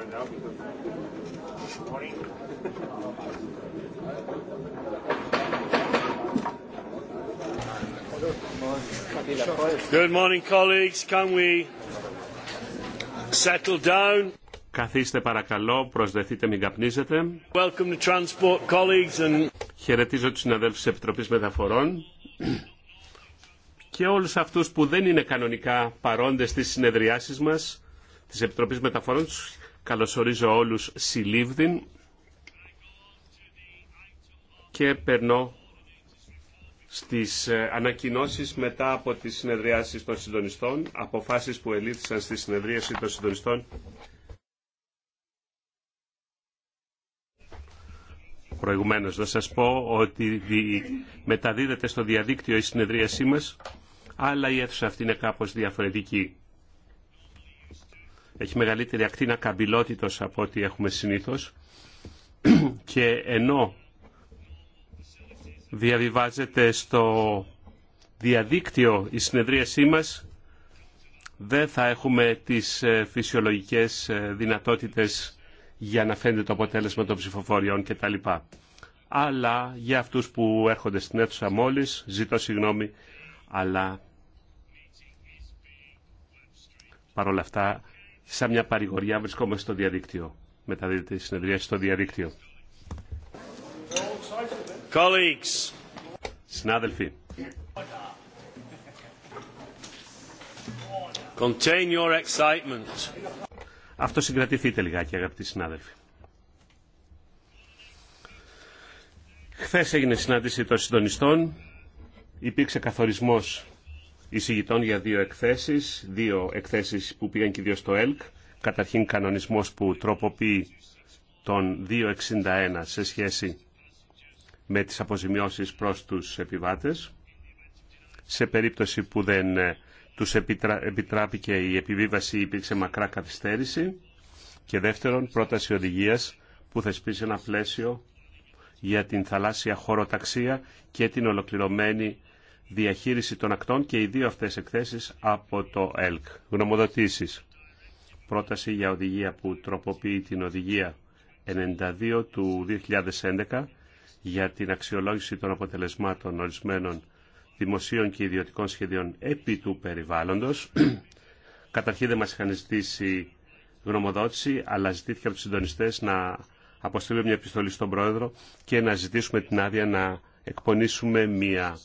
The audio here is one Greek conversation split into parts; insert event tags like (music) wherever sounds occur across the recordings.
because good morning. Good morning, colleagues. Can we settle down? Καθίστε παρακαλώ, προσδεθείτε, μην καπνίζετε. Welcome to transport colleagues and... Χαιρετίζω τους συναδέλφους της Επιτροπής Μεταφορών και όλους αυτούς που δεν είναι κανονικά παρόντες στις συνεδριάσεις μας της Επιτροπής Μεταφορών τους Καλωσορίζω όλους συλλήβδην και περνώ στις ε, ανακοινώσεις μετά από τις συνεδριάσεις των συντονιστών, αποφάσεις που ελήφθησαν στη συνεδρίαση των συντονιστών. Προηγουμένως να σας πω ότι μεταδίδεται στο διαδίκτυο η συνεδρίασή μας, αλλά η αίθουσα αυτή είναι κάπως διαφορετική έχει μεγαλύτερη ακτίνα καμπυλότητος από ό,τι έχουμε συνήθως και ενώ διαβιβάζεται στο διαδίκτυο η συνεδρίασή μας δεν θα έχουμε τις ε, φυσιολογικές ε, δυνατότητες για να φαίνεται το αποτέλεσμα των ψηφοφοριών κτλ. Αλλά για αυτούς που έρχονται στην αίθουσα μόλις, ζητώ συγγνώμη, αλλά παρόλα αυτά σαν μια παρηγοριά βρισκόμαστε στο διαδίκτυο. Μεταδίδεται η συνεδρία στο διαδίκτυο. Colleagues. Συνάδελφοι. Contain your excitement. Αυτό συγκρατηθείτε λιγάκι αγαπητοί συνάδελφοι. Χθες έγινε συνάντηση των συντονιστών. Υπήρξε καθορισμός εισηγητών για δύο εκθέσεις, δύο εκθέσεις που πήγαν και δύο στο ΕΛΚ. Καταρχήν κανονισμός που τροποποιεί τον 261 σε σχέση με τις αποζημιώσεις προς τους επιβάτες σε περίπτωση που δεν ε, τους επιτρα... επιτράπηκε η επιβίβαση ή υπήρξε μακρά καθυστέρηση και δεύτερον πρόταση οδηγίας που θεσπίζει ένα πλαίσιο για την θαλάσσια χωροταξία και την ολοκληρωμένη διαχείριση των ακτών και οι δύο αυτές εκθέσεις από το ΕΛΚ. Γνωμοδοτήσεις. Πρόταση για οδηγία που τροποποιεί την οδηγία 92 του 2011 για την αξιολόγηση των αποτελεσμάτων ορισμένων δημοσίων και ιδιωτικών σχεδίων επί του περιβάλλοντος. (clears throat) Καταρχήν δεν μας είχαν ζητήσει γνωμοδότηση, αλλά ζητήθηκε από τους συντονιστές να αποστείλουμε μια επιστολή στον Πρόεδρο και να ζητήσουμε την άδεια να εκπονήσουμε μια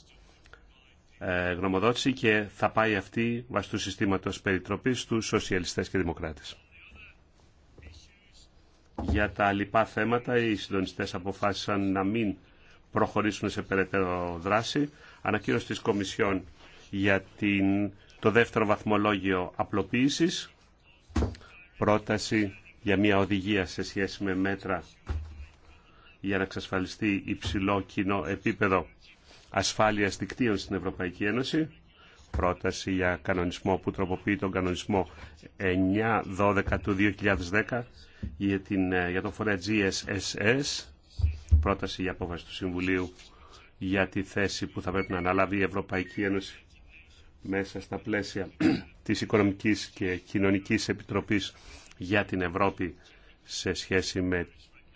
ε, γνωμοδότηση και θα πάει αυτή βάσει του συστήματος περιτροπής στους σοσιαλιστές και δημοκράτες. Για τα λοιπά θέματα οι συντονιστές αποφάσισαν να μην προχωρήσουν σε περαιτέρω δράση. Ανακοίνωση της Κομισιόν για την, το δεύτερο βαθμολόγιο απλοποίησης. Πρόταση για μια οδηγία σε σχέση με μέτρα για να εξασφαλιστεί υψηλό κοινό επίπεδο ασφάλειας δικτύων στην Ευρωπαϊκή Ένωση. Πρόταση για κανονισμό που τροποποιεί τον κανονισμό 9-12 του 2010 για, την, ε, για τον φορέα GSSS. Πρόταση για απόφαση του Συμβουλίου για τη θέση που θα πρέπει να αναλάβει η Ευρωπαϊκή Ένωση μέσα στα πλαίσια (clears throat) της Οικονομικής και Κοινωνικής Επιτροπής για την Ευρώπη σε σχέση με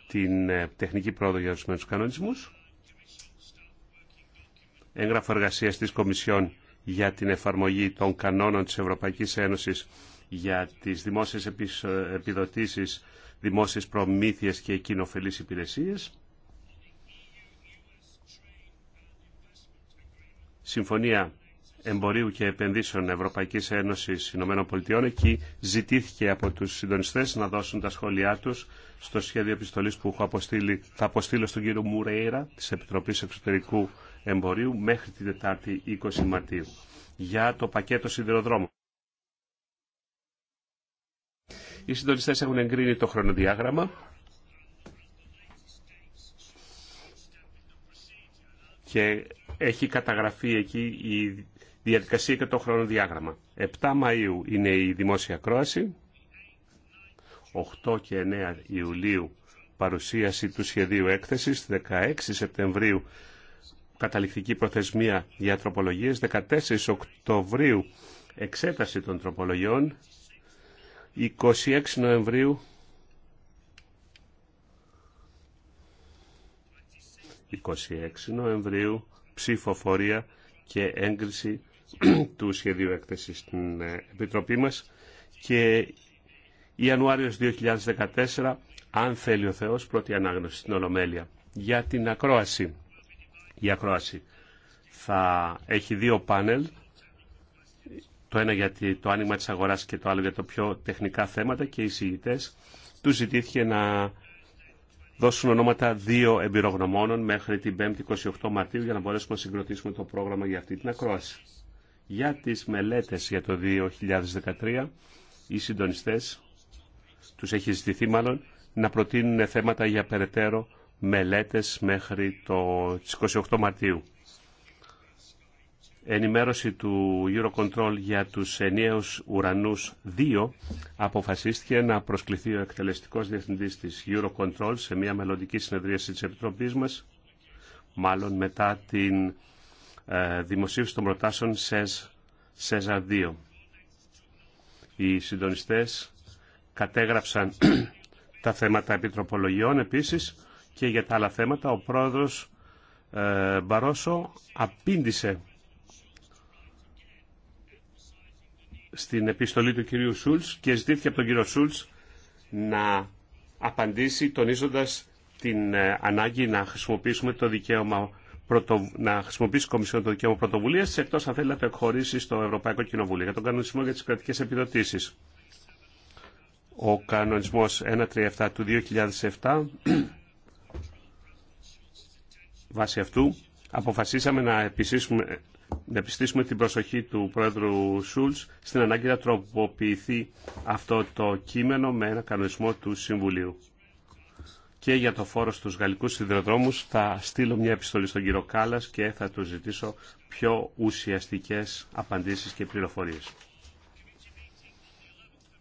την ε, τεχνική πρόοδο για ορισμένου κανονισμούς έγγραφο εργασίας της Κομισιόν για την εφαρμογή των κανόνων της Ευρωπαϊκής Ένωσης για τις δημόσιες επιδοτήσεις, δημόσιες προμήθειες και κοινοφελείς υπηρεσίες. Συμφωνία Εμπορίου και Επενδύσεων Ευρωπαϊκής Ένωσης Ηνωμένων Πολιτειών. Εκεί ζητήθηκε από τους συντονιστές να δώσουν τα σχόλιά τους στο σχέδιο επιστολής που έχω θα αποστείλω στον κύριο Μουρέιρα της Επιτροπής Εξωτερικού Εμπορίου μέχρι την Τετάρτη 20 Μαρτίου. Για το πακέτο σιδηροδρόμου. Οι συντονιστέ έχουν εγκρίνει το χρονοδιάγραμμα. και έχει καταγραφεί εκεί η διαδικασία και το χρονοδιάγραμμα. 7 Μαΐου είναι η δημόσια κρόαση, 8 και 9 Ιουλίου παρουσίαση του σχεδίου έκθεσης, 16 Σεπτεμβρίου καταληκτική προθεσμία για τροπολογίες 14 Οκτωβρίου εξέταση των τροπολογιών 26 Νοεμβρίου 26 Νοεμβρίου ψηφοφορία και έγκριση (clears throat) του σχεδίου έκθεσης στην ε, Επιτροπή μας και Ιανουάριος 2014 αν θέλει ο Θεός πρώτη ανάγνωση στην Ολομέλεια για την ακρόαση η ακρόαση. Θα έχει δύο πάνελ, το ένα για το άνοιγμα της αγοράς και το άλλο για το πιο τεχνικά θέματα και οι συγητές του ζητήθηκε να δώσουν ονόματα δύο εμπειρογνωμόνων μέχρι την 5η 28 Μαρτίου για να μπορέσουμε να συγκροτήσουμε το πρόγραμμα για αυτή την ακρόαση. Για τις μελέτες για το 2013, οι συντονιστές τους έχει ζητηθεί μάλλον να προτείνουν θέματα για περαιτέρω μελέτες μέχρι το 28 Μαρτίου. Ενημέρωση του Eurocontrol για τους ενιαίους ουρανούς 2 αποφασίστηκε να προσκληθεί ο εκτελεστικός διευθυντής της Eurocontrol σε μια μελλοντική συνεδρίαση της Επιτροπής μας, μάλλον μετά την ε, δημοσίευση των προτάσεων ΣΕΖΑ 2. Οι συντονιστές κατέγραψαν (clears throat) τα θέματα επιτροπολογιών επίσης και για τα άλλα θέματα. Ο πρόεδρος ε, Μπαρόσο απήντησε στην επιστολή του κυρίου Σούλτς και ζητήθηκε από τον κύριο Σούλτς να απαντήσει τονίζοντας την ε, ανάγκη να χρησιμοποιήσουμε το δικαίωμα να χρησιμοποιήσει η Κομισιόν το δικαίωμα πρωτοβουλία, εκτό αν θέλει να το εκχωρήσει στο Ευρωπαϊκό Κοινοβούλιο για τον κανονισμό για τι κρατικέ επιδοτήσει. Ο κανονισμό 137 του 2007 Βάσει αυτού αποφασίσαμε να επιστήσουμε, να επιστήσουμε την προσοχή του Πρόεδρου Σούλτς στην ανάγκη να τροποποιηθεί αυτό το κείμενο με ένα κανονισμό του Συμβουλίου. Και για το φόρο στους γαλλικούς σιδηροδρόμους θα στείλω μια επιστολή στον κύριο Κάλλας και θα του ζητήσω πιο ουσιαστικές απαντήσεις και πληροφορίες.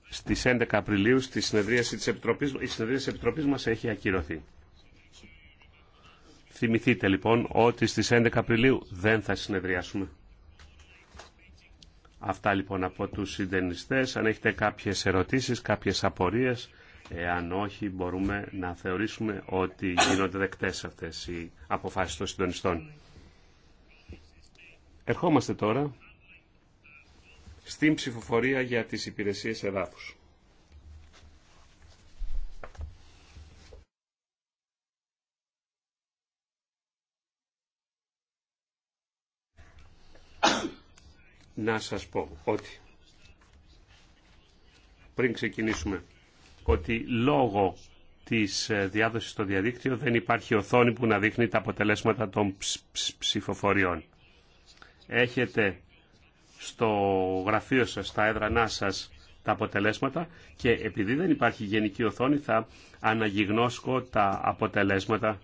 Στις 11 Απριλίου στη συνεδρίαση της Επιτροπής, η συνεδρίαση της Επιτροπής μας έχει ακυρωθεί. Θυμηθείτε λοιπόν ότι στις 11 Απριλίου δεν θα συνεδριάσουμε. Αυτά λοιπόν από τους συντενιστές. Αν έχετε κάποιες ερωτήσεις, κάποιες απορίες, εάν όχι μπορούμε να θεωρήσουμε ότι γίνονται δεκτές αυτές οι αποφάσεις των συντονιστών. Ερχόμαστε τώρα στην ψηφοφορία για τις υπηρεσίες εδάφους. να σας πω ότι πριν ξεκινήσουμε ότι λόγω της ε, διάδοσης στο διαδίκτυο δεν υπάρχει οθόνη που να δείχνει τα αποτελέσματα των ψηφοφοριών. Έχετε στο γραφείο σας, στα έδρανά σας τα αποτελέσματα και επειδή δεν υπάρχει γενική οθόνη θα αναγυγνώσκω τα αποτελέσματα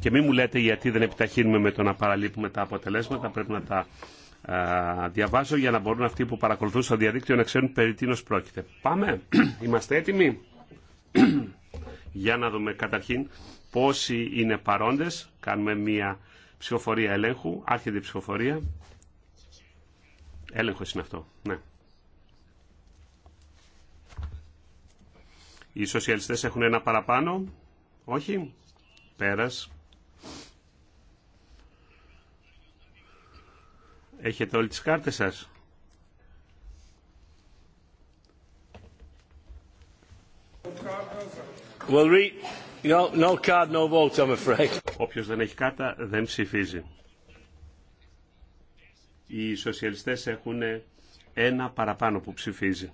και μην μου λέτε γιατί δεν επιταχύνουμε με το να παραλείπουμε τα αποτελέσματα, πρέπει να τα διαβάζω για να μπορούν αυτοί που παρακολουθούν στο διαδίκτυο να ξέρουν περί τίνος πρόκειται. Πάμε, (clears throat) είμαστε έτοιμοι. (clears throat) για να δούμε καταρχήν πόσοι είναι παρόντες. Κάνουμε μία ψηφοφορία ελέγχου. Άρχεται η ψηφοφορία. Έλεγχος είναι αυτό, ναι. Οι σοσιαλιστές έχουν ένα παραπάνω. Όχι. Πέρας. Έχετε όλες τις κάρτες σας. Well, re... no, no card, no vote, I'm afraid. Όποιος δεν έχει κάρτα δεν ψηφίζει. Οι σοσιαλιστές έχουν ένα παραπάνω που ψηφίζει.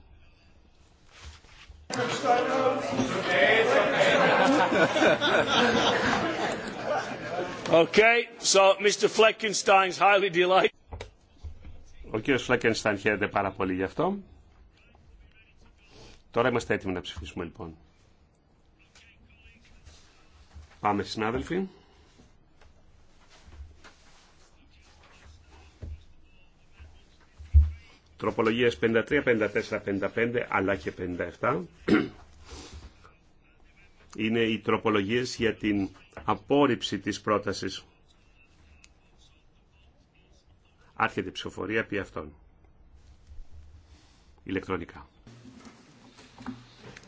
Okay, so Mr. Fleckenstein's highly delighted. Ο κύριος Φλακενστάν χαίρεται πάρα πολύ γι' αυτό. Τώρα είμαστε έτοιμοι να ψηφίσουμε λοιπόν. Πάμε συνάδελφοι. Τροπολογίες 53, 54, 55 αλλά και 57 είναι οι τροπολογίες για την απόρριψη της πρότασης Άρχεται η ψηφοφορία επί αυτών. Ηλεκτρονικά.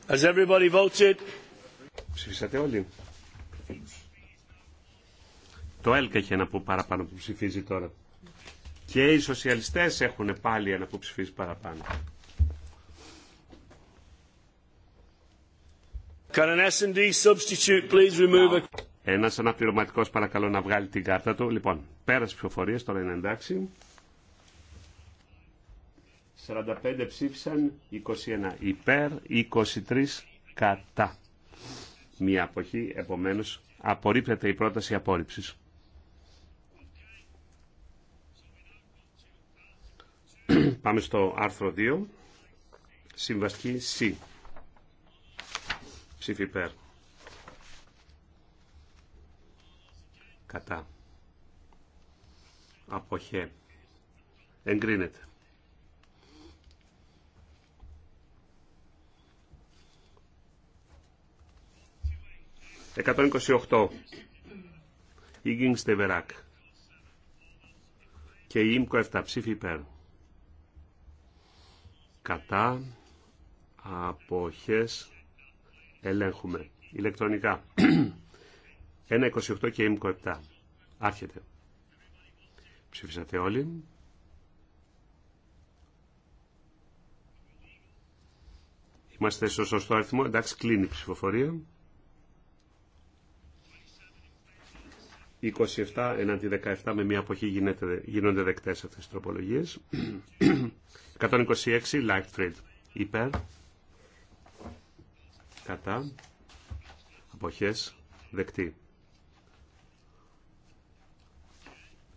Has everybody voted? Ψηφίσατε όλοι. Το ΕΛΚ έχει ένα που παραπάνω που ψηφίζει τώρα. Και οι σοσιαλιστές έχουν πάλι ένα που ψηφίζει παραπάνω. Can an S&D substitute please remove a... Ένα αναπληρωματικός παρακαλώ να βγάλει την κάρτα του. Λοιπόν, πέρασε ψηφοφορίε, τώρα είναι εντάξει. 45 ψήφισαν, 21 υπέρ, 23 κατά. Μία αποχή, επομένως απορρίπτεται η πρόταση απόρριψης. Πάμε στο άρθρο 2, συμβαστική C. Ψήφι υπέρ. κατά αποχέ εγκρίνεται. Εκατόν εικοσιοχτώ. Ήγγιν Στεβεράκ. Και η ΙΜΚΟ 7 ψήφι υπέρ. Κατά αποχές ελέγχουμε ηλεκτρονικά. 1.28 και ημικοεπτά. 7. Άρχεται. Ψηφίσατε όλοι. Είμαστε στο σωστό αριθμό. Εντάξει, κλείνει η ψηφοφορία. 27 εναντί 17 με μία αποχή γίνεται, γίνονται δεκτές αυτές τις τροπολογίες. 126 light trade. Υπέρ. Κατά. Αποχές. Δεκτή.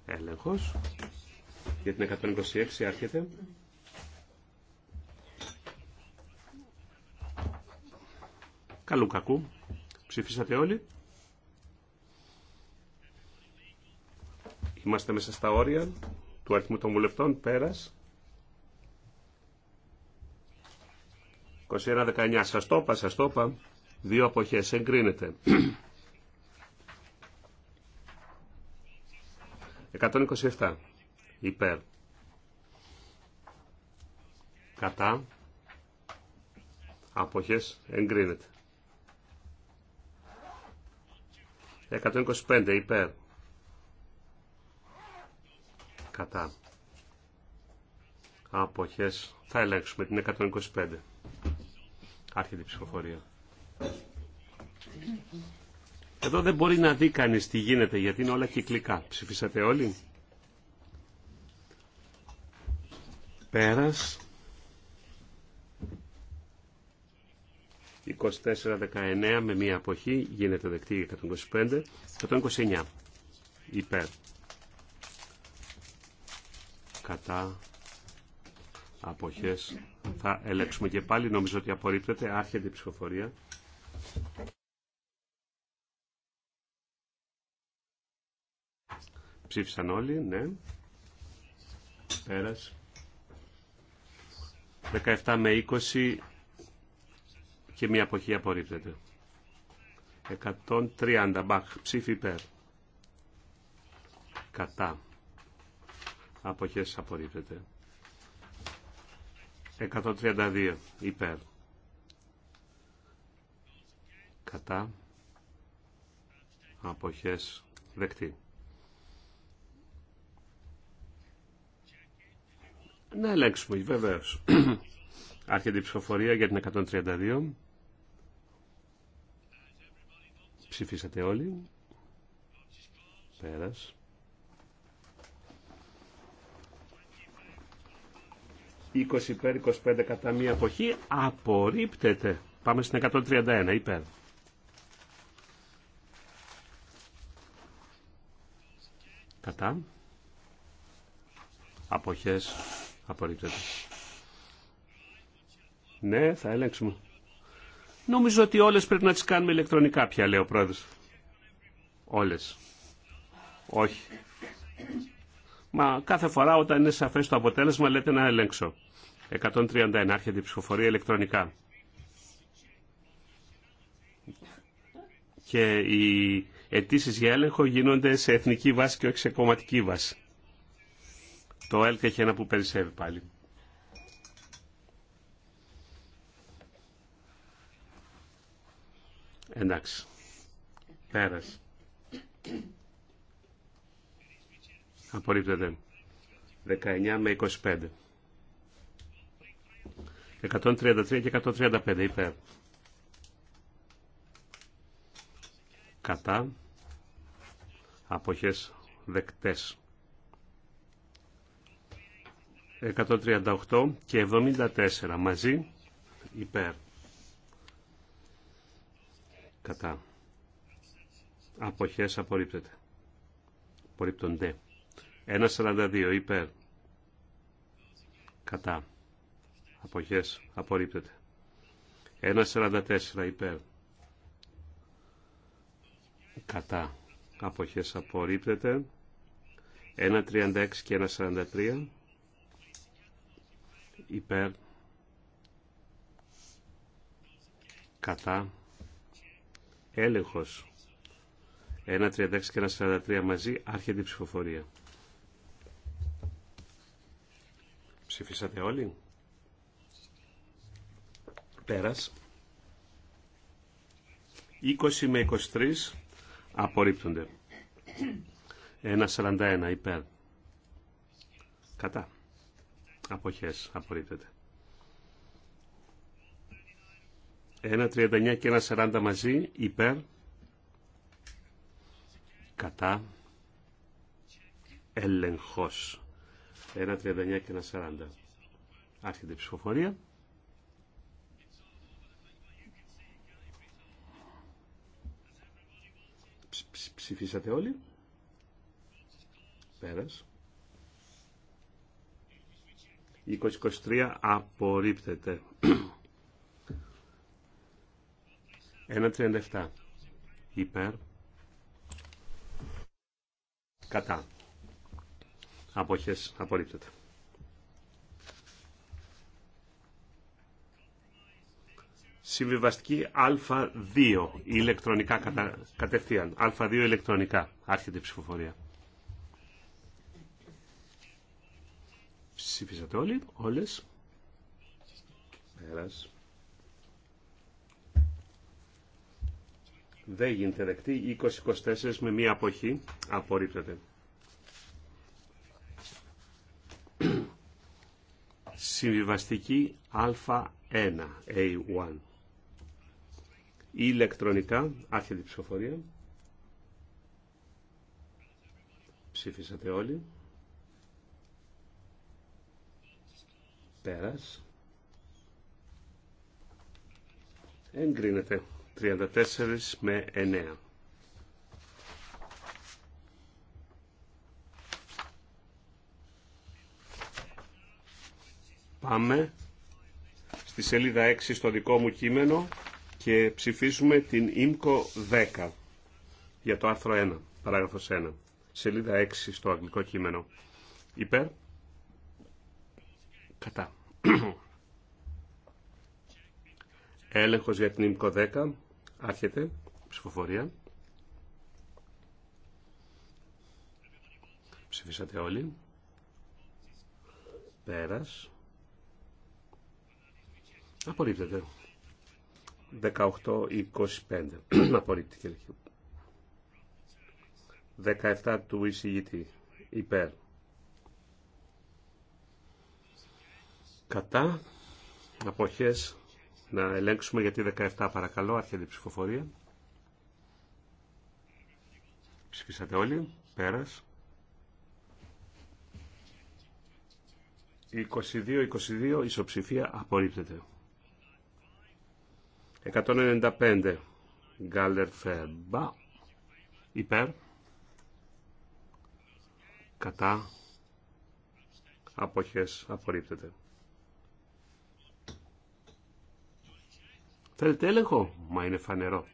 Έλεγχος. Για την 126 άρχεται. Καλού κακού. Ψηφίσατε όλοι. Είμαστε μέσα στα όρια του αριθμού των βουλευτών. Πέρας. 21-19. Σας το είπα, σας το είπα. Δύο αποχές. Εγκρίνεται. 127 υπέρ κατά αποχές εγκρίνεται 125 υπέρ κατά αποχές θα ελέγξουμε την 125 άρχεται η ψηφοφορία εδώ δεν μπορεί να δει κανεί τι γίνεται γιατί είναι όλα κυκλικά. Ψηφίσατε όλοι. Πέρας. 24-19 με μία αποχή γίνεται δεκτή 125. 129 υπέρ. Κατά αποχές. Θα ελέξουμε και πάλι. Νομίζω ότι απορρίπτεται. Άρχεται η ψηφοφορία. Ψήφισαν όλοι, ναι. Πέρας. 17 με 20 και μία αποχή απορρίπτεται. 130 Μπαχ, ψήφι υπέρ. Κατά. Αποχές απορρίπτεται. 132 υπέρ. Κατά. Αποχές δεκτή. Να ελέγξουμε, βεβαίω. (clears throat) Άρχεται η ψηφοφορία για την 132. Ψηφίσατε όλοι. Πέρας. 20 υπέρ, 25 κατά μία αποχή. Απορρίπτεται. Πάμε στην 131 υπέρ. Κατά. Αποχές Απορρίπτεται. Ναι, θα ελέγξουμε. Νομίζω ότι όλες πρέπει να τις κάνουμε ηλεκτρονικά πια, λέει ο πρόεδρος. Όλες. Όχι. Μα κάθε φορά όταν είναι σαφές το αποτέλεσμα λέτε να ελέγξω. 131 άρχεται η ψηφοφορία ηλεκτρονικά. Και οι αιτήσει για έλεγχο γίνονται σε εθνική βάση και όχι σε κομματική βάση. Το ΕΛΚ έχει ένα που περισσεύει πάλι. Εντάξει. Πέρασε. Απορρίπτεται. 19 με 25. 133 και 135 υπέρ. Κατά. Αποχές δεκτές. 138 και 74 μαζί υπέρ κατά αποχές απορρίπτεται απορρίπτονται 1.42 υπέρ κατά αποχές απορρίπτεται 1.44 υπέρ κατά αποχές απορρίπτεται 1.36 και 1.43 υπέρ κατά έλεγχος 1.36 και 1.43 μαζί άρχεται η ψηφοφορία ψηφίσατε όλοι πέρας 20 με 23 απορρίπτονται 1.41 υπέρ κατά Αποχές. Απορρίπτεται. 1.39 και 1.40 μαζί. Υπέρ. Κατά. Ελεγχός. 1.39 και 1.40. Άρχεται η ψηφοφορία. Ψηφίσατε όλοι. Πέρας. 2023 απορρίπτεται. 1.37 υπέρ κατά αποχές απορρίπτεται. Συμβιβαστική Α2 ηλεκτρονικά κατευθείαν. Α2 ηλεκτρονικά άρχεται η ψηφοφορία. Ψήφισατε όλοι, όλες. Πέρας. Δεν γίνεται δεκτή. 20-24 με μία αποχή απορρίπτεται. Συμβιβαστική Α1, A1. Ηλεκτρονικά, άρχεται η ψηφοφορία. Ψήφισατε όλοι. πέρας εγκρίνεται 34 με 9 Πάμε στη σελίδα 6 στο δικό μου κείμενο και ψηφίσουμε την ΙΜΚΟ 10 για το άρθρο 1, παράγραφος 1. Σελίδα 6 στο αγγλικό κείμενο. Υπέρ. Κατά. (clears throat) Έλεγχος για την ΙΜΚΟ 10. Άρχεται. Ψηφοφορία. Ψηφίσατε όλοι. Πέρας. Απορρίπτεται. 18-25. (clears throat) Απορρίπτει 17 του εισηγητή. Υπέρ. κατά αποχές να ελέγξουμε γιατί 17 παρακαλώ άρχεται η ψηφοφορία ψηφίσατε όλοι πέρας 22-22 ισοψηφία απορρίπτεται 195 Γκάλερ Φερμπά υπέρ κατά αποχές απορρίπτεται Θέλετε έλεγχο. Μα είναι φανερό.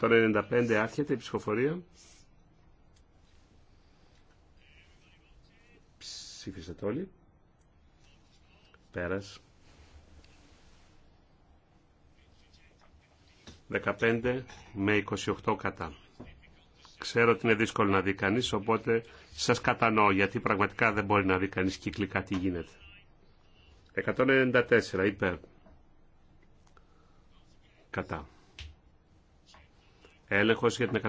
195 άρχεται η ψηφοφορία. Ψήφισατε όλοι. Πέρας. 15 με 28 κατά. Ξέρω ότι είναι δύσκολο να δει κανείς, οπότε σας κατανοώ, γιατί πραγματικά δεν μπορεί να δει κανείς κυκλικά τι γίνεται. 194 υπέρ. Κατά. Έλεγχος για την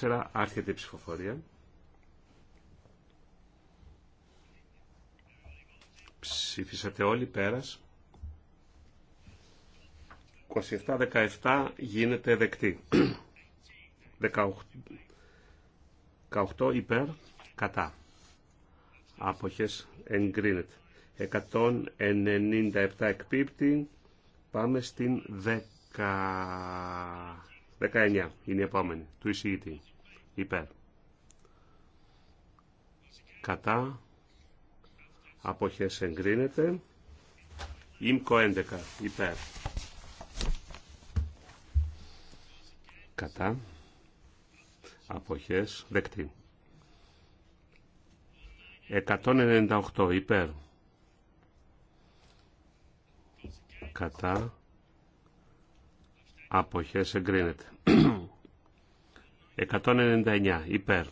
194. Άρχεται η ψηφοφορία. Ψήφισατε όλοι πέρας. 27-17 γίνεται δεκτή. 18, 18 υπέρ κατά. Άποχες εγκρίνεται. 197 εκπίπτει. Πάμε στην 10. 19 είναι η επόμενη του εισηγητή. Υπέρ. Κατά. Αποχές εγκρίνεται. ΙΜΚΟ 11. Υπέρ. Κατά. Αποχές δεκτή. 198. Υπέρ. Κατά Αποχές εγκρίνεται. 199 υπέρ.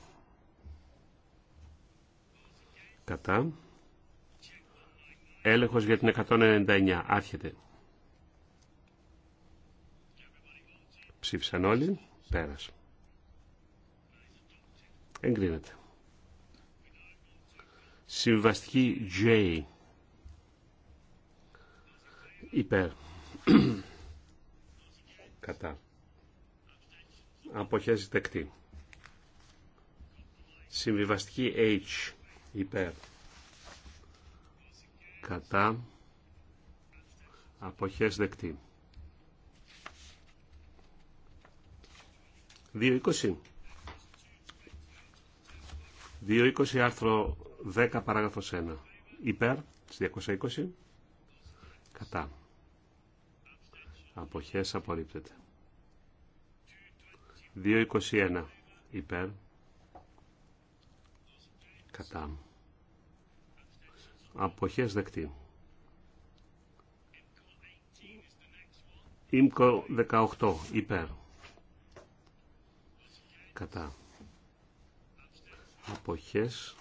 Κατά. Έλεγχος για την 199. Άρχεται. Ψήφισαν όλοι. Πέρας. Εγκρίνεται. Συμβαστική J. Υπέρ κατά αποχές δεκτή συμβιβαστική H υπέρ κατά αποχές δεκτή 2.20 2.20 άρθρο 10 παράγραφος 1 υπέρ στις 220 κατά Αποχές απορρίπτεται. 2.21 υπέρ. Κατά. Αποχές δεκτή. Ήμκο 18 υπέρ. Κατά. Αποχές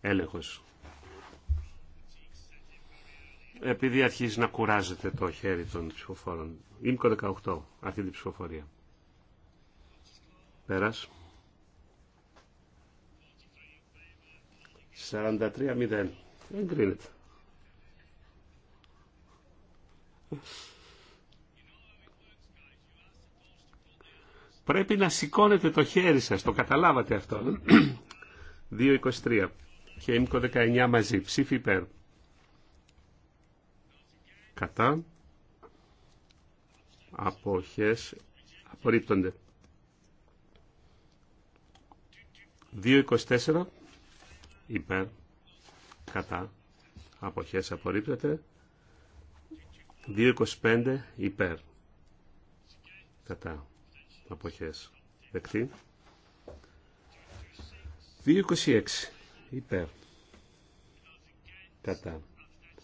έλεγχος επειδή αρχίζει να κουράζεται το χέρι των ψηφοφόρων. Ήμκο 18, αυτή την ψηφοφορία. Πέρας. 43-0. Εγκρίνεται. Πρέπει να σηκώνετε το χέρι σας, το καταλάβατε αυτό. 2-23 ναι? και ήμκο 19 μαζί, ψήφι υπέρ κατά αποχές απορρίπτονται 2.24 υπέρ κατά αποχές απορρίπτεται 2.25 υπέρ κατά αποχές δεκτή 2.26 υπέρ κατά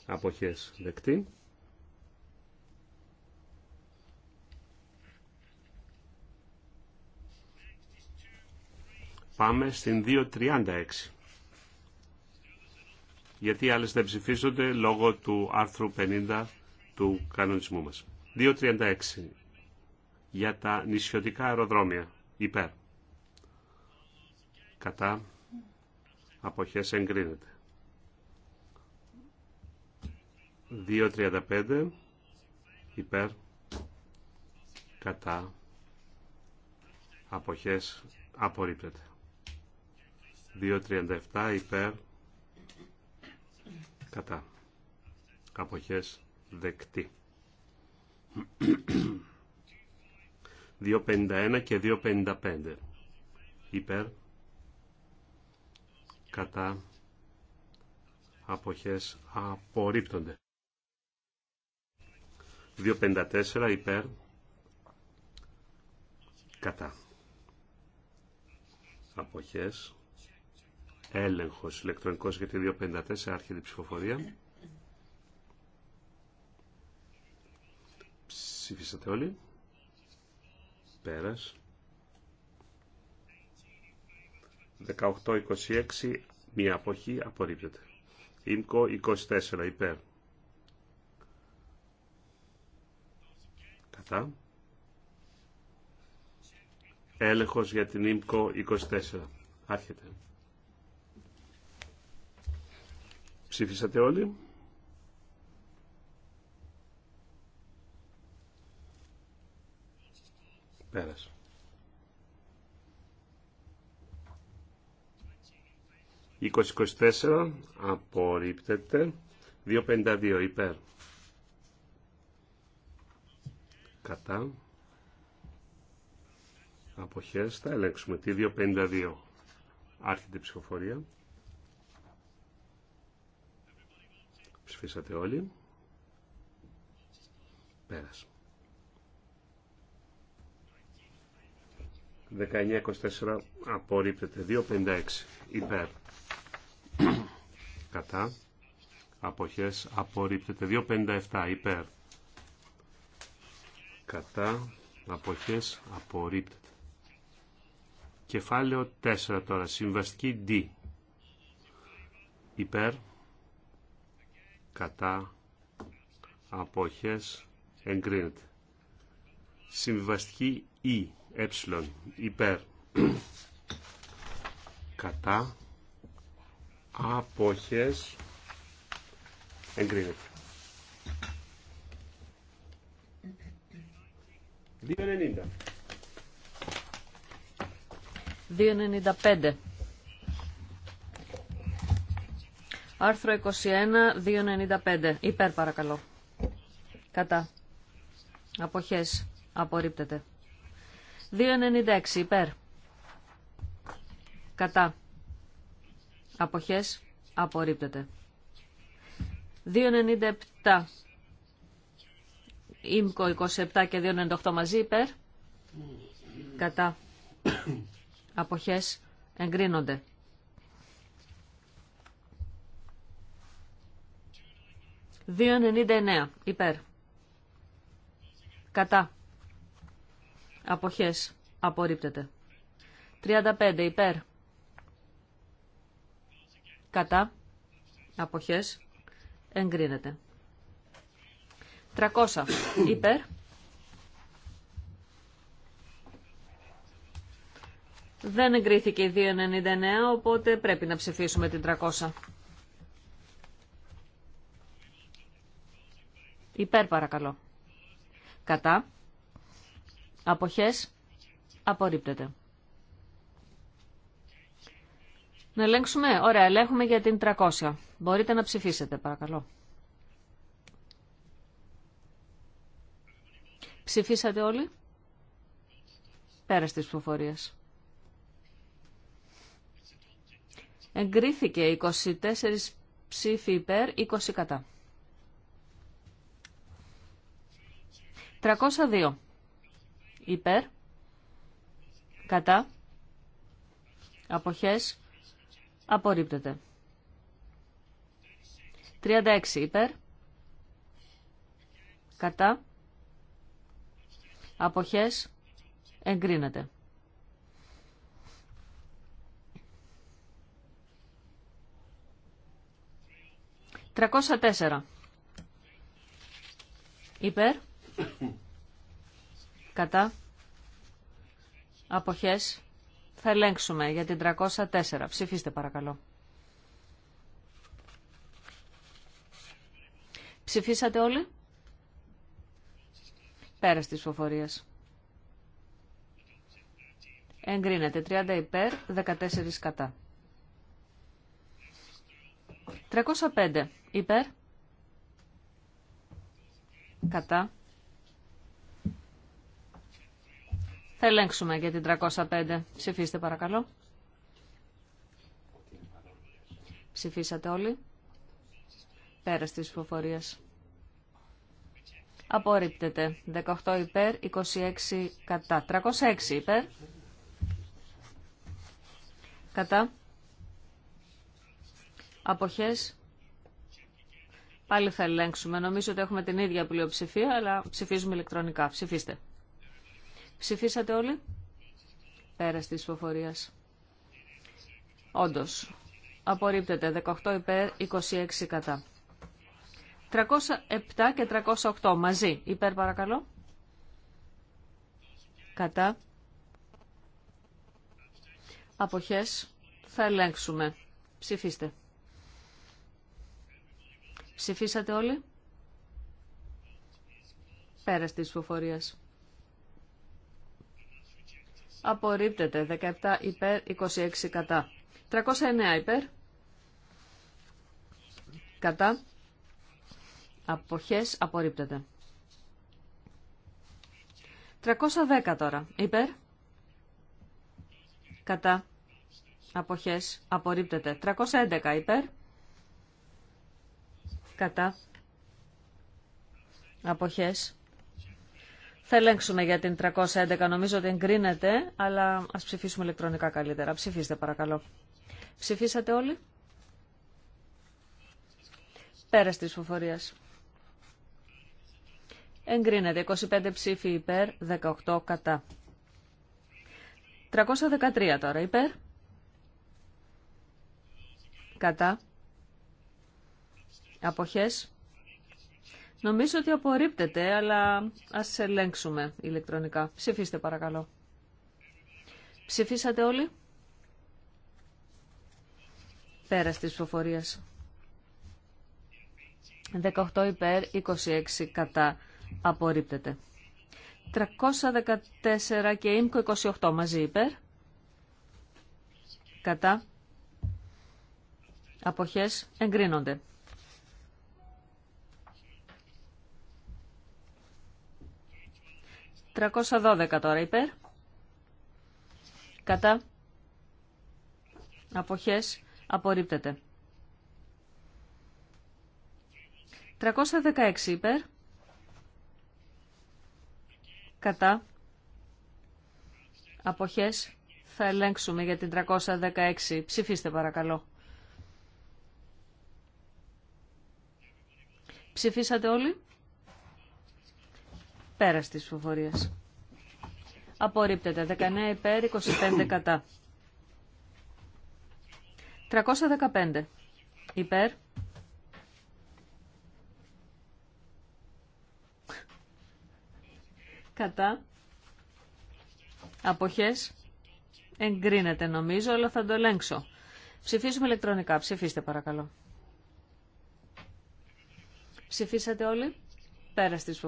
αποχές δεκτή Πάμε στην 2.36. Γιατί άλλες δεν ψηφίζονται λόγω του άρθρου 50 του κανονισμού μας. 2.36. Για τα νησιωτικά αεροδρόμια. Υπέρ. Κατά. Αποχές εγκρίνεται. 2.35. Υπέρ. Κατά. Αποχές απορρίπτεται. 2.37 υπέρ κατά αποχές δεκτή 2.51 και 2.55 υπέρ κατά αποχές απορρίπτονται 2.54 υπέρ κατά αποχές έλεγχος ηλεκτρονικός για τη 254 άρχεται η ψηφοφορία. Ψήφισατε όλοι. Πέρας. 18-26, μία αποχή, απορρίπτεται. Ήμκο 24, υπέρ. Κατά. Έλεγχος για την Ήμκο 24. Άρχεται. ψηφισσατε ολοι όλοι. Πέρασε. 20-24 απορρίπτεται 2-52 υπέρ κατά Αποχέστα. θα ελέγξουμε τη 2-52 άρχεται ψηφοφορία Ψηφίσατε πέρας Πέρασε. 19-24 απορρίπτεται. 2-56 υπέρ. Κατά. Αποχές απορρίπτεται. 2-57 υπέρ. Κατά. Αποχές απορρίπτεται. Κεφάλαιο 4 τώρα. Συμβαστική D. Υπέρ κατά αποχές εγκρίνεται. Συμβιβαστική Ι, e, ε, υπέρ, κατά αποχές εγκρίνεται. 2.90. 2.95. Άρθρο 21, 295. Υπέρ παρακαλώ. Κατά. Αποχές. Απορρίπτεται. 296. Υπέρ. Κατά. Αποχές. Απορρίπτεται. 297. Ήμκο 27 και 298 μαζί. Υπέρ. Κατά. Αποχές. Εγκρίνονται. 2,99 υπέρ. Κατά. Αποχές. Απορρίπτεται. 35 υπέρ. Κατά. Αποχές. Εγκρίνεται. 300 υπέρ. Δεν εγκρίθηκε η 2,99, οπότε πρέπει να ψηφίσουμε την 300. Υπέρ παρακαλώ. Κατά. Αποχές. Απορρίπτεται. Να ελέγξουμε. Ωραία, ελέγχουμε για την 300. Μπορείτε να ψηφίσετε παρακαλώ. Ψηφίσατε όλοι. Πέρα τη ψηφοφορίας. Εγκρίθηκε 24 ψήφοι υπέρ, 20 κατά. 302. Υπέρ. Κατά. Αποχές. Απορρίπτεται. 36. Υπέρ. Κατά. Αποχές. Εγκρίνεται. 304. Υπέρ. Κατά. Αποχές. Θα ελέγξουμε για την 304. Ψηφίστε παρακαλώ. Ψηφίσατε όλοι. Πέρας της ψηφοφορίας. Εγκρίνεται 30 υπέρ, 14 κατά. 305 υπέρ. Κατά. Θα ελέγξουμε για την 305. Ψηφίστε παρακαλώ. Ψηφίσατε όλοι. Πέρα της ψηφοφορίες. Απορρίπτεται. 18 υπέρ, 26 κατά. 306 υπέρ. Κατά. Αποχές. Πάλι θα ελέγξουμε. Νομίζω ότι έχουμε την ίδια πλειοψηφία, αλλά ψηφίζουμε ηλεκτρονικά. Ψηφίστε. Ψηφίσατε όλοι. Πέρα τη ψηφοφορία. Όντω. Απορρίπτεται. 18 υπέρ, 26 κατά. 307 και 308 μαζί. Υπέρ παρακαλώ. Κατά. Αποχές. Θα ελέγξουμε. Ψηφίστε. Ψηφίσατε όλοι. Πέρα τη ψηφοφορία απορρίπτεται 17 υπέρ 26 κατά. 309 υπέρ κατά αποχές απορρίπτεται. 310 τώρα υπέρ κατά αποχές απορρίπτεται. 311 υπέρ κατά αποχές θα ελέγξουμε για την 311. Νομίζω ότι εγκρίνεται, αλλά α ψηφίσουμε ηλεκτρονικά καλύτερα. Ψηφίστε παρακαλώ. Ψηφίσατε όλοι. Πέρα τη ψηφοφορία. Εγκρίνεται. 25 ψήφοι υπέρ, 18 κατά. 313 τώρα υπέρ. Κατά. Αποχές. Νομίζω ότι απορρίπτεται, αλλά ας ελέγξουμε ηλεκτρονικά. Ψηφίστε παρακαλώ. Ψηφίσατε όλοι. Πέρα της ψηφοφορίες. 18 υπέρ, 26 κατά. Απορρίπτεται. 314 και ΙΜΚΟ 28 μαζί υπέρ. Κατά. Αποχές εγκρίνονται. 312 τώρα υπέρ. Κατά. Αποχές απορρίπτεται. 316 υπέρ. Κατά. Αποχές θα ελέγξουμε για την 316. Ψηφίστε παρακαλώ. Ψηφίσατε όλοι. Πέρας της ψηφοφορίας. Απορρίπτεται. 19 υπέρ, 25 κατά. 315 υπέρ. Κατά. Αποχές. Εγκρίνεται νομίζω, αλλά θα το ελέγξω. Ψηφίσουμε ηλεκτρονικά. Ψηφίστε παρακαλώ. Ψηφίσατε όλοι. Πέρα της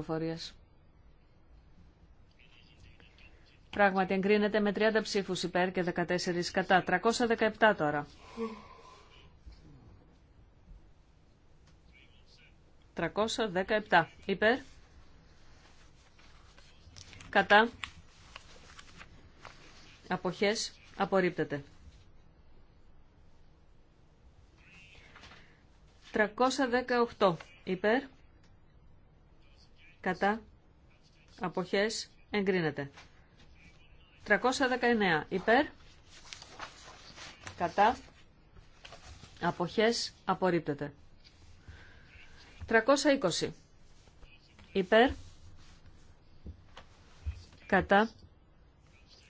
Πράγματι εγκρίνεται με 30 ψήφους υπέρ και 14 κατά. 317 τώρα. 317 υπέρ. Κατά. Αποχές απορρίπτεται. 318 υπέρ. Κατά. Αποχές εγκρίνεται. 319 υπέρ, κατά, αποχές, απορρίπτεται. 320 υπέρ, κατά,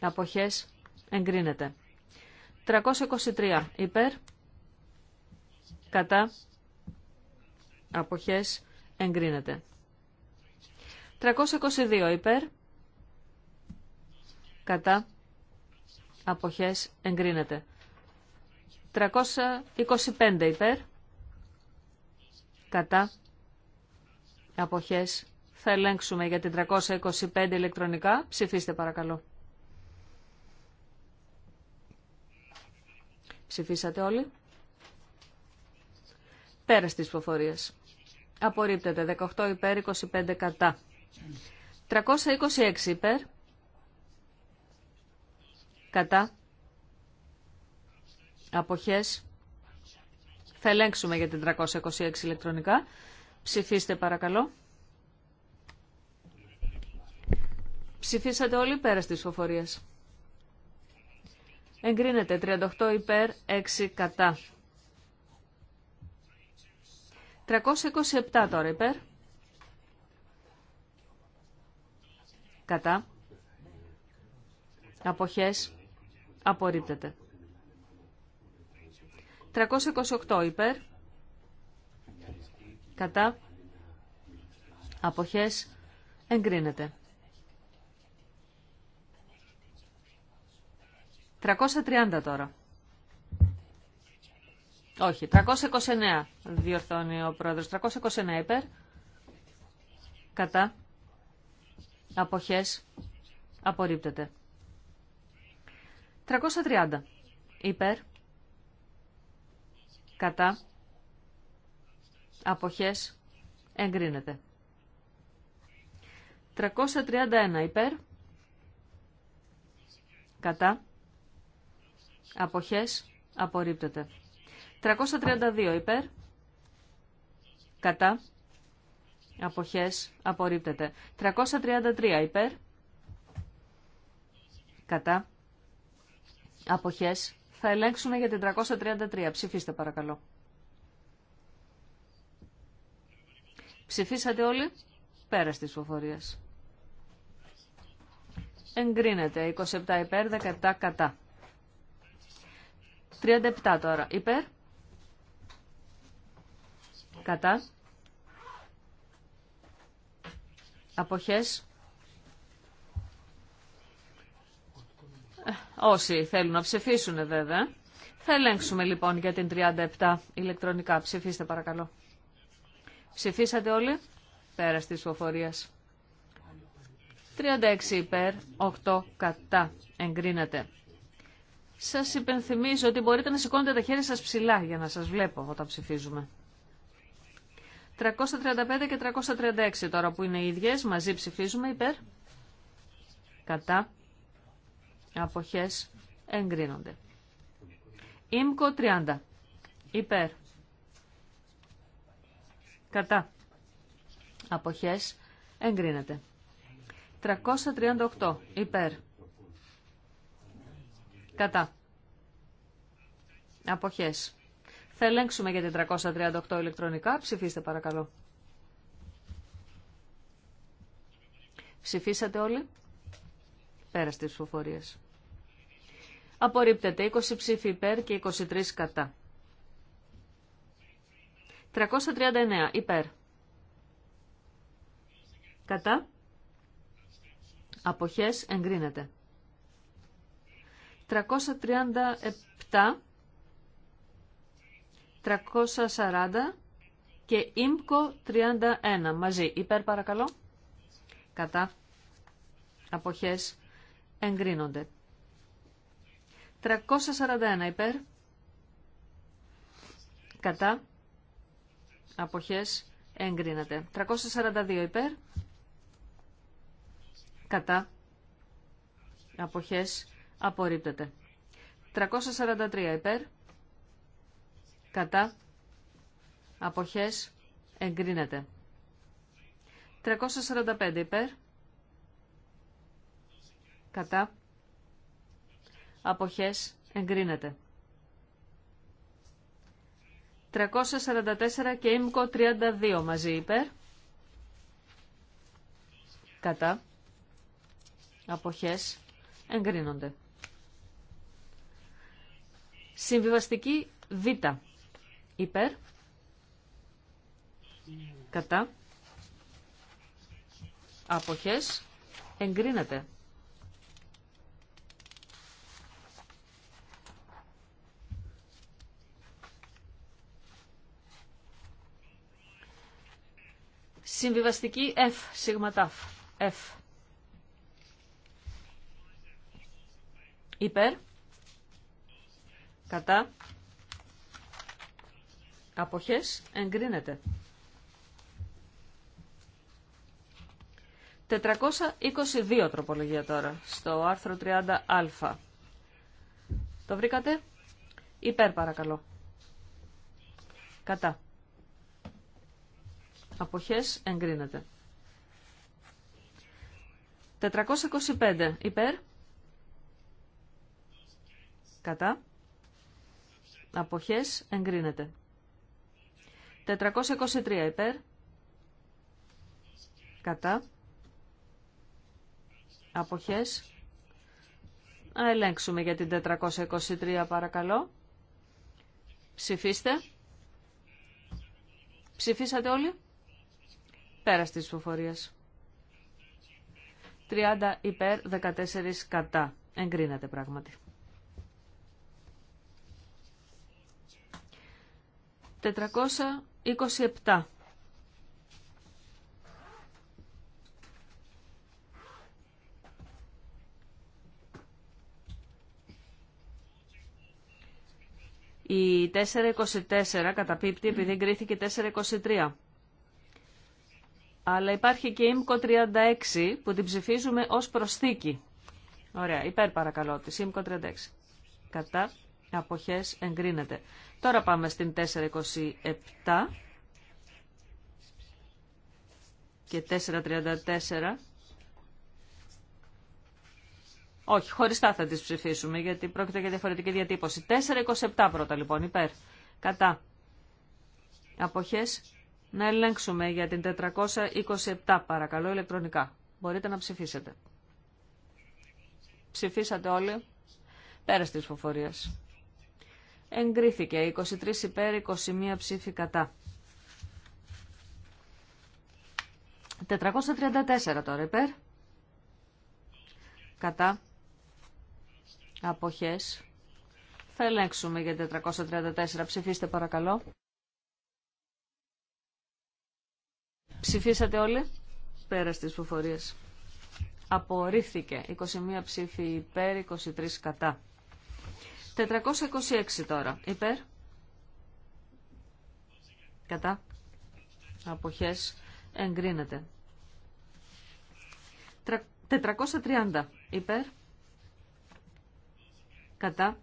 αποχές, εγκρίνεται. 323 υπέρ, κατά, αποχές, εγκρίνεται. 322 υπέρ, κατά αποχές εγκρίνεται. 325 υπέρ κατά αποχές θα ελέγξουμε για την 325 ηλεκτρονικά. Ψηφίστε παρακαλώ. Ψηφίσατε όλοι. Πέρα στις προφορίες. Απορρίπτεται 18 υπέρ, 25 κατά. 326 υπέρ, κατά αποχές θα ελέγξουμε για την 326 ηλεκτρονικά. Ψηφίστε παρακαλώ. Ψηφίσατε όλοι πέρα στις φοφορίες. Εγκρίνεται 38 υπέρ 6 κατά. 327 τώρα υπέρ. Κατά. Αποχές. Απορρίπτεται. 328 υπέρ. Κατά. Αποχές. Εγκρίνεται. 330 τώρα. Όχι, 329 διορθώνει ο πρόεδρος. 329 υπέρ. Κατά. Αποχές. Απορρίπτεται. 330. Υπέρ. Κατά. Αποχές. Εγκρίνεται. 331. Υπέρ. Κατά. Αποχές. Απορρίπτεται. 332. Υπέρ. Κατά. Αποχές. Απορρίπτεται. 333. Υπέρ. Κατά. Αποχές. Θα ελέγξουμε για την 333. Ψηφίστε παρακαλώ. Ψηφίσατε όλοι. Πέρα της ψηφοφορία. Εγκρίνεται. 27 υπέρ, 17 κατά. 37 τώρα. Υπέρ. Κατά. Αποχές. όσοι θέλουν να ψηφίσουν βέβαια. Θα ελέγξουμε λοιπόν για την 37 ηλεκτρονικά. Ψηφίστε παρακαλώ. Ψηφίσατε όλοι. Πέρα τη φοφορίας. 36 υπέρ, 8 κατά. Εγκρίνεται. Σας υπενθυμίζω ότι μπορείτε να σηκώνετε τα χέρια σας ψηλά για να σας βλέπω όταν ψηφίζουμε. 335 και 336 τώρα που είναι οι ίδιες, μαζί ψηφίζουμε υπέρ. Κατά. Αποχές εγκρίνονται. Ήμκο 30. Υπέρ. Κατά. Αποχές εγκρίνεται. 338. Υπέρ. Κατά. Αποχές. Θα ελέγξουμε για 338 ηλεκτρονικά. Ψηφίστε παρακαλώ. Ψηφίσατε όλοι. Πέρα στις ψηφοφορίες. Απορρίπτεται 20 ψήφοι υπέρ και 23 κατά. 339 υπέρ. Κατά. Αποχές εγκρίνεται. 337, 340 και ΙΜΚΟ 31 μαζί. Υπέρ παρακαλώ. Κατά. Αποχές εγκρίνονται. 341 υπέρ. Κατά. Αποχές εγκρίνεται. 342 υπέρ. Κατά. Αποχές απορρίπτεται. 343 υπέρ. Κατά. Αποχές εγκρίνεται. 345 υπέρ. Κατά αποχές εγκρίνεται. 344 και ΙΜΚΟ 32 μαζί υπέρ. Κατά. Αποχές εγκρίνονται. Συμβιβαστική Β. Υπέρ. Κατά. Αποχές εγκρίνεται. Συμβιβαστική F, τάφ, F. Υπέρ. Κατά. Αποχές εγκρίνεται. 422 τροπολογία τώρα, στο άρθρο 30α. Το βρήκατε? Υπέρ παρακαλώ. Κατά. Αποχές εγκρίνεται. 425 υπέρ. Κατά. Αποχές εγκρίνεται. 423 υπέρ. Κατά. Αποχές. Α, ελέγξουμε για την 423 παρακαλώ. Ψηφίστε. Ψηφίσατε όλοι. Πέρα τη ψηφοφορία. 30 υπέρ, 14 κατά. Εγκρίνεται πράγματι. 427. Η 424 καταπίπτει επειδή εγκρίθηκε 423. Αλλά υπάρχει και ΙΜΚΟ 36 που την ψηφίζουμε ως προσθήκη. Ωραία, υπέρ παρακαλώ τη ΙΜΚΟ 36. Κατά αποχές εγκρίνεται. Τώρα πάμε στην 427 και 434. Όχι, χωριστά θα τις ψηφίσουμε γιατί πρόκειται για διαφορετική διατύπωση. 427 πρώτα λοιπόν, υπέρ. Κατά. Αποχές να ελέγξουμε για την 427 παρακαλώ ηλεκτρονικά. Μπορείτε να ψηφίσετε. Ψηφίσατε όλοι. πέρα τη φοφορία. Εγκρίθηκε 23 υπέρ 21 ψήφι κατά. 434 τώρα υπέρ. Κατά. Αποχές. Θα ελέγξουμε για 434. Ψηφίστε παρακαλώ. Ψηφίσατε όλοι. Πέρα στις ψηφοφορίες. Απορρίφθηκε. 21 ψήφοι υπέρ, 23 κατά. 426 τώρα. Υπέρ. Κατά. Αποχές. Εγκρίνεται. 430 υπέρ. Κατά.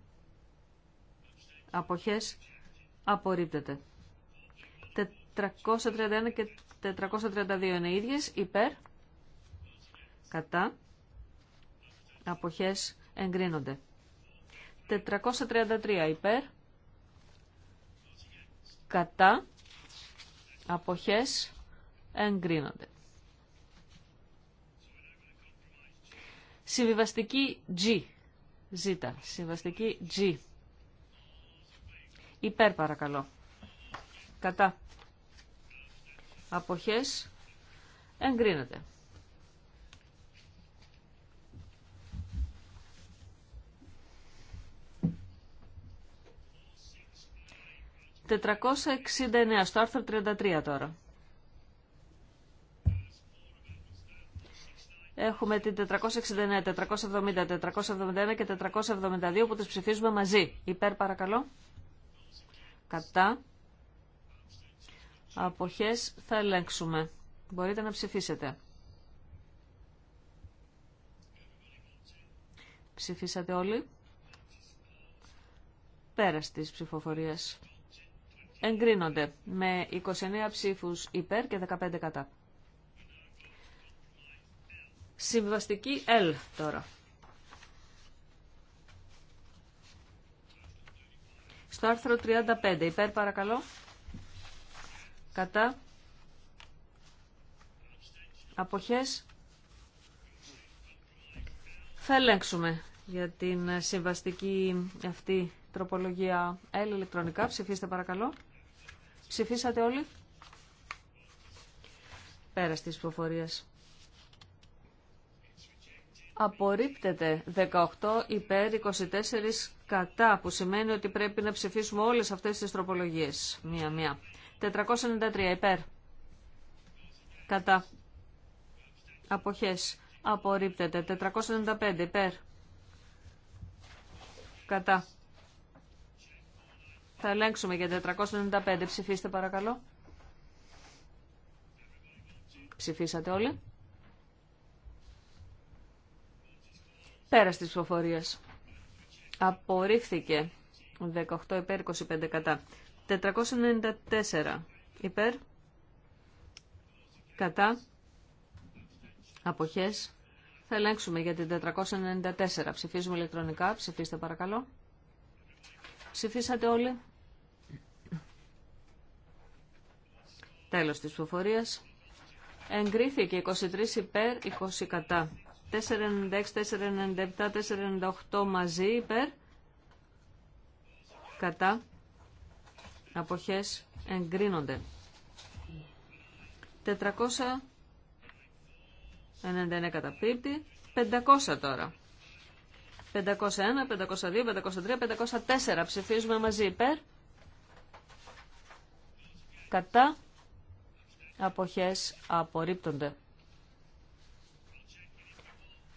Αποχές. Απορρίπτεται. 431 και 432 είναι ίδιες, υπέρ, κατά, αποχές εγκρίνονται. 433 υπέρ, κατά, αποχές εγκρίνονται. Συμβιβαστική G. Ζ. συμβιβαστική G. Υπέρ παρακαλώ. Κατά αποχές εγκρίνεται. 469 στο άρθρο 33 τώρα. Έχουμε την 469, 470, 471 και 472 που τις ψηφίζουμε μαζί. Υπέρ παρακαλώ. Κατά. Αποχές θα ελέγξουμε. Μπορείτε να ψηφίσετε. Ψηφίσατε όλοι. Πέρας τη ψηφοφορίας. Εγκρίνονται με 29 ψήφους υπέρ και 15 κατά. Συμβαστική L τώρα. Στο άρθρο 35 υπέρ παρακαλώ κατά αποχές θα ελέγξουμε για την συμβαστική αυτή τροπολογία L ηλεκτρονικά. Ψηφίστε παρακαλώ. Ψηφίσατε όλοι. Πέρα στις προφορίες. Απορρίπτεται 18 υπέρ 24 κατά, που σημαίνει ότι πρέπει να ψηφίσουμε όλες αυτές τις τροπολογίες μία-μία. 493 υπέρ. Κατά. Αποχές. Απορρίπτεται. 495 υπέρ. Κατά. Θα ελέγξουμε για 495. Ψηφίστε παρακαλώ. Ψηφίσατε όλοι. Πέρα της ψηφοφορίας. Απορρίφθηκε. 18 υπέρ 25 κατά. 494 υπέρ, κατά, αποχές. Θα ελέγξουμε για την 494. Ψηφίζουμε ηλεκτρονικά. Ψηφίστε παρακαλώ. Ψηφίσατε όλοι. Τέλος της ψηφοφορίας. Εγκρίθηκε 23 υπέρ, 20 κατά. 496, 497, 498 μαζί υπέρ, κατά αποχές εγκρίνονται. 499 καταπίπτει, 500 τώρα. 501, 502, 503, 504 ψηφίζουμε μαζί υπέρ. Κατά αποχές απορρίπτονται.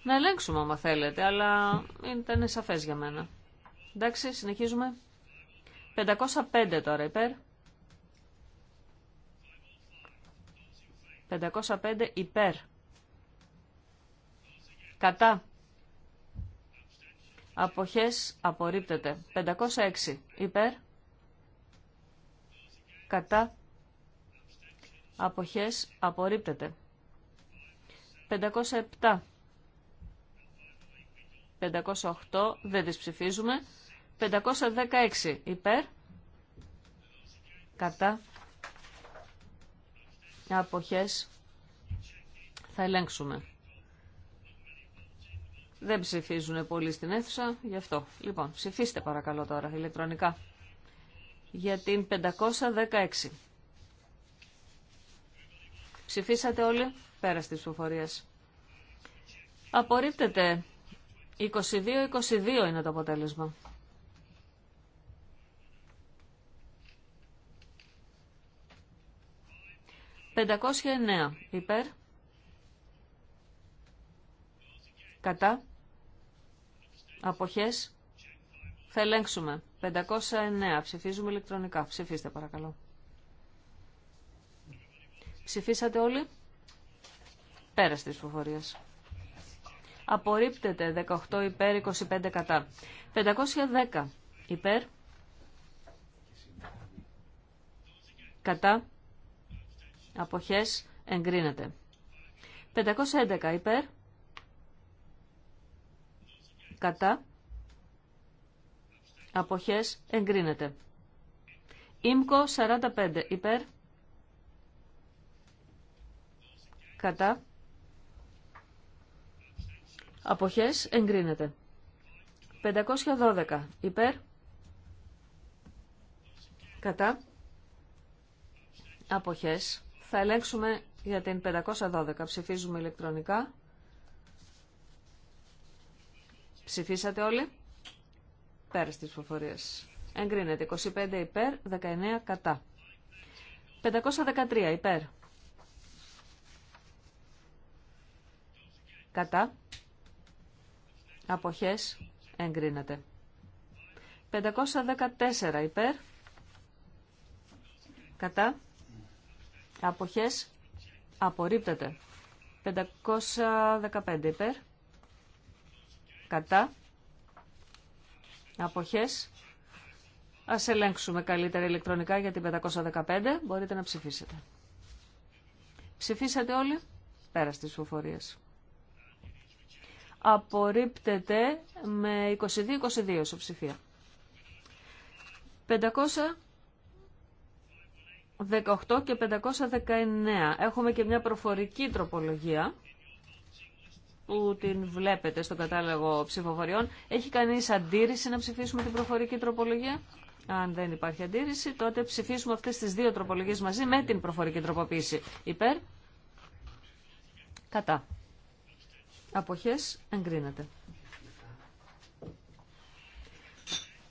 Να ελέγξουμε άμα θέλετε, αλλά ήταν σαφές για μένα. Εντάξει, συνεχίζουμε. 505 τώρα υπέρ. 505 υπέρ. Κατά. Αποχές απορρίπτεται. 506 υπέρ. Κατά. Αποχές απορρίπτεται. 507. 508 δεν τις ψηφίζουμε. 516 υπέρ, κατά, αποχές, θα ελέγξουμε. Δεν ψηφίζουν πολύ στην αίθουσα, γι' αυτό. Λοιπόν, ψηφίστε παρακαλώ τώρα ηλεκτρονικά για την 516. Ψηφίσατε όλοι πέρα της ψηφοφορίας. Απορρίπτεται 22-22 είναι το αποτέλεσμα. 509 υπέρ. Κατά. Αποχές. Θα ελέγξουμε. 509. Ψηφίζουμε ηλεκτρονικά. Ψηφίστε παρακαλώ. Ψηφίσατε όλοι. Πέρας της ψηφοφορίας. Απορρίπτεται 18 υπέρ, 25 κατά. 510 υπέρ. Κατά. Αποχές εγκρίνεται. 511 υπέρ. Κατά. Αποχές εγκρίνεται. Ήμκο 45 υπέρ. Κατά. Αποχές εγκρίνεται. 512 υπέρ. Κατά. Αποχές θα ελέγξουμε για την 512. Ψηφίζουμε ηλεκτρονικά. Ψηφίσατε όλοι. Πέρα στις ψηφοφορίες. Εγκρίνεται 25 υπέρ, 19 κατά. 513 υπέρ. Κατά. Αποχές εγκρίνεται. 514 υπέρ. Κατά. Αποχές απορρίπτεται. 515 υπέρ. Κατά. Αποχές. Ας ελέγξουμε καλύτερα ηλεκτρονικά για την 515. Μπορείτε να ψηφίσετε. Ψηφίσατε όλοι. Πέρα στις φοφορίες. Απορρίπτεται με 22-22 ψηφία. 500 18 και 519. Έχουμε και μια προφορική τροπολογία που την βλέπετε στο κατάλογο ψηφοφοριών. Έχει κανείς αντίρρηση να ψηφίσουμε την προφορική τροπολογία. Αν δεν υπάρχει αντίρρηση, τότε ψηφίσουμε αυτές τις δύο τροπολογίες μαζί με την προφορική τροποποίηση. Υπέρ. Κατά. Αποχές εγκρίνεται.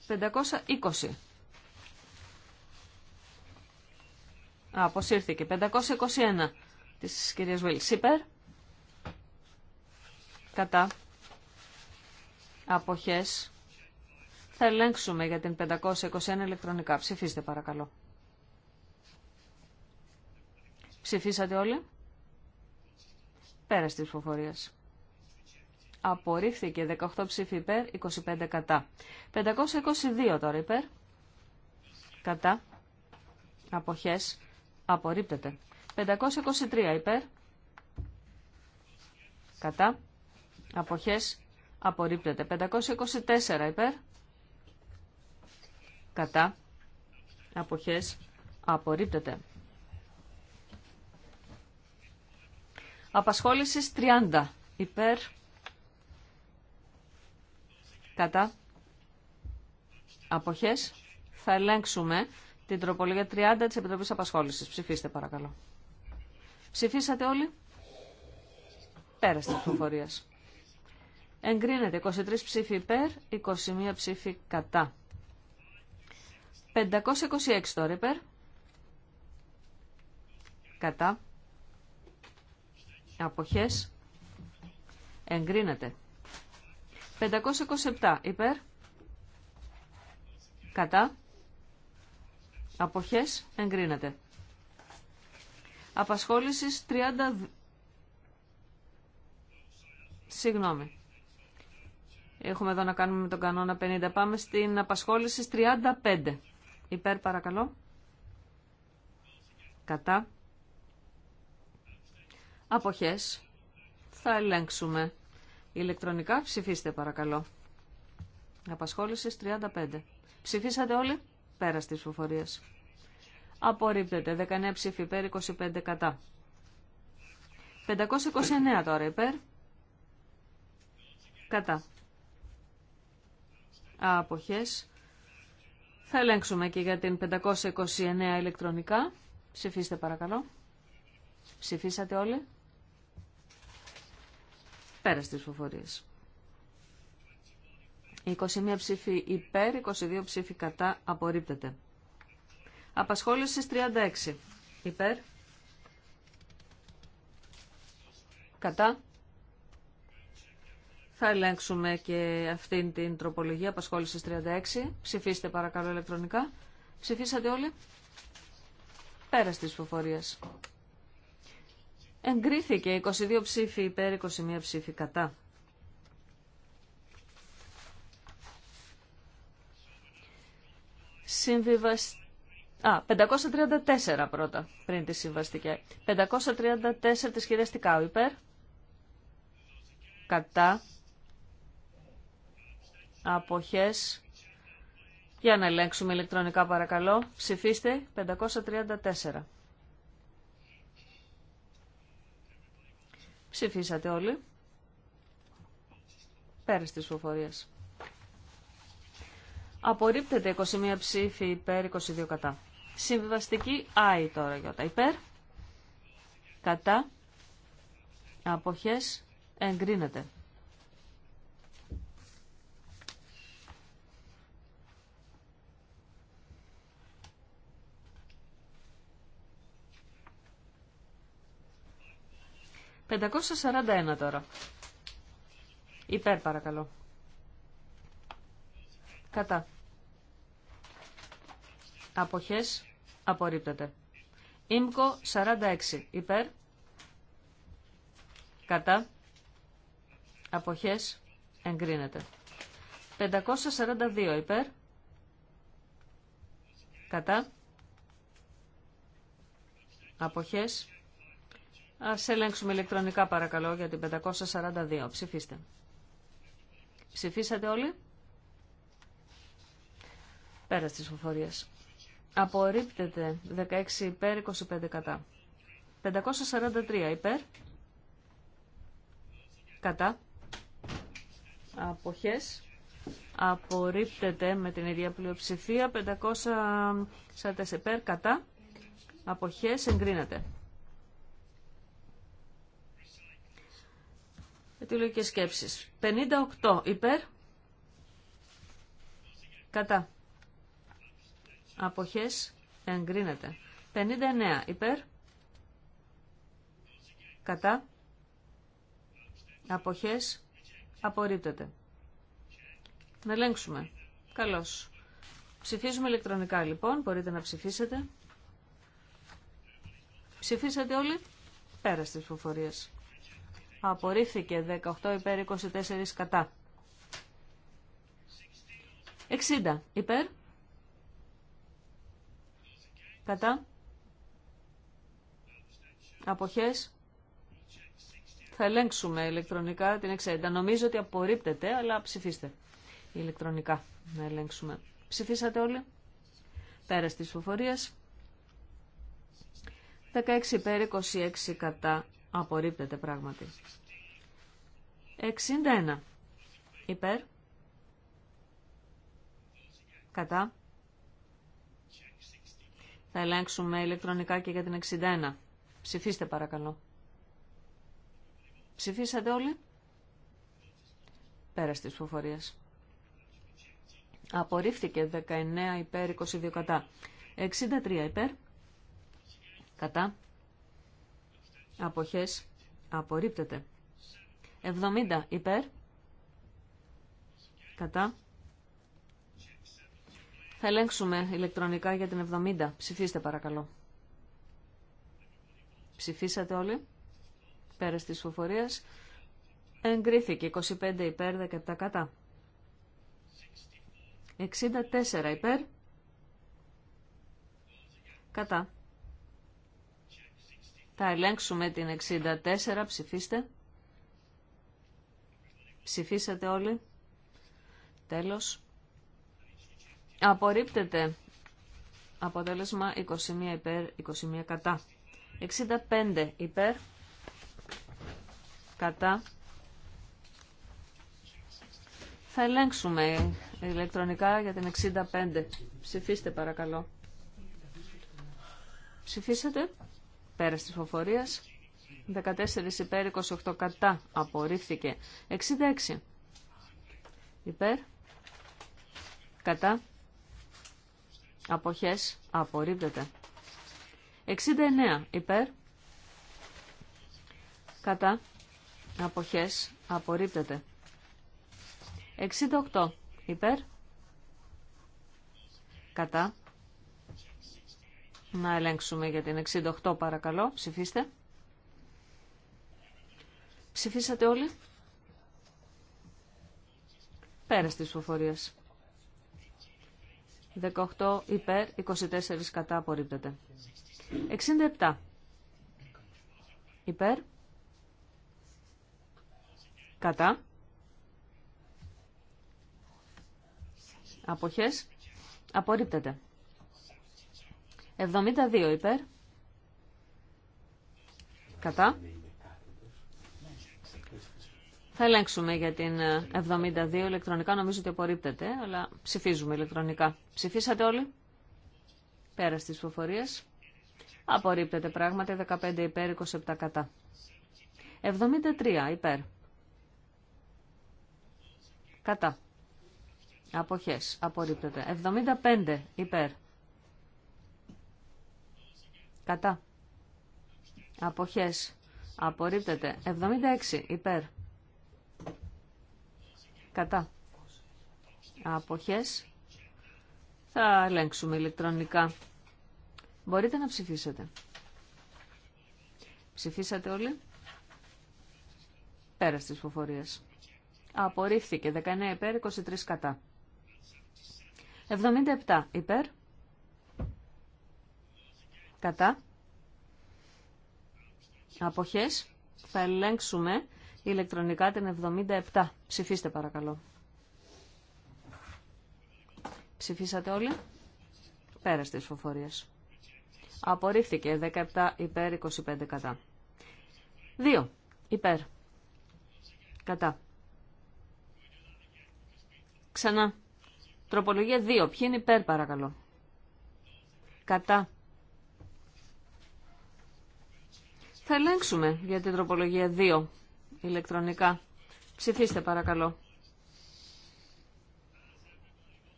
520. Αποσύρθηκε. 521 της κυρίας Βίλ. Σίπερ. Κατά. Αποχές. Θα ελέγξουμε για την 521 ηλεκτρονικά. Ψηφίστε παρακαλώ. Ψηφίσατε όλοι. Πέρα τη ψηφοφορία. Απορρίφθηκε 18 ψηφίπερ υπέρ, 25 κατά. 522 τώρα υπέρ. Κατά. Αποχές. Απορρίπτεται. 523 υπέρ. Κατά. Αποχές. Απορρίπτεται. 524 υπέρ. Κατά. Αποχές. Απορρίπτεται. Απασχόλησης 30 υπέρ. Κατά. Αποχές. Θα ελέγξουμε την τροπολογία 30 της Επιτροπής Απασχόλησης. Ψηφίστε παρακαλώ. Ψηφίσατε όλοι. Πέρασε της Εγκρίνεται 23 ψήφοι υπέρ, 21 ψήφοι κατά. 526 τώρα υπέρ. Κατά. Αποχές. Εγκρίνεται. 527 υπέρ. Κατά. Αποχές εγκρίνεται. Απασχόλησης 30... Συγγνώμη. Έχουμε εδώ να κάνουμε με τον κανόνα 50. Πάμε στην απασχόληση 35. Υπέρ παρακαλώ. Κατά. Αποχές. Θα ελέγξουμε. Ηλεκτρονικά ψηφίστε παρακαλώ. Απασχόληση 35. Ψηφίσατε όλοι. Πέρα τη ψηφοφορία. Απορρίπτεται. 19 ψήφοι υπέρ, 25 κατά. 529 τώρα υπέρ. Κατά. Αποχές. Θα ελέγξουμε και για την 529 ηλεκτρονικά. Ψηφίστε παρακαλώ. Ψηφίσατε όλοι. Πέρα στις φοφορίες. 21 ψήφοι υπέρ, 22 ψήφοι κατά, απορρίπτεται. Απασχόληση 36. Υπέρ. Κατά. Θα ελέγξουμε και αυτήν την τροπολογία απασχόλησης 36. Ψηφίστε παρακαλώ ηλεκτρονικά. Ψηφίσατε όλοι. Πέρα της ψηφοφορίας. Εγκρίθηκε 22 ψήφοι υπέρ, 21 ψήφοι κατά. Συμβιβασ... Α, 534 πρώτα, πριν τη συμβαστική. 534 της κυρίας Τικάου, υπέρ. Κατά. Αποχές. Για να ελέγξουμε ηλεκτρονικά παρακαλώ. Ψηφίστε 534. Ψηφίσατε όλοι. στις της 534. Απορρίπτεται 21 ψήφι υπέρ, 22 κατά. Συμβιβαστική ΆΗ τώρα γιώτα. Υπέρ, κατά, αποχές, εγκρίνεται. «541 τώρα. Υπέρ παρακαλώ». Κατά. Αποχές. Απορρίπτεται. Ήμκο 46. Υπέρ. Κατά. Αποχές. Εγκρίνεται. 542. Υπέρ. Κατά. Αποχές. Ας ελέγξουμε ηλεκτρονικά παρακαλώ για την 542. Ψηφίστε. Ψηφίσατε όλοι. Πέρα στις ψηφοφορίες. Απορρίπτεται 16 υπέρ, 25 κατά. 543 υπέρ. Κατά. Αποχές. Απορρίπτεται με την ίδια πλειοψηφία. 544 υπέρ, κατά. Αποχές εγκρίνεται. Ετυλογικές σκέψεις. 58 υπέρ. Κατά. Αποχές εγκρίνεται. 59 υπέρ. Κατά. Αποχές απορρίπτεται. Να ελέγξουμε. Καλώς. Ψηφίζουμε ηλεκτρονικά λοιπόν. Μπορείτε να ψηφίσετε. Ψηφίσατε όλοι. Πέρασε στις ψηφοφορίες. Απορρίφθηκε 18 υπέρ 24 κατά. 60 υπέρ. Κατά. Αποχές. Θα ελέγξουμε ηλεκτρονικά την 60. Νομίζω ότι απορρίπτεται, αλλά ψηφίστε ηλεκτρονικά να ελέγξουμε. Ψηφίσατε όλοι. Πέρα της ψηφοφορίας. 16 υπέρ, 26 κατά. Απορρίπτεται πράγματι. 61 υπέρ. Κατά. Θα ελέγξουμε ηλεκτρονικά και για την 61. Ψηφίστε παρακαλώ. Ψηφίσατε όλοι. Πέρα τη ψηφοφορία. Απορρίφθηκε 19 υπέρ 22 κατά. 63 υπέρ. Κατά. Αποχές. Απορρίπτεται. 70 υπέρ. Κατά. Θα ελέγξουμε ηλεκτρονικά για την 70. Ψηφίστε παρακαλώ. Ψηφίσατε όλοι. Πέρα τη φοφορίας. Εγκρίθηκε 25 υπέρ, 17 κατά. 64 υπέρ. Κατά. Θα ελέγξουμε την 64. Ψηφίστε. Ψηφίσατε όλοι. Τέλος. Απορρίπτεται. Αποτέλεσμα 21 υπέρ, 21 κατά. 65 υπέρ, κατά. Θα ελέγξουμε ηλεκτρονικά για την 65. Ψηφίστε παρακαλώ. Ψηφίσατε. Πέρα της φοφορίας. 14 υπέρ, 28 κατά. Απορρίφθηκε. 66 υπέρ, κατά. Αποχές απορρίπτεται. 69 υπέρ. Κατά. Αποχές απορρίπτεται. 68 υπέρ. Κατά. Να ελέγξουμε για την 68 παρακαλώ. Ψηφίστε. Ψηφίσατε όλοι. Πέρα της 18 υπέρ, 24 κατά απορρίπτεται. 67 υπέρ, κατά, αποχές, απορρίπτεται. 72 υπέρ, κατά, θα ελέγξουμε για την 72 ε, ηλεκτρονικά. Νομίζω ότι απορρίπτεται, αλλά ψηφίζουμε ηλεκτρονικά. Ψηφίσατε όλοι. Πέρα στις ψηφοφορίες. Απορρίπτεται πράγματι 15 υπέρ, 27 κατά. 73 υπέρ. Κατά. Αποχές. Απορρίπτεται. 75 υπέρ. Κατά. Αποχές. Απορρίπτεται. 76 υπέρ. Κατά. Αποχές. Θα ελέγξουμε ηλεκτρονικά. Μπορείτε να ψηφίσετε. Ψηφίσατε όλοι. Πέρα στις φοφορίες. Απορρίφθηκε. 19 υπέρ, 23 κατά. 77 υπέρ. Κατά. Αποχές. Θα ελέγξουμε ηλεκτρονικά την 77. Ψηφίστε παρακαλώ. Ψηφίσατε όλοι. Πέρας της φοφορίες. Απορρίφθηκε 17 υπέρ 25 κατά. 2 υπέρ κατά. Ξανά. Τροπολογία 2. Ποιοι είναι υπέρ παρακαλώ. Κατά. Θα ελέγξουμε για την τροπολογία 2 ηλεκτρονικά. Ψηφίστε παρακαλώ.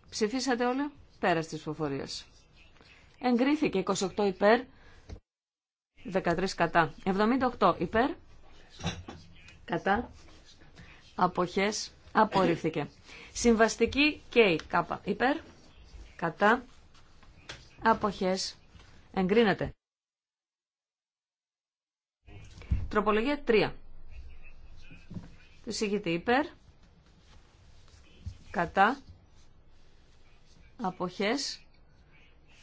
Ψηφίσατε όλοι πέρα της ψηφοφορίες. Εγκρίθηκε 28 υπέρ, 13 κατά. 78 υπέρ, κατά, αποχές, απορρίφθηκε. Συμβαστική και κάπα υπέρ, κατά, αποχές, εγκρίνεται. Τροπολογία 3 του υπέρ, κατά, αποχές,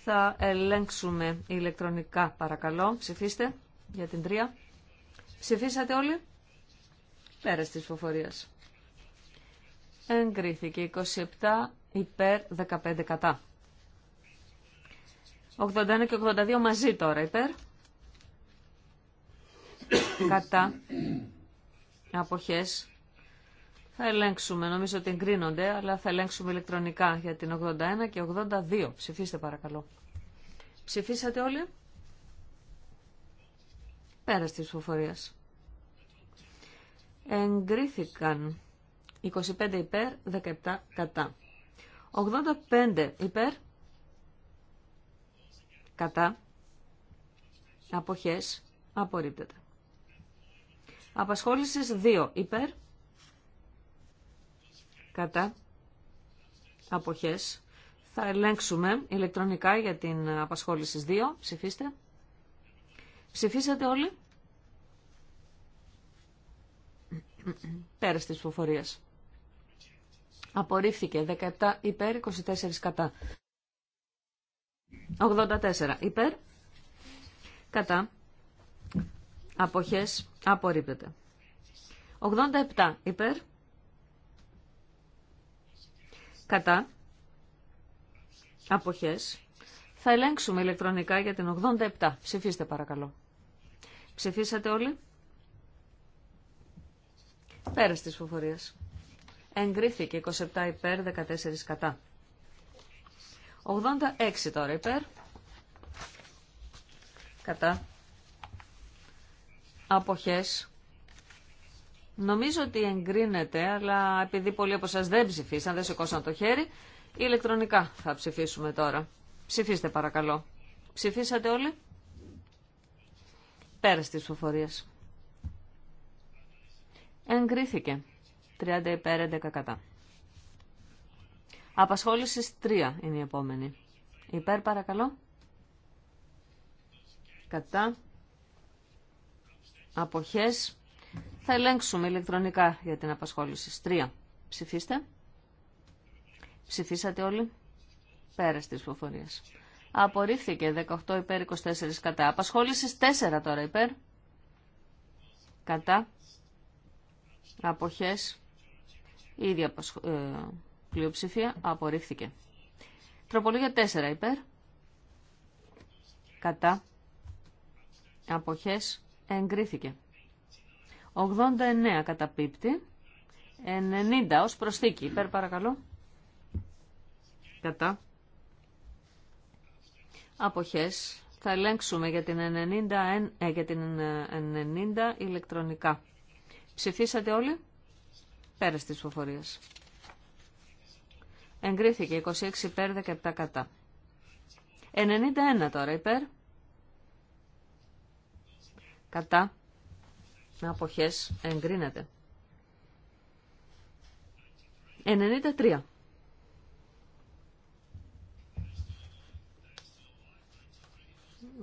θα ελέγξουμε ηλεκτρονικά παρακαλώ. Ψηφίστε για την τριά Ψηφίσατε όλοι. Πέρας της ψηφοφορίας. Εγκρίθηκε 27 υπέρ 15 κατά. 81 και 82 μαζί τώρα υπέρ. Κατά. Αποχές. Θα ελέγξουμε, νομίζω ότι εγκρίνονται, αλλά θα ελέγξουμε ηλεκτρονικά για την 81 και 82. Ψηφίστε παρακαλώ. Ψηφίσατε όλοι. Πέρα τη ψηφοφορία. Εγκρίθηκαν 25 υπέρ, 17 κατά. 85 υπέρ, κατά, αποχές, απορρίπτεται. Απασχόλησης 2 υπέρ, κατά αποχές. Θα ελέγξουμε ηλεκτρονικά για την απασχόληση 2. Ψηφίστε. Ψηφίσατε όλοι. Πέρας της ψηφοφορίας. Απορρίφθηκε 17 υπέρ, 24 κατά. 84 υπέρ, κατά. Αποχές απορρίπτεται. 87 υπέρ, κατά, αποχές, θα ελέγξουμε ηλεκτρονικά για την 87. Ψηφίστε παρακαλώ. Ψηφίσατε όλοι. Πέρας της φοφορίας. Εγκρίθηκε 27 υπέρ, 14 κατά. 86 τώρα υπέρ. Κατά. Αποχές. Νομίζω ότι εγκρίνεται, αλλά επειδή πολλοί από σας δεν ψηφίσαν, δεν σηκώσαν το χέρι, ηλεκτρονικά θα ψηφίσουμε τώρα. Ψηφίστε παρακαλώ. Ψηφίσατε όλοι. Πέρα τη ψηφοφορίες. Εγκρίθηκε. 30 υπέρ 11 κατά. Απασχόληση 3 είναι η επόμενη. Υπέρ παρακαλώ. Κατά. Αποχές θα ελέγξουμε ηλεκτρονικά για την απασχόληση. Τρία. Ψηφίστε. Ψηφίσατε όλοι. Πέρα τη ψηφοφορία. Απορρίφθηκε 18 υπέρ 24 κατά. Απασχόληση 4 τώρα υπέρ. Κατά. Αποχές. Η ίδια ε, πλειοψηφία απορρίφθηκε. Τροπολογία 4 υπέρ. Κατά. Αποχές εγκρίθηκε. 89 καταπίπτει. 90 ως προσθήκη. Υπέρ παρακαλώ. Κατά. Αποχές. Θα ελέγξουμε για την 90, ε, για την 90 ε, ηλεκτρονικά. Ψηφίσατε όλοι. Πέρα της ψηφοφορίας. Εγκρίθηκε 26 υπέρ 17 κατά. 91 τώρα υπέρ. Κατά. Αποχές εγκρίνεται. 93.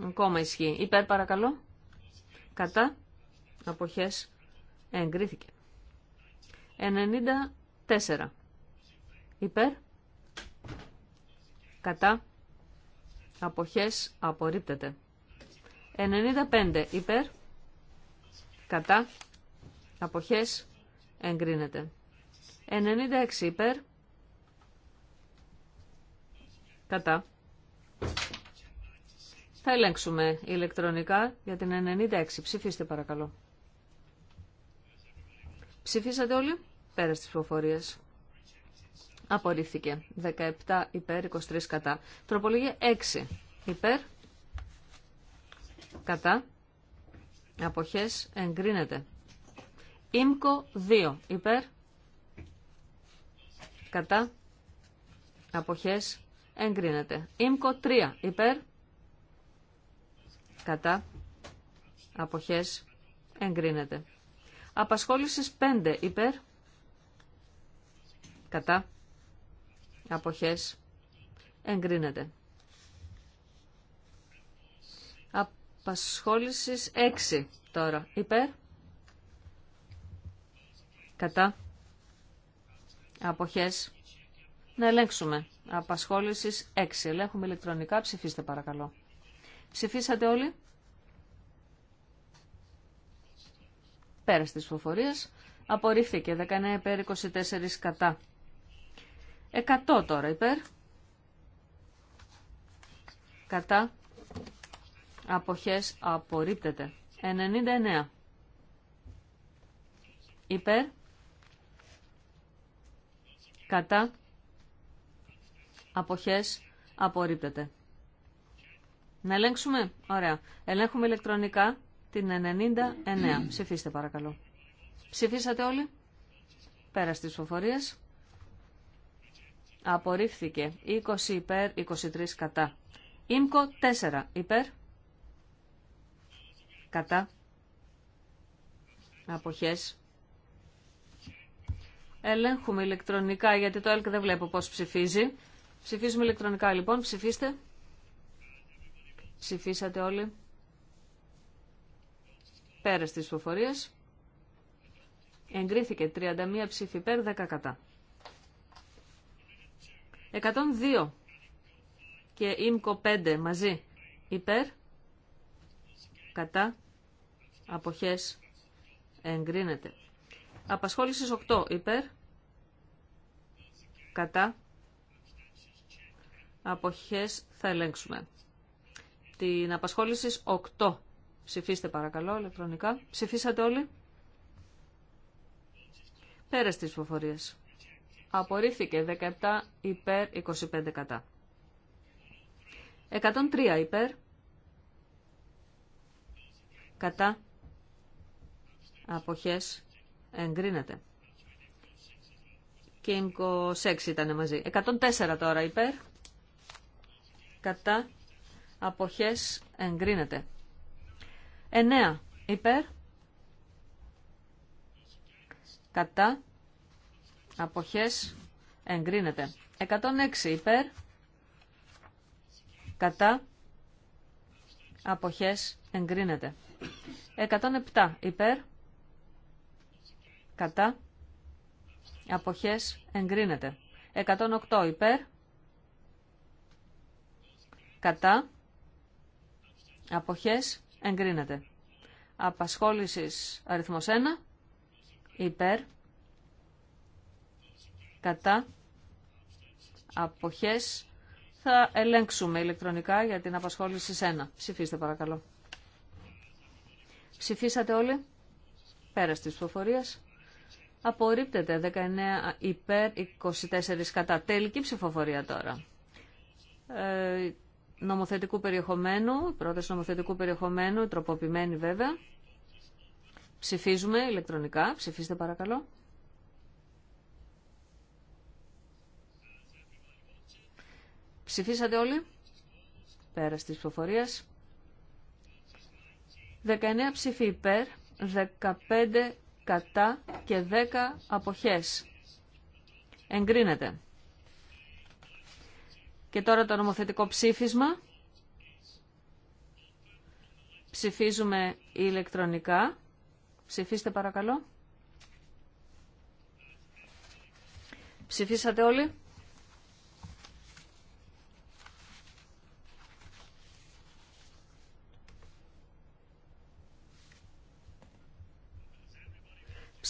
Ακόμα ισχύει. Υπέρ παρακαλώ. Κατά. Αποχές εγκρίθηκε. 94. Υπέρ. Κατά. Αποχές απορρίπτεται. 95. Υπέρ κατά, αποχές, εγκρίνεται. 96 υπέρ, κατά. Θα ελέγξουμε ηλεκτρονικά για την 96. Ψηφίστε παρακαλώ. Ψηφίσατε όλοι. Πέρα στις προφορίες. Απορρίφθηκε. 17 υπέρ, 23 κατά. Τροπολογία 6 υπέρ, κατά. Αποχές εγκρίνεται. Ήμκο 2. Υπέρ. Κατά. Αποχές εγκρίνεται. Ήμκο 3. Υπέρ. Κατά. Αποχές εγκρίνεται. Απασχόλησης 5. Υπέρ. Κατά. Αποχές εγκρίνεται. απασχόλησης 6 τώρα. Υπέρ. Κατά. Αποχές. Να ελέγξουμε. Απασχόλησης 6. Ελέγχουμε ηλεκτρονικά. Ψηφίστε παρακαλώ. Ψηφίσατε όλοι. Πέρα στις φοφορία. Απορρίφθηκε. 19 υπέρ, 24 κατά. 100 τώρα υπέρ. Κατά. Αποχές απορρίπτεται. 99. Υπέρ. Κατά. Αποχές απορρίπτεται. Να ελέγξουμε. Ωραία. Ελέγχουμε ηλεκτρονικά την 99. Ψηφίστε παρακαλώ. Ψηφίσατε όλοι. Πέρα στις ψηφοφορίες. Απορρίφθηκε. 20 υπέρ, 23 κατά. Ίμκο. 4 υπέρ κατά αποχές. Ελέγχουμε ηλεκτρονικά γιατί το ΕΛΚ δεν βλέπω πώς ψηφίζει. Ψηφίζουμε ηλεκτρονικά λοιπόν. Ψηφίστε. Ψηφίσατε όλοι. Πέρα τις ψηφοφορίες. Εγκρίθηκε 31 ψήφι υπέρ 10 κατά. 102 και ΙΜΚΟ 5 μαζί υπέρ κατά Αποχές εγκρίνεται. Απασχόλησης 8 υπέρ. Κατά. Αποχές θα ελέγξουμε. Την απασχόληση 8. Ψηφίστε παρακαλώ ηλεκτρονικά. Ψηφίσατε όλοι. Πέρα της ψηφοφορίες. Απορρίφθηκε 17 υπέρ 25 κατά. 103 υπέρ. Κατά αποχές εγκρίνεται. Και 26 6 ήταν μαζί. 104 τώρα υπέρ, κατά, αποχές εγκρίνεται. 9 υπέρ, κατά, αποχές εγκρίνεται. 106 υπέρ, κατά, αποχές εγκρίνεται. 107 υπέρ, κατά, αποχές εγκρίνεται. 108 υπέρ, κατά, αποχές εγκρίνεται. Απασχόλησης αριθμός 1, υπέρ, κατά, αποχές θα ελέγξουμε ηλεκτρονικά για την απασχόληση 1. Ψηφίστε παρακαλώ. Ψηφίσατε όλοι. Πέρα της ψηφοφορίας. Απορρίπτεται 19 υπέρ 24 κατά. Τελική ψηφοφορία τώρα. Ε, νομοθετικού περιεχομένου, πρόταση νομοθετικού περιεχομένου, τροποποιημένη βέβαια. Ψηφίζουμε ηλεκτρονικά. Ψηφίστε παρακαλώ. Ψηφίσατε όλοι. Πέρα της ψηφοφορίας. 19 ψηφί υπέρ, 15 κατά και 10 αποχές. Εγκρίνεται. Και τώρα το νομοθετικό ψήφισμα. Ψηφίζουμε ηλεκτρονικά. Ψηφίστε παρακαλώ. Ψηφίσατε όλοι.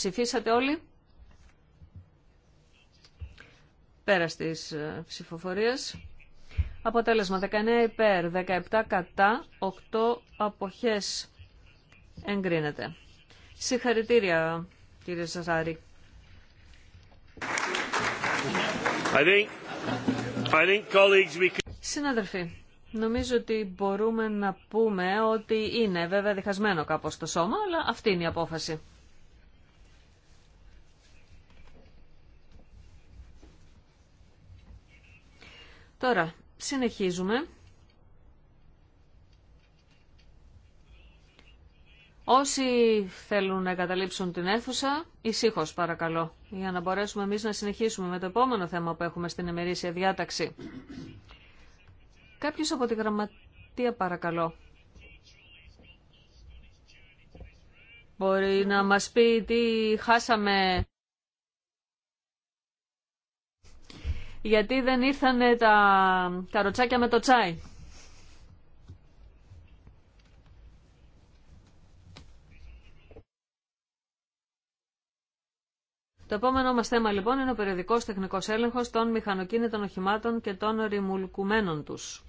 Ψηφίσατε όλοι. Πέρα στις ε, ψηφοφορίες. Αποτέλεσμα 19 υπέρ, 17 κατά, 8 αποχές εγκρίνεται. Συγχαρητήρια κύριε Ζαζάρη. I Συναδελφοί, νομίζω ότι μπορούμε να πούμε ότι είναι βέβαια διχασμένο κάπως το σώμα, αλλά αυτή είναι η απόφαση. Τώρα, συνεχίζουμε. Όσοι θέλουν να καταλήψουν την αίθουσα, ησύχω παρακαλώ, για να μπορέσουμε εμείς να συνεχίσουμε με το επόμενο θέμα που έχουμε στην ημερήσια διάταξη. Κάποιος από τη γραμματεία παρακαλώ. Μπορεί να μας πει τι χάσαμε γιατί δεν ήρθανε τα καροτσάκια με το τσάι. Το επόμενό μας θέμα λοιπόν είναι ο περιοδικός τεχνικός έλεγχος των μηχανοκίνητων οχημάτων και των ρημουλκουμένων τους.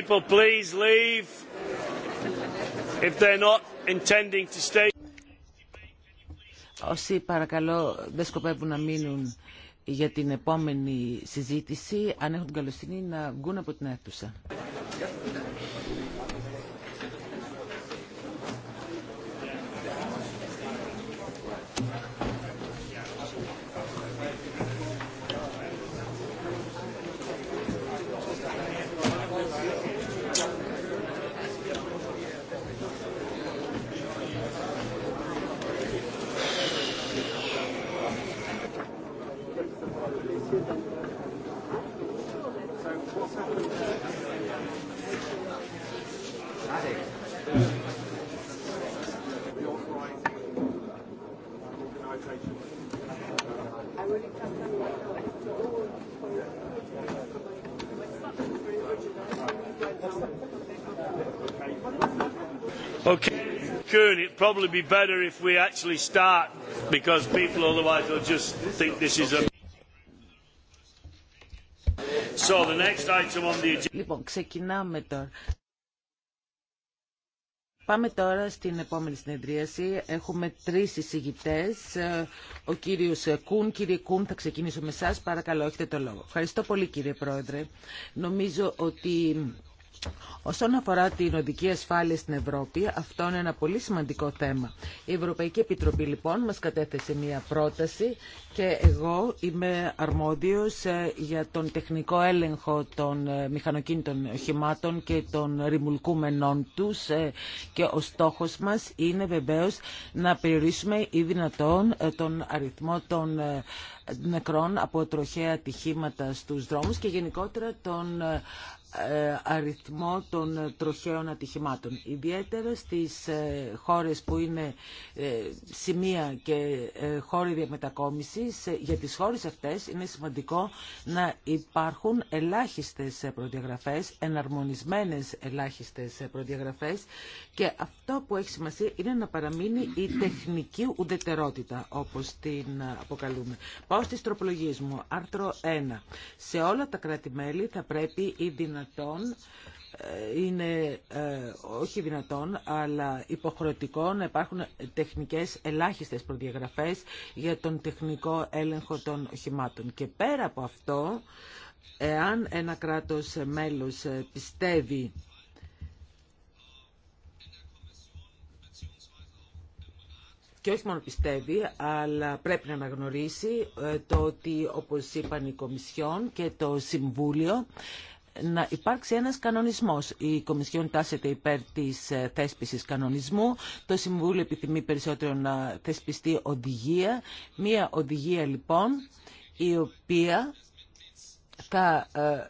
People, please leave. If they're not intending to stay. Όσοι παρακαλώ δεν σκοπεύουν να μείνουν για την επόμενη συζήτηση, αν έχουν την καλοσύνη να βγουν από την αίθουσα. Λοιπόν, ξεκινάμε τώρα. Πάμε τώρα στην επόμενη συνεδρίαση. Έχουμε τρει εισηγητές. Ο κύριο Κούν. Κύριε Κούν, θα ξεκινήσω με εσά. Παρακαλώ, έχετε το λόγο. Ευχαριστώ πολύ, κύριε Πρόεδρε. Νομίζω ότι Όσον αφορά την οδική ασφάλεια στην Ευρώπη, αυτό είναι ένα πολύ σημαντικό θέμα. Η Ευρωπαϊκή Επιτροπή λοιπόν μας κατέθεσε μία πρόταση και εγώ είμαι αρμόδιος ε, για τον τεχνικό έλεγχο των ε, μηχανοκίνητων οχημάτων και των ρημουλκούμενών τους ε, και ο στόχος μας είναι βεβαίως να περιορίσουμε ή δυνατόν τον αριθμό των νεκρών από τροχαία ατυχήματα στους δρόμους και γενικότερα των ε, αριθμό των ε, τροχαίων ατυχημάτων. Ιδιαίτερα στις ε, χώρες που είναι σημεία και χώροι διαμετακόμισης, για τις χώρες αυτές είναι σημαντικό να υπάρχουν ελάχιστες προδιαγραφές, εναρμονισμένες ελάχιστες προδιαγραφές και αυτό που έχει σημασία είναι να παραμείνει η τεχνική ουδετερότητα, όπως την αποκαλούμε. Πάω στις τροπολογίες μου. Άρθρο 1. Σε όλα τα κράτη-μέλη θα πρέπει η δυνατότητα ε, είναι ε, όχι δυνατόν, αλλά υποχρεωτικό να υπάρχουν τεχνικές ελάχιστες προδιαγραφές για τον τεχνικό έλεγχο των οχημάτων. Και πέρα από αυτό, εάν ένα κράτος μέλος ε, πιστεύει και όχι μόνο πιστεύει, αλλά πρέπει να αναγνωρίσει το ότι, όπως είπαν οι Κομισιόν και το Συμβούλιο, να υπάρξει ένας κανονισμός. Η Κομισιόν τάσεται υπέρ της ε, θέσπισης κανονισμού. Το Συμβούλιο επιθυμεί περισσότερο να θεσπιστεί οδηγία. Μία οδηγία λοιπόν η οποία θα ε,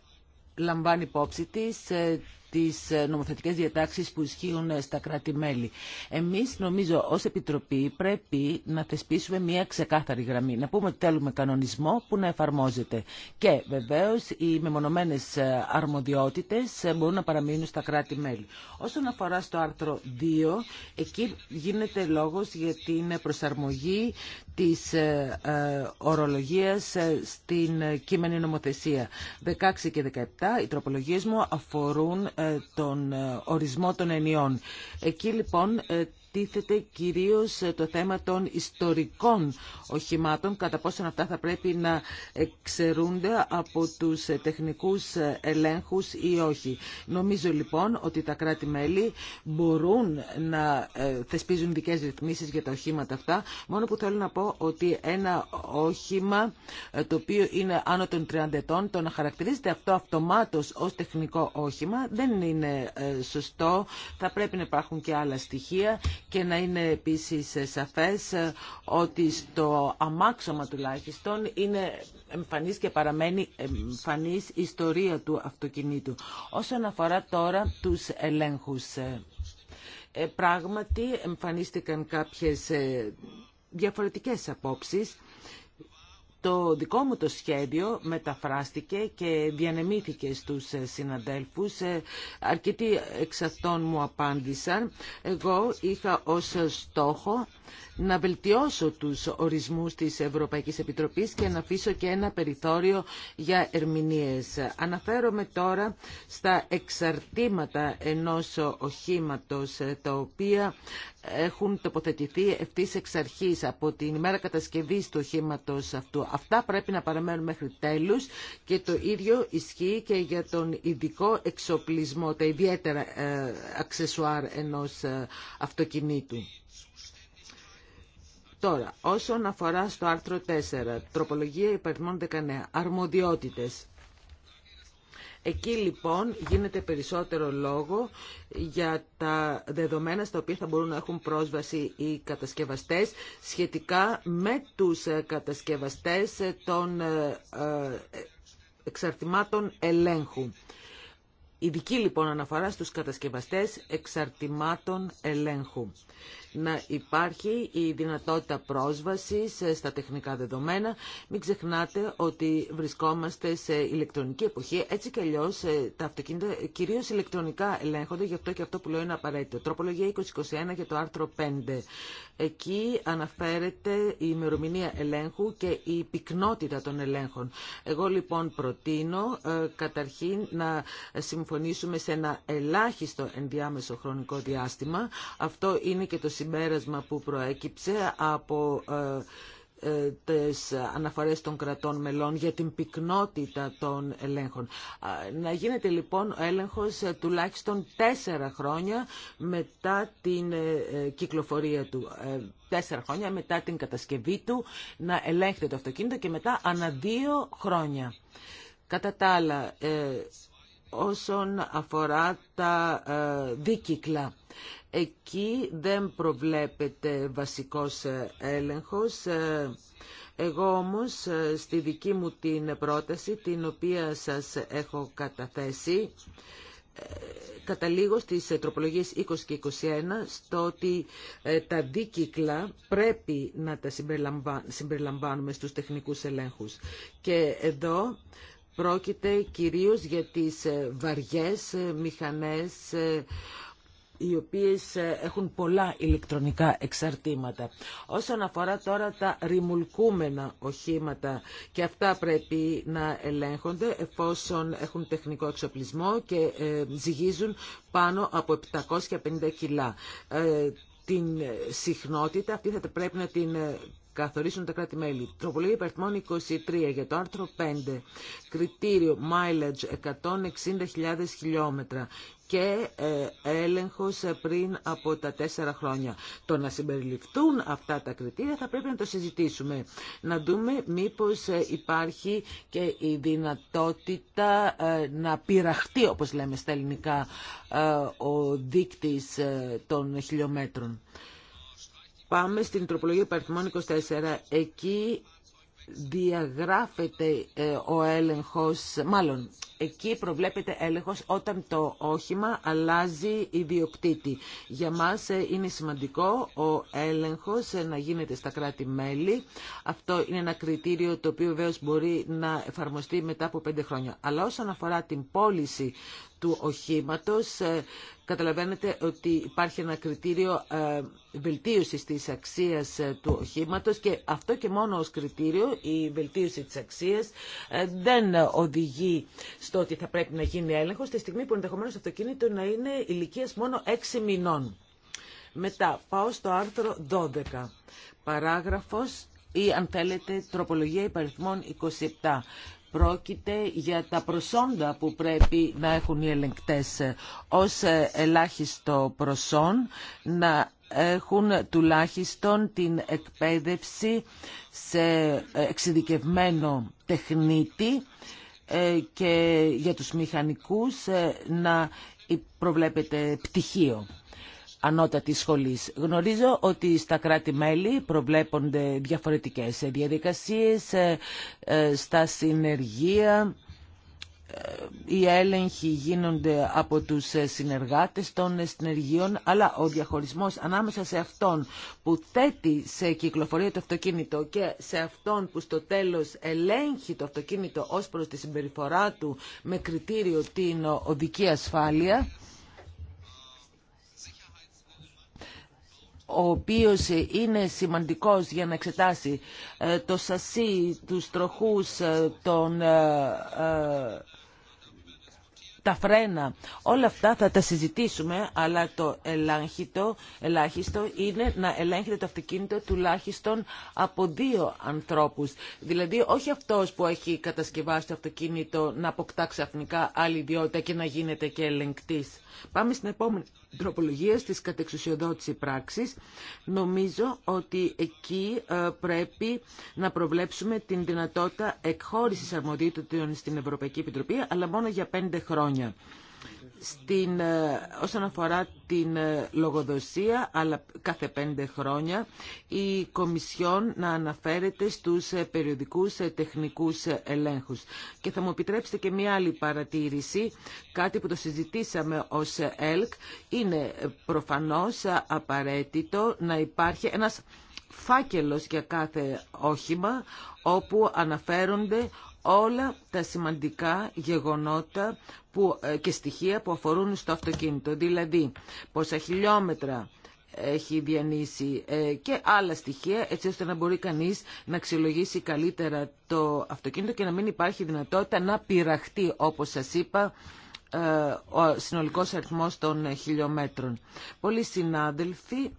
λαμβάνει υπόψη της ε, τις ε, νομοθετικές διατάξεις που ισχύουν ε, στα κράτη-μέλη. Εμείς νομίζω ως Επιτροπή πρέπει να θεσπίσουμε μια ξεκάθαρη γραμμή, να πούμε ότι θέλουμε κανονισμό που να εφαρμόζεται. Και βεβαίως οι μεμονωμένες ε, αρμοδιότητες μπορούν να παραμείνουν στα κράτη-μέλη. Όσον αφορά στο άρθρο 2, εκεί γίνεται λόγος για την προσαρμογή της ε, ε, ορολογίας ε, στην κείμενη νομοθεσία. 16 και 17 οι τροπολογίες μου αφορούν τον ορισμό των ενιών. Εκεί λοιπόν τίθεται κυρίως ε, το θέμα των ιστορικών οχημάτων, κατά πόσον αυτά θα πρέπει να εξαιρούνται από τους ε, τεχνικούς ε, ελέγχους ή όχι. Νομίζω λοιπόν ότι τα κράτη-μέλη μπορούν να θεσπίζουν δικές ρυθμίσεις για τα οχήματα αυτά, μόνο που θέλω να πω ότι ένα όχημα το οποίο είναι άνω των 30 ετών, το να χαρακτηρίζεται αυτό αυτομάτως ως τεχνικό όχημα δεν είναι σωστό, θα πρέπει να υπάρχουν και άλλα στοιχεία και να είναι επίσης σαφές ότι στο αμάξωμα τουλάχιστον είναι εμφανής και παραμένει εμφανής ιστορία του αυτοκινήτου. Όσον αφορά τώρα τους ελέγχους, ε, ε, πράγματι εμφανίστηκαν κάποιες ε, διαφορετικές απόψεις το δικό μου το σχέδιο μεταφράστηκε και διανεμήθηκε στους συναδέλφους. Αρκετοί εξ αυτών μου απάντησαν. Εγώ είχα ως στόχο να βελτιώσω τους ορισμούς της Ευρωπαϊκής Επιτροπής και να αφήσω και ένα περιθώριο για ερμηνείες. Αναφέρομαι τώρα στα εξαρτήματα ενός οχήματος τα οποία έχουν τοποθετηθεί ευθύ εξ αρχής από την ημέρα κατασκευής του οχήματος αυτού. Αυτά πρέπει να παραμένουν μέχρι τέλους και το ίδιο ισχύει και για τον ειδικό εξοπλισμό, τα ιδιαίτερα ε, αξεσουάρ ενός ε, αυτοκινήτου. Τώρα, όσον αφορά στο άρθρο 4, τροπολογία υπαριθμών 19, αρμοδιότητες. Εκεί λοιπόν γίνεται περισσότερο λόγο για τα δεδομένα στα οποία θα μπορούν να έχουν πρόσβαση οι κατασκευαστές σχετικά με τους ε, κατασκευαστές ε, των ε, εξαρτημάτων ελέγχου. Ειδική λοιπόν αναφορά στους κατασκευαστές εξαρτημάτων ελέγχου να υπάρχει η δυνατότητα πρόσβασης ε, στα τεχνικά δεδομένα. Μην ξεχνάτε ότι βρισκόμαστε σε ηλεκτρονική εποχή. Έτσι κι αλλιώ ε, τα αυτοκίνητα κυρίω ηλεκτρονικά ελέγχονται, γι' αυτό και αυτό που λέω είναι απαραίτητο. Τροπολογία 2021 για το άρθρο 5. Εκεί αναφέρεται η ημερομηνία ελέγχου και η πυκνότητα των ελέγχων. Εγώ λοιπόν προτείνω ε, καταρχήν να συμφωνήσουμε σε ένα ελάχιστο ενδιάμεσο χρονικό διάστημα. Αυτό είναι και το συμπέρασμα που προέκυψε από ε, ε, τις αναφορές των κρατών μελών για την πυκνότητα των ελέγχων. Να γίνεται λοιπόν ο έλεγχος ε, τουλάχιστον τέσσερα χρόνια μετά την κυκλοφορία του. Τέσσερα χρόνια μετά την κατασκευή του να ελέγχεται το αυτοκίνητο και μετά ανά δύο χρόνια. Κατά τα άλλα, όσον αφορά τα δίκυκλα Εκεί δεν προβλέπεται βασικός ε, έλεγχος. Ε, εγώ όμως ε, στη δική μου την πρόταση, την οποία σας έχω καταθέσει, καταλήγω στις τροπολογίες 20 και 21 στο ότι τα δίκυκλα πρέπει να τα συμπεριλαμβάνουμε στους τεχνικούς ελέγχους. Και εδώ πρόκειται κυρίως για τις βαριές μηχανές οι οποίες ε, έχουν πολλά ηλεκτρονικά εξαρτήματα. Όσον αφορά τώρα τα ρημουλκούμενα οχήματα και αυτά πρέπει να ελέγχονται εφόσον έχουν τεχνικό εξοπλισμό και ε, ζυγίζουν πάνω από 750 κιλά. Ε, την συχνότητα αυτή θα πρέπει να την καθορίσουν τα κράτη-μέλη. Τροπολογία υπερθμών 23 για το άρθρο 5. Κριτήριο mileage 160.000 χιλιόμετρα και ε, έλεγχος πριν από τα τέσσερα χρόνια. Το να συμπεριληφθούν αυτά τα κριτήρια θα πρέπει να το συζητήσουμε. Να δούμε μήπως ε, υπάρχει και η δυνατότητα ε, να πειραχτεί, όπως λέμε στα ελληνικά, ο δείκτης των χιλιόμετρων. Πάμε στην τροπολογία υπαριθμών 24. Εκεί διαγράφεται ε, ο έλεγχος, μάλλον εκεί προβλέπεται έλεγχος όταν το όχημα αλλάζει ιδιοκτήτη. Για μας ε, είναι σημαντικό ο έλεγχος ε, να γίνεται στα κράτη-μέλη. Αυτό είναι ένα κριτήριο το οποίο βέβαια μπορεί να εφαρμοστεί μετά από πέντε χρόνια. Αλλά όσον αφορά την πώληση του οχήματος καταλαβαίνετε ότι υπάρχει ένα κριτήριο ε, βελτίωσης της αξίας ε, του οχήματος και αυτό και μόνο ως κριτήριο, η βελτίωση της αξίας, ε, δεν οδηγεί στο ότι θα πρέπει να γίνει έλεγχος τη στιγμή που ενδεχομένω το αυτοκίνητο να είναι ηλικίας μόνο 6 μηνών. Μετά πάω στο άρθρο 12, παράγραφος ή αν θέλετε τροπολογία υπαριθμών 27. Πρόκειται για τα προσόντα που πρέπει να έχουν οι ελεγκτές ε, ως ε, ελάχιστο προσόν να έχουν τουλάχιστον την εκπαίδευση σε ε, εξειδικευμένο τεχνίτη και για τους μηχανικούς να προβλέπεται πτυχίο ανώτατης σχολής. Γνωρίζω ότι στα κράτη-μέλη προβλέπονται διαφορετικές διαδικασίες, ε, ε, στα συνεργεία ε, οι έλεγχοι γίνονται από τους συνεργάτες των συνεργείων, αλλά ο διαχωρισμός ανάμεσα σε αυτόν που θέτει σε κυκλοφορία το αυτοκίνητο και σε αυτόν που στο τέλος ελέγχει το αυτοκίνητο ως προς τη συμπεριφορά του με κριτήριο την οδική ασφάλεια, ο οποίος είναι σημαντικός για να εξετάσει ε, το σασί, τους τροχούς, ε, τον, ε, τα φρένα. Όλα αυτά θα τα συζητήσουμε, αλλά το ελάχιστο, ελάχιστο είναι να ελέγχεται το αυτοκίνητο τουλάχιστον από δύο ανθρώπους. Δηλαδή όχι αυτός που έχει κατασκευάσει το αυτοκίνητο να αποκτά ξαφνικά άλλη ιδιότητα και να γίνεται και ελεγκτής. Πάμε στην επόμενη τροπολογίας της κατεξουσιοδότησης πράξης, νομίζω ότι εκεί ε, πρέπει να προβλέψουμε την δυνατότητα εκχώρησης αρμοδίτων στην Ευρωπαϊκή Επιτροπή, αλλά μόνο για πέντε χρόνια στην, ε, όσον αφορά την ε, λογοδοσία, αλλά κάθε πέντε χρόνια η Κομισιόν να αναφέρεται στους ε, περιοδικούς τεχνικούς ελέγχους. Και θα μου επιτρέψετε και μια άλλη παρατήρηση, κάτι που το συζητήσαμε ως ΕΛΚ, είναι προφανώς απαραίτητο να υπάρχει ένας φάκελος για κάθε όχημα όπου αναφέρονται όλα τα σημαντικά γεγονότα που, ε, και στοιχεία που αφορούν στο αυτοκίνητο. Δηλαδή, πόσα χιλιόμετρα έχει διανύσει ε, και άλλα στοιχεία έτσι ώστε να μπορεί κανείς να αξιολογήσει καλύτερα το αυτοκίνητο και να μην υπάρχει δυνατότητα να πειραχτεί όπως σας είπα ε, ο συνολικός αριθμός των χιλιόμετρων. Πολλοί συνάδελφοι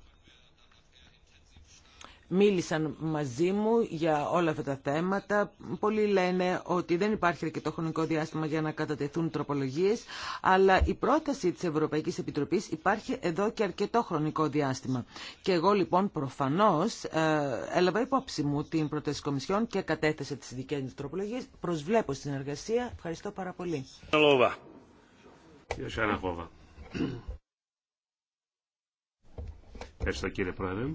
μίλησαν μαζί μου για όλα αυτά τα θέματα. Πολλοί λένε ότι δεν υπάρχει αρκετό χρονικό διάστημα για να κατατεθούν τροπολογίες, αλλά η πρόταση της Ευρωπαϊκής Επιτροπής υπάρχει εδώ και αρκετό χρονικό διάστημα. Και εγώ λοιπόν προφανώς ε, έλαβα υπόψη μου την πρόταση Κομισιόν και κατέθεσα τις δικές μου τροπολογίες. Προσβλέπω στην εργασία. Ευχαριστώ πάρα πολύ. Ευχαριστώ κύριε Πρόεδρε.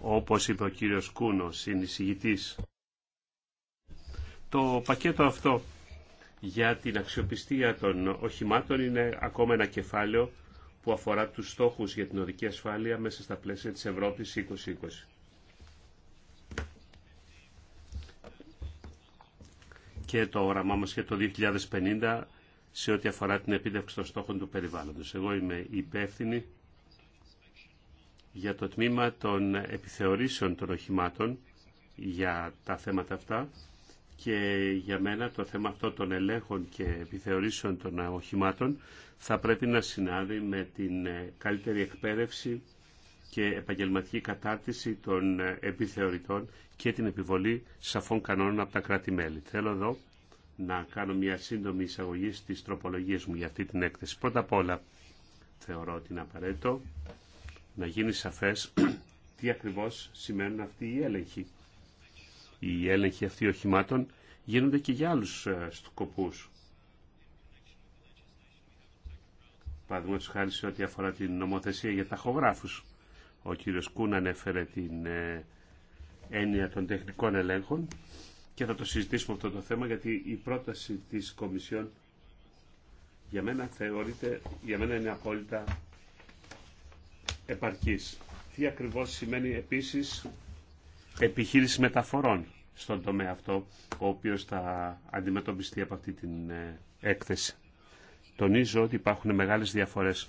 όπως είπε ο κύριος Κούνο, συνεισηγητής. Το πακέτο αυτό για την αξιοπιστία των οχημάτων είναι ακόμα ένα κεφάλαιο που αφορά τους στόχους για την οδική ασφάλεια μέσα στα πλαίσια της Ευρώπης 2020. και το όραμά μας για το 2050 σε ό,τι αφορά την επίτευξη των στόχων του περιβάλλοντος. Εγώ είμαι υπεύθυνη για το τμήμα των επιθεωρήσεων των οχημάτων για τα θέματα αυτά και για μένα το θέμα αυτό των ελέγχων και επιθεωρήσεων των οχημάτων θα πρέπει να συνάδει με την καλύτερη εκπαίδευση και επαγγελματική κατάρτιση των επιθεωρητών και την επιβολή σαφών κανόνων από τα κράτη-μέλη. Θέλω εδώ να κάνω μια σύντομη εισαγωγή στις τροπολογίες μου για αυτή την έκθεση. Πρώτα απ' όλα θεωρώ ότι είναι απαραίτητο να γίνει σαφές (clears throat) τι ακριβώς σημαίνουν αυτοί οι έλεγχοι. Οι έλεγχοι αυτοί οχημάτων γίνονται και για άλλους ε, κοπούς. Παραδείγματος χάρη σε ό,τι αφορά την νομοθεσία για ταχογράφους. Ο κύριος Κούν ανέφερε την ε, έννοια των τεχνικών ελέγχων και θα το συζητήσουμε αυτό το θέμα γιατί η πρόταση της Κομισιόν για μένα θεωρείται, για μένα είναι απόλυτα επαρκής. Τι ακριβώς σημαίνει επίσης επιχείρηση μεταφορών στον τομέα αυτό, ο οποίος θα αντιμετωπιστεί από αυτή την ε, έκθεση. Τονίζω ότι υπάρχουν μεγάλες διαφορές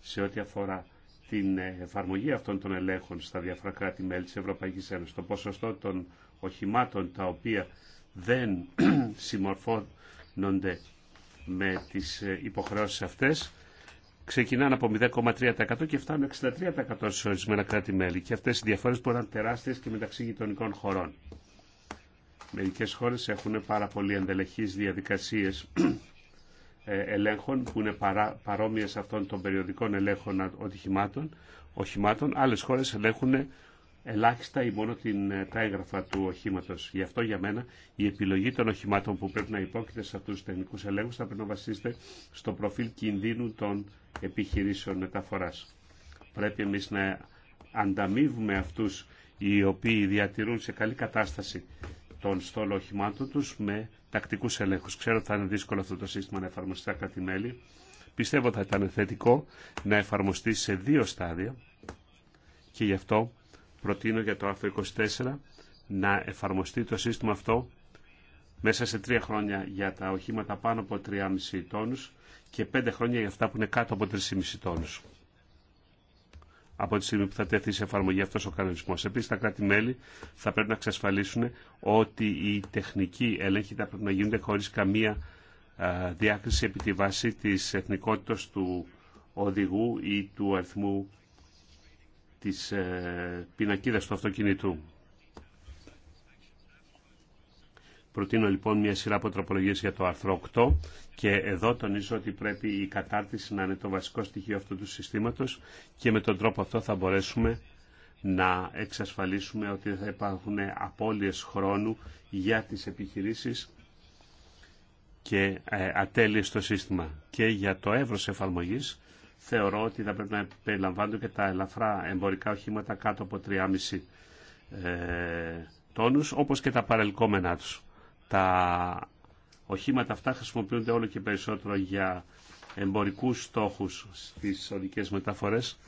σε ό,τι αφορά την ε, εφαρμογή αυτών των ελέγχων στα διάφορα κράτη-μέλη της Ευρωπαϊκής Ένωσης. Το ποσοστό των οχημάτων τα οποία δεν (clears throat) συμμορφώνονται με τις ε, υποχρεώσεις αυτές ξεκινάνε από 0,3% και φτάνουν 63% σε ορισμένα κράτη-μέλη. Και αυτές οι διαφορές μπορούν να είναι τεράστιες και μεταξύ γειτονικών χωρών. Μερικές χώρες έχουν πάρα πολύ ενδελεχείς διαδικασίες ε, ελέγχων που είναι παρόμοιε αυτών των περιοδικών ελέγχων οχημάτων. Άλλες χώρες ελέγχουν ελάχιστα ή μόνο την, ε, τα έγγραφα του οχήματο. Γι' αυτό για μένα η επιλογή των οχημάτων που πρέπει να υπόκειται σε αυτού του τεχνικού ελέγχου θα πρέπει να βασίζεται στο προφίλ κινδύνου των επιχειρήσεων μεταφοράς. Πρέπει εμείς να ανταμείβουμε αυτούς οι οποίοι διατηρούν σε καλή κατάσταση τον στόλο οχημάτων τους με τακτικούς ελέγχους. Ξέρω ότι θα είναι δύσκολο αυτό το σύστημα να εφαρμοστεί στα κράτη-μέλη. Πιστεύω θα ήταν θετικό να εφαρμοστεί σε δύο στάδια και γι' αυτό προτείνω για το άρθρο 24 να εφαρμοστεί το σύστημα αυτό μέσα σε τρία χρόνια για τα οχήματα πάνω από 3,5 τόνους και πέντε χρόνια για αυτά που είναι κάτω από 3,5 τόνου, Από τη στιγμή που θα τεθεί σε εφαρμογή αυτό ο κανονισμός. Επίσης τα κράτη-μέλη θα πρέπει να εξασφαλίσουν ότι οι τεχνικοί έλεγχοι θα πρέπει να γίνονται χωρί καμία διάκριση επί τη βάση της εθνικότητα του οδηγού ή του αριθμού της ε, πινακίδας του αυτοκινητού. Προτείνω λοιπόν μια σειρά από τροπολογίε για το άρθρο 8 και εδώ τονίζω ότι πρέπει η κατάρτιση να είναι το βασικό στοιχείο αυτού του συστήματο και με τον τρόπο αυτό θα μπορέσουμε να εξασφαλίσουμε ότι θα υπάρχουν απώλειες χρόνου για τις επιχειρήσεις και ε, ατέλειες στο σύστημα. Και για το εύρος εφαρμογής θεωρώ ότι θα πρέπει να περιλαμβάνονται και τα ελαφρά εμπορικά οχήματα κάτω από 3,5 ε, τόνους, όπως και τα παρελκόμενά τους τα οχήματα αυτά χρησιμοποιούνται όλο και περισσότερο για εμπορικούς στόχους στις οδικές μεταφορές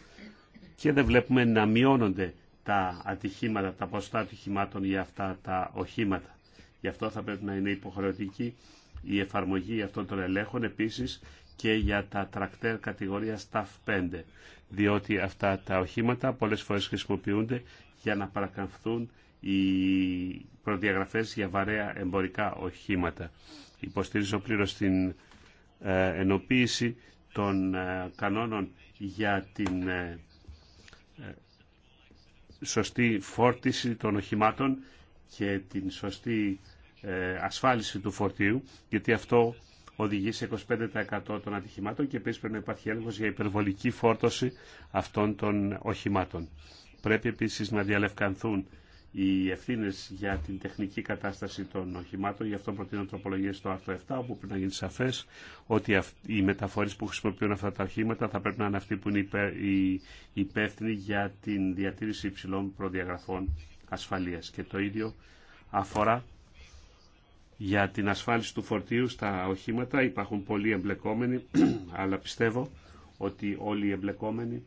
και δεν βλέπουμε να μειώνονται τα ατυχήματα, τα ποσοστά ατυχημάτων για αυτά τα οχήματα. Γι' αυτό θα πρέπει να είναι υποχρεωτική η εφαρμογή αυτών των ελέγχων επίσης και για τα τρακτέρ κατηγορία TAF 5, διότι αυτά τα οχήματα πολλές φορές χρησιμοποιούνται για να παρακαμφθούν οι προδιαγραφές για βαρέα εμπορικά οχήματα. Υποστηρίζω πλήρως την ε, ενοποίηση των ε, κανόνων για την ε, σωστή φόρτιση των οχημάτων και την σωστή ασφάλιση του φορτίου, γιατί αυτό οδηγεί σε 25% των ατυχημάτων και επίσης πρέπει να υπάρχει έλεγχος για υπερβολική φόρτωση αυτών των οχημάτων. Πρέπει επίσης να διαλευκανθούν οι ευθύνε για την τεχνική κατάσταση των οχημάτων. Γι' αυτό προτείνω τροπολογίε στο άρθρο 7, όπου πρέπει να γίνει σαφέ ότι οι μεταφορεί που χρησιμοποιούν αυτά τα οχήματα θα πρέπει να είναι αυτοί που είναι υπεύθυνοι για την διατήρηση υψηλών προδιαγραφών ασφαλεία. Και το ίδιο αφορά για την ασφάλιση του φορτίου στα οχήματα. Υπάρχουν πολλοί εμπλεκόμενοι, (clears throat) αλλά πιστεύω ότι όλοι οι εμπλεκόμενοι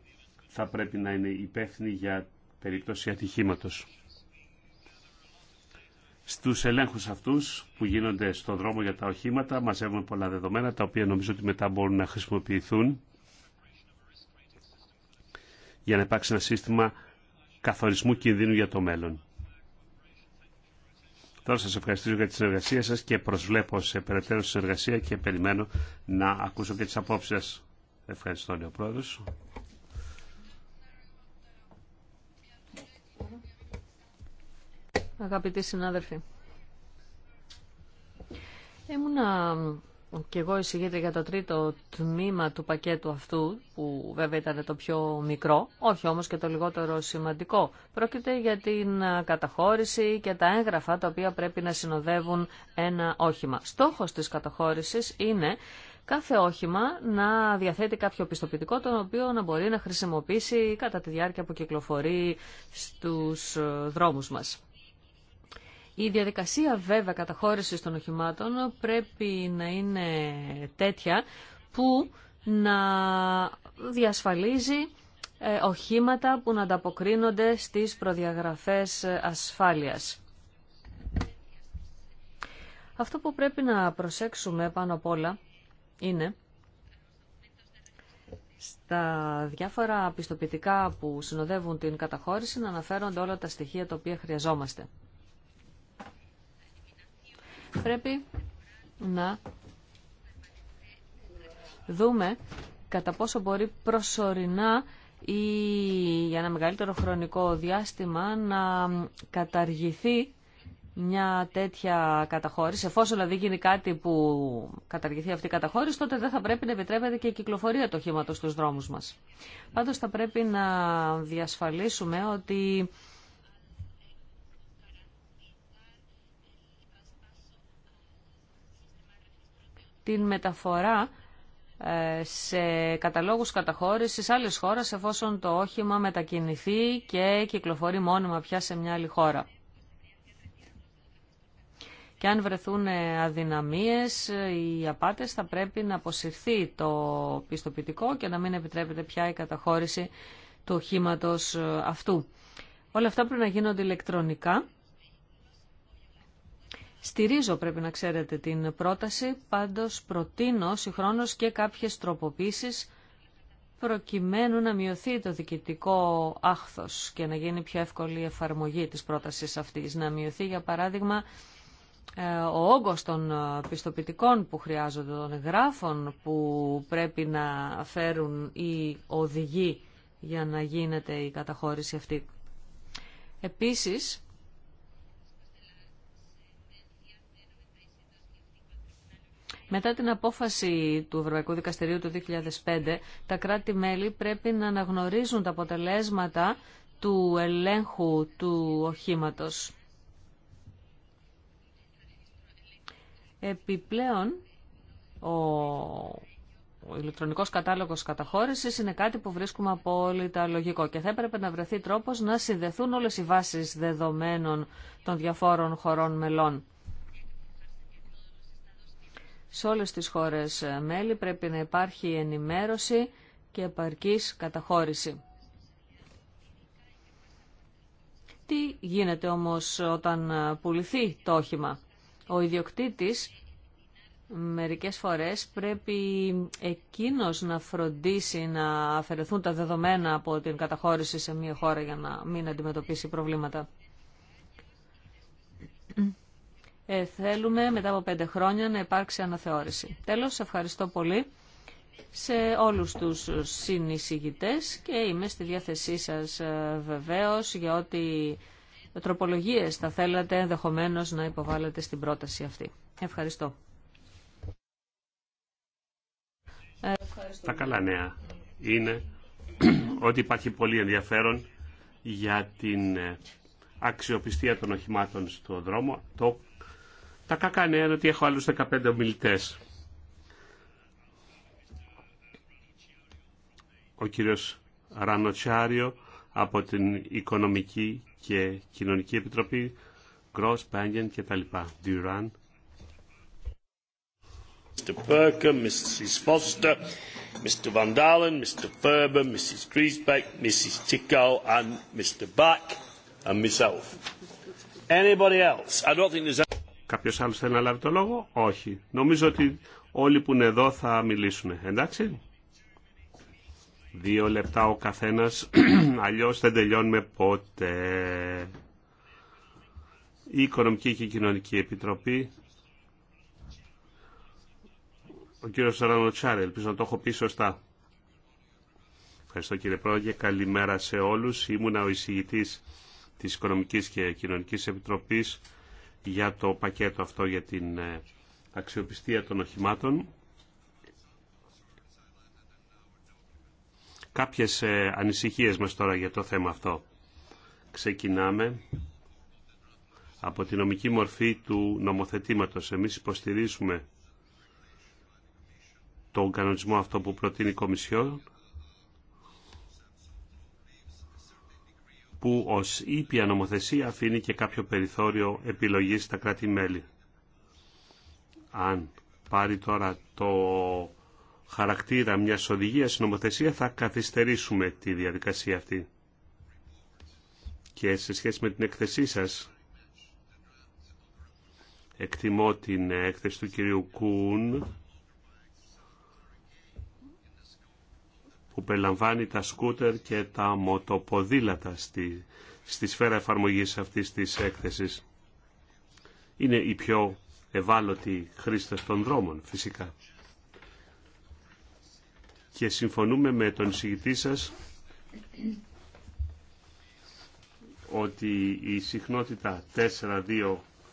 θα πρέπει να είναι υπεύθυνοι για περίπτωση ατυχήματος στους ελέγχους αυτούς που γίνονται στο δρόμο για τα οχήματα μαζεύουμε πολλά δεδομένα τα οποία νομίζω ότι μετά μπορούν να χρησιμοποιηθούν για να υπάρξει ένα σύστημα καθορισμού κινδύνου για το μέλλον. Τώρα σας ευχαριστήσω για τη συνεργασία σας και προσβλέπω σε περαιτέρω συνεργασία και περιμένω να ακούσω και τις απόψεις σας. Ευχαριστώ, Λεωπρόεδρος. αγαπητοί συνάδελφοι. Ήμουνα και εγώ εισηγήτρια για το τρίτο τμήμα του πακέτου αυτού, που βέβαια ήταν το πιο μικρό, όχι όμως και το λιγότερο σημαντικό. Πρόκειται για την καταχώρηση και τα έγγραφα τα οποία πρέπει να συνοδεύουν ένα όχημα. Στόχος της καταχώρησης είναι κάθε όχημα να διαθέτει κάποιο πιστοποιητικό το οποίο να μπορεί να χρησιμοποιήσει κατά τη διάρκεια που κυκλοφορεί στους δρόμους μας. Η διαδικασία βέβαια καταχώρησης των οχημάτων πρέπει να είναι τέτοια που να διασφαλίζει ε, οχήματα που να ανταποκρίνονται στις προδιαγραφές ασφάλειας. Αυτό που πρέπει να προσέξουμε πάνω απ' όλα είναι στα διάφορα πιστοποιητικά που συνοδεύουν την καταχώρηση να αναφέρονται όλα τα στοιχεία τα οποία χρειαζόμαστε. Πρέπει να δούμε κατά πόσο μπορεί προσωρινά ή για ένα μεγαλύτερο χρονικό διάστημα να καταργηθεί μια τέτοια καταχώρηση. Εφόσον δηλαδή γίνει κάτι που καταργηθεί αυτή η καταχώρηση, τότε δεν θα πρέπει να επιτρέπεται και η κυκλοφορία του οχήματο στους δρόμους μας. Πάντως θα πρέπει να διασφαλίσουμε ότι την μεταφορά ε, σε καταλόγους καταχώρησης άλλες χώρες, εφόσον το όχημα μετακινηθεί και κυκλοφορεί μόνιμα πια σε μια άλλη χώρα. Και αν βρεθούν ε, αδυναμίες ή ε, απάτες θα πρέπει να αποσυρθεί το πιστοποιητικό και να μην επιτρέπεται πια η καταχώρηση του οχήματος αυτού. Όλα αυτά πρέπει να γίνονται ηλεκτρονικά Στηρίζω πρέπει να ξέρετε την πρόταση, πάντως προτείνω συγχρόνως και κάποιες τροποποίησεις προκειμένου να μειωθεί το διοικητικό άχθος και να γίνει πιο εύκολη η εφαρμογή της πρότασης αυτής. Να μειωθεί για παράδειγμα ε, ο όγκος των ε, πιστοποιητικών που χρειάζονται, των εγγράφων που πρέπει να φέρουν ή οδηγοί για να γίνεται η καταχώρηση αυτή. Επίσης, Μετά την απόφαση του Ευρωπαϊκού Δικαστηρίου του 2005, τα κράτη-μέλη πρέπει να αναγνωρίζουν τα αποτελέσματα του ελέγχου του οχήματος. Επιπλέον, ο, ο ηλεκτρονικός κατάλογος καταχώρησης είναι κάτι που βρίσκουμε απόλυτα λογικό και θα έπρεπε να βρεθεί τρόπος να συνδεθούν όλες οι βάσεις δεδομένων των διαφόρων χωρών μελών σε όλες τις χώρες ε, μέλη πρέπει να υπάρχει ενημέρωση και επαρκής καταχώρηση. Τι γίνεται όμως όταν ε, πουληθεί το όχημα. Ο ιδιοκτήτης μερικές φορές πρέπει εκείνος να φροντίσει να αφαιρεθούν τα δεδομένα από την καταχώρηση σε μια χώρα για να μην αντιμετωπίσει προβλήματα ε, θέλουμε μετά από πέντε χρόνια να υπάρξει αναθεώρηση. Τέλος, ευχαριστώ πολύ σε όλους τους συνεισηγητές και είμαι στη διάθεσή σας ε, βεβαίως για ό,τι τροπολογίες θα θέλατε ενδεχομένω να υποβάλλετε στην πρόταση αυτή. Ε, ευχαριστώ. Τα καλά νέα είναι ότι υπάρχει πολύ ενδιαφέρον για την ε, αξιοπιστία των οχημάτων στο δρόμο. Το τα κακά νέα είναι ότι έχω άλλους 15 ομιλητές. Ο κύριος Ρανοτσάριο από την Οικονομική και Κοινωνική Επιτροπή, Gross, Bangen και τα λοιπά. Duran. Mr. Perker, Mrs. Foster, Mr. Van Dalen, Mr. Ferber, Mrs. Griesbeck, Mrs. Tico and Mr. Back and myself. Anybody else? I don't think there's Κάποιος άλλος θέλει να λάβει το λόγο. Όχι. Νομίζω ότι όλοι που είναι εδώ θα μιλήσουν. Εντάξει. Δύο λεπτά ο καθένας, (clears throat) αλλιώς δεν τελειώνουμε ποτέ. Η Οικονομική και Κοινωνική Επιτροπή. Ο κύριος Τσάρε, ελπίζω να το έχω πει σωστά. Ευχαριστώ κύριε Πρόεδρε, καλημέρα σε όλους. Ήμουνα ο εισηγητής της Οικονομικής και Κοινωνικής Επιτροπής για το πακέτο αυτό για την ε, αξιοπιστία των οχημάτων. Κάποιες ε, ανησυχίες μας τώρα για το θέμα αυτό. Ξεκινάμε από τη νομική μορφή του νομοθετήματος. Εμείς υποστηρίζουμε τον κανονισμό αυτό που προτείνει η Κομισιόν που ως ήπια νομοθεσία αφήνει και κάποιο περιθώριο επιλογής στα κράτη-μέλη. Αν πάρει τώρα το χαρακτήρα μιας οδηγίας νομοθεσία θα καθυστερήσουμε τη διαδικασία αυτή. Και σε σχέση με την εκθεσή σας, εκτιμώ την έκθεση του κυρίου Κούν που περιλαμβάνει τα σκούτερ και τα μοτοποδήλατα στη, στη σφαίρα εφαρμογής αυτής της έκθεσης. Είναι οι πιο ευάλωτοι χρήστες των δρόμων φυσικά. Και συμφωνούμε με τον εισηγητή σας ότι η συχνότητα 4-2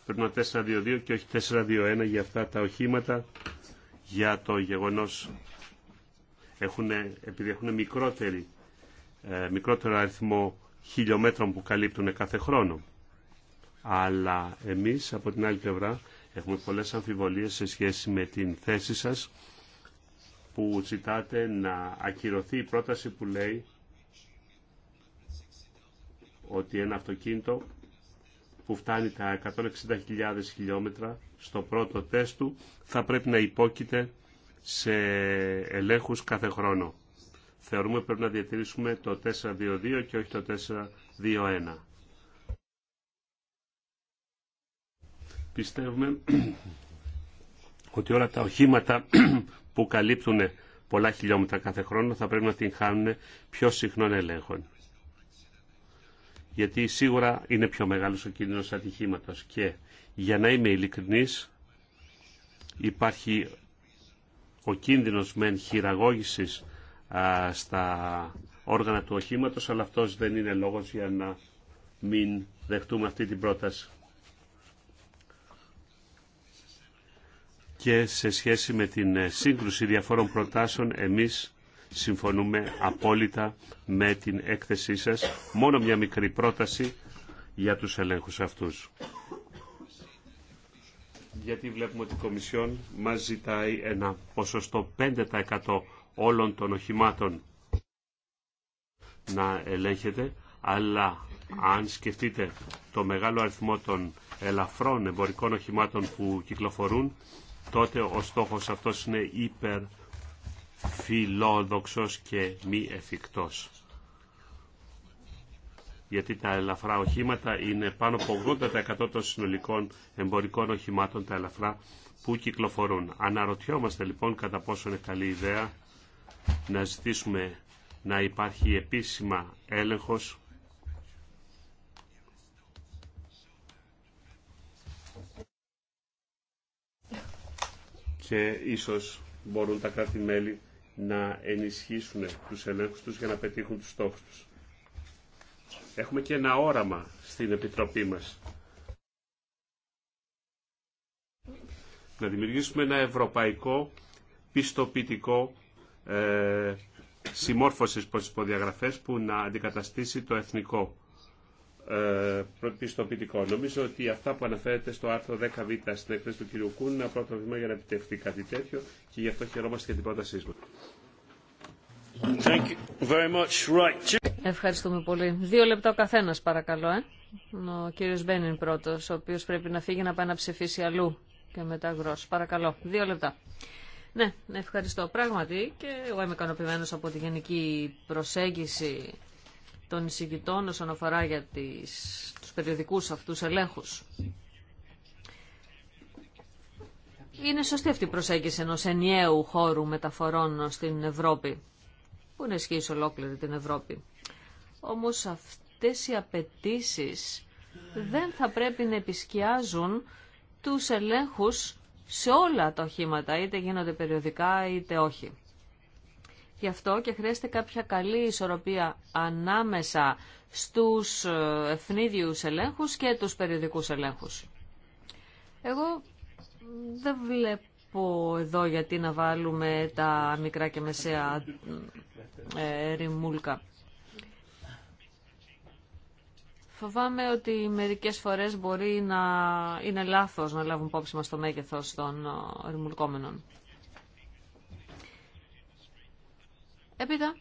πρέπει να 4-2-2 και όχι 4-2-1 για αυτά τα οχήματα για το γεγονός έχουν, επειδή έχουν μικρότερη, ε, μικρότερο αριθμό χιλιόμετρων που καλύπτουν κάθε χρόνο. Αλλά εμείς από την άλλη πλευρά έχουμε πολλές αμφιβολίες σε σχέση με την θέση σας που ζητάτε να ακυρωθεί η πρόταση που λέει ότι ένα αυτοκίνητο που φτάνει τα 160.000 χιλιόμετρα στο πρώτο τεστ του θα πρέπει να υπόκειται σε ελέγχους κάθε χρόνο. Θεωρούμε πρέπει να διατηρήσουμε το 4-2-2 και όχι το 4 ότι όλα τα οχήματα που καλύπτουν πολλά χιλιόμετρα κάθε χρόνο θα πρέπει να την χάνουν πιο συχνών ελέγχων. Γιατί σίγουρα είναι πιο μεγάλος ο κίνδυνος ατυχήματος και για να είμαι ειλικρινής υπάρχει ο κίνδυνος μεν χειραγώγησης στα όργανα του οχήματος, αλλά αυτός δεν είναι λόγος για να μην δεχτούμε αυτή την πρόταση. Και σε σχέση με την ε, σύγκρουση διαφόρων προτάσεων, εμείς συμφωνούμε απόλυτα με την έκθεσή σας. Μόνο μια μικρή πρόταση για τους ελέγχους αυτούς γιατί βλέπουμε ότι η Κομισιόν μας ζητάει ένα ποσοστό 5% όλων των οχημάτων να ελέγχεται, αλλά αν σκεφτείτε το μεγάλο αριθμό των ελαφρών εμπορικών οχημάτων που κυκλοφορούν, τότε ο στόχος αυτός είναι υπερφιλόδοξος και μη εφικτός γιατί τα ελαφρά οχήματα είναι πάνω από 80% των συνολικών εμπορικών οχημάτων τα ελαφρά που κυκλοφορούν. Αναρωτιόμαστε λοιπόν κατά πόσο είναι καλή ιδέα να ζητήσουμε να υπάρχει επίσημα έλεγχος και ίσως μπορούν τα κράτη-μέλη να ενισχύσουν τους ελέγχους τους για να πετύχουν τους στόχους τους. Έχουμε και ένα όραμα στην Επιτροπή μας. Να δημιουργήσουμε ένα ευρωπαϊκό πιστοποιητικό ε, συμμόρφωσης προς τις υποδιαγραφές που να αντικαταστήσει το εθνικό ε, πιστοποιητικό. Νομίζω ότι αυτά που αναφέρεται στο άρθρο 10β στην έκθεση του κ. Κούν είναι ένα πρώτο βήμα για να επιτευχθεί κάτι τέτοιο και γι' αυτό χαιρόμαστε για την πρότασή μας. Ευχαριστούμε πολύ. Δύο λεπτά ο καθένα, παρακαλώ. Ε. Ο κύριο Μπένιν πρώτο, ο οποίο πρέπει να φύγει να πάει να ψηφίσει αλλού και μετά γρό. Παρακαλώ. Δύο λεπτά. Ναι, ευχαριστώ. Πράγματι και εγώ είμαι ικανοποιημένο από τη γενική προσέγγιση των εισηγητών όσον αφορά για τις, τους περιοδικούς αυτούς ελέγχους. Είναι σωστή αυτή η προσέγγιση ενός ενιαίου χώρου μεταφορών στην Ευρώπη, που είναι ισχύει ολόκληρη την Ευρώπη. Όμως αυτές οι απαιτήσει δεν θα πρέπει να επισκιάζουν τους ελέγχους σε όλα τα οχήματα, είτε γίνονται περιοδικά είτε όχι. Γι' αυτό και χρειάζεται κάποια καλή ισορροπία ανάμεσα στους εθνίδιους ελέγχους και τους περιοδικούς ελέγχους. Εγώ δεν βλέπω εδώ γιατί να βάλουμε τα μικρά και μεσαία ε, ρημούλκα. Φοβάμαι ότι μερικές φορές μπορεί να είναι λάθος να λάβουν υπόψη μας το μέγεθος των ε, ρημουλκόμενων. Έπειτα,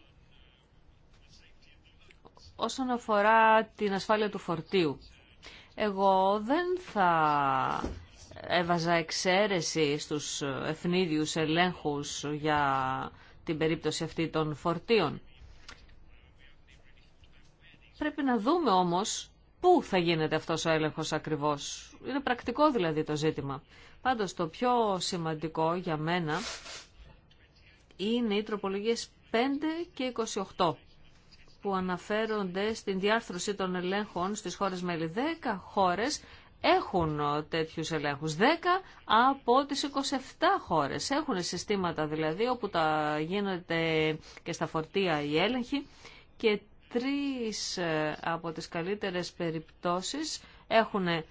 όσον αφορά την ασφάλεια του φορτίου, εγώ δεν θα έβαζα εξαίρεση στους ε, ευνίδιους ελέγχους για την περίπτωση αυτή των φορτίων. Πρέπει να δούμε όμως πού θα γίνεται αυτός ο έλεγχος ακριβώς. Είναι πρακτικό δηλαδή το ζήτημα. Πάντως το πιο σημαντικό για μένα είναι οι τροπολογίες 5 και 28 που αναφέρονται στην διάρθρωση των ελέγχων στις χώρες μέλη. 10 χώρες έχουν τέτοιους ελέγχους. 10 από τις 27 χώρες έχουν συστήματα δηλαδή όπου τα γίνονται και στα φορτία οι έλεγχοι και τρεις ε, από τις καλύτερες περιπτώσεις έχουν ε,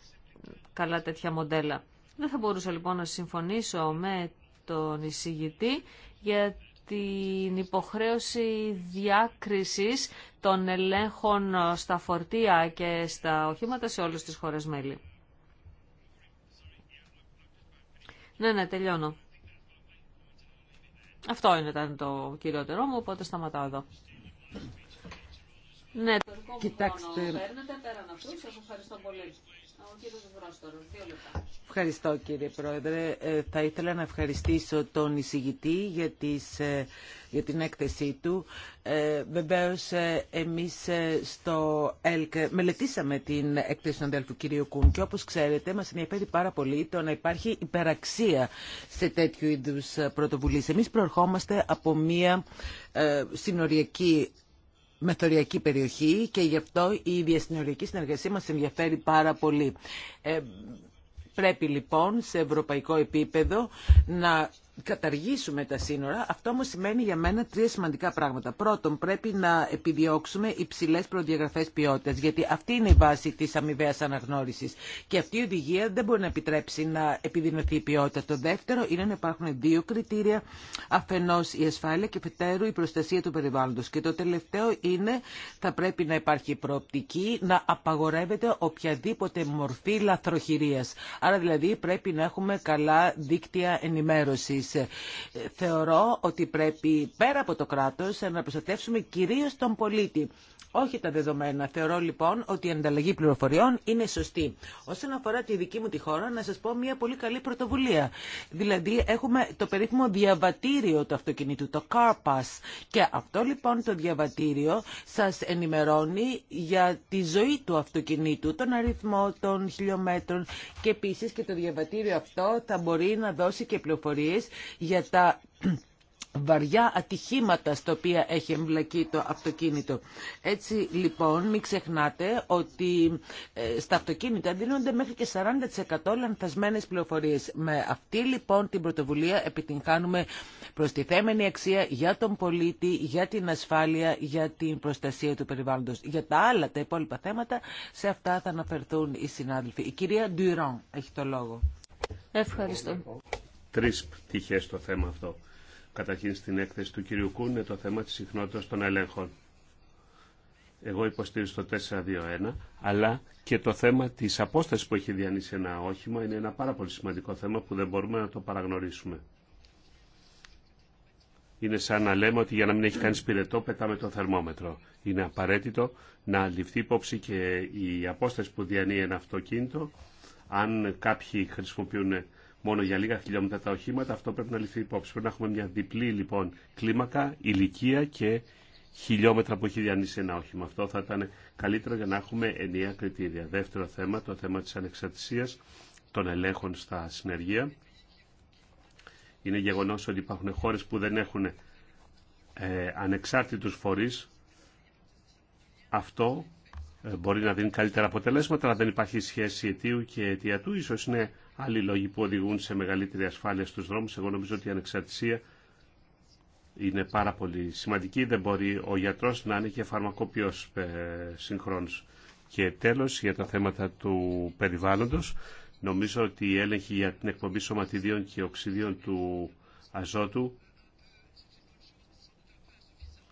καλά τέτοια μοντέλα. Δεν θα μπορούσα λοιπόν να συμφωνήσω με τον εισηγητή για την υποχρέωση διάκρισης των ελέγχων στα φορτία και στα οχήματα σε όλες τις χώρες μέλη. Ναι, ναι, τελειώνω. Αυτό είναι ήταν το κυριότερό μου, οπότε σταματάω εδώ. Ναι, το δικό Κοιτάξτε. χρόνο πέραν Σας ευχαριστώ πολύ. Ευχαριστώ κύριε Πρόεδρε. Ε, θα ήθελα να ευχαριστήσω τον εισηγητή για, τις, ε, για την έκθεσή του. Ε, βεβαίως ε, εμείς στο ΕΛΚ μελετήσαμε την έκθεση του αδέλφου κυρίου Κούν και όπως ξέρετε μας ενδιαφέρει πάρα πολύ το να υπάρχει υπεραξία σε τέτοιου είδους πρωτοβουλίες. Εμείς προερχόμαστε από μια συνοριακή μεθοριακή περιοχή και γι' αυτό η διασυνοριακή συνεργασία μας ενδιαφέρει πάρα πολύ. Ε, πρέπει λοιπόν σε ευρωπαϊκό επίπεδο να καταργήσουμε τα σύνορα, αυτό όμως σημαίνει για μένα τρία σημαντικά πράγματα. Πρώτον, πρέπει να επιδιώξουμε υψηλέ προδιαγραφές ποιότητας, γιατί αυτή είναι η βάση της αμοιβαία αναγνώρισης. Και αυτή η οδηγία δεν μπορεί να επιτρέψει να επιδεινωθεί η ποιότητα. Το δεύτερο είναι να υπάρχουν δύο κριτήρια, αφενός η ασφάλεια και φετέρου η προστασία του περιβάλλοντος. Και το τελευταίο είναι θα πρέπει να υπάρχει προοπτική να απαγορεύεται οποιαδήποτε μορφή λαθροχειρίας. Άρα δηλαδή πρέπει να έχουμε καλά δίκτυα ενημέρωσης. Ε, θεωρώ ότι πρέπει πέρα από το κράτος να προστατεύσουμε κυρίως τον πολίτη όχι τα δεδομένα. Θεωρώ λοιπόν ότι η ανταλλαγή πληροφοριών είναι σωστή. Όσον αφορά τη δική μου τη χώρα, να σας πω μια πολύ καλή πρωτοβουλία. Δηλαδή έχουμε το περίφημο διαβατήριο του αυτοκινήτου, το Car Pass. Και αυτό λοιπόν το διαβατήριο σας ενημερώνει για τη ζωή του αυτοκινήτου, τον αριθμό των χιλιόμετρων και επίση και το διαβατήριο αυτό θα μπορεί να δώσει και πληροφορίε για τα βαριά ατυχήματα στα οποία έχει εμπλακεί το αυτοκίνητο. Έτσι λοιπόν μην ξεχνάτε ότι ε, στα αυτοκίνητα δίνονται μέχρι και 40% λανθασμένες πληροφορίες. Με αυτή λοιπόν την πρωτοβουλία επιτυγχάνουμε προστιθέμενη αξία για τον πολίτη, για την ασφάλεια, για την προστασία του περιβάλλοντος. Για τα άλλα τα υπόλοιπα θέματα σε αυτά θα αναφερθούν οι συνάδελφοι. Η κυρία Ντουιρόν έχει το λόγο. Ευχαριστώ. Τρεις πτυχές στο θέμα αυτό καταρχήν στην έκθεση του κυρίου Κούν είναι το θέμα της συχνότητας των ελέγχων. Εγώ υποστήριζω το 4-2-1, αλλα και το θέμα της απόστασης που έχει διανύσει ένα όχημα είναι ένα πάρα πολύ σημαντικό θέμα που δεν μπορούμε να το παραγνωρίσουμε. Είναι σαν να λέμε ότι για να μην έχει κανεί πυρετό πετάμε το θερμόμετρο. Είναι απαραίτητο να ληφθεί υπόψη και η απόσταση που διανύει ένα αυτοκίνητο. Αν κάποιοι χρησιμοποιούν μόνο για λίγα χιλιόμετρα τα οχήματα, αυτό πρέπει να ληφθεί υπόψη. Πρέπει να έχουμε μια διπλή λοιπόν κλίμακα, ηλικία και χιλιόμετρα που έχει διανύσει ένα όχημα. Αυτό θα ήταν καλύτερο για να έχουμε ενιαία κριτήρια. Δεύτερο θέμα, το θέμα της ανεξαρτησίας των ελέγχων στα συνεργεία. Είναι γεγονός ότι υπάρχουν χώρες που δεν έχουν ε, ανεξάρτητους φορείς. Αυτό ε, μπορεί να δίνει καλύτερα αποτελέσματα, αλλά δεν υπάρχει σχέση αιτίου και αιτία του. Ίσως είναι άλλοι λόγοι που οδηγούν σε μεγαλύτερη ασφάλεια στους δρόμους. Εγώ νομίζω ότι η ανεξαρτησία είναι πάρα πολύ σημαντική. Δεν μπορεί ο γιατρός να είναι και φαρμακοποιός ε, συγχρόνως. Και τέλος, για τα θέματα του περιβάλλοντος, νομίζω ότι η έλεγχη για την εκπομπή σωματιδίων και οξυδίων του αζότου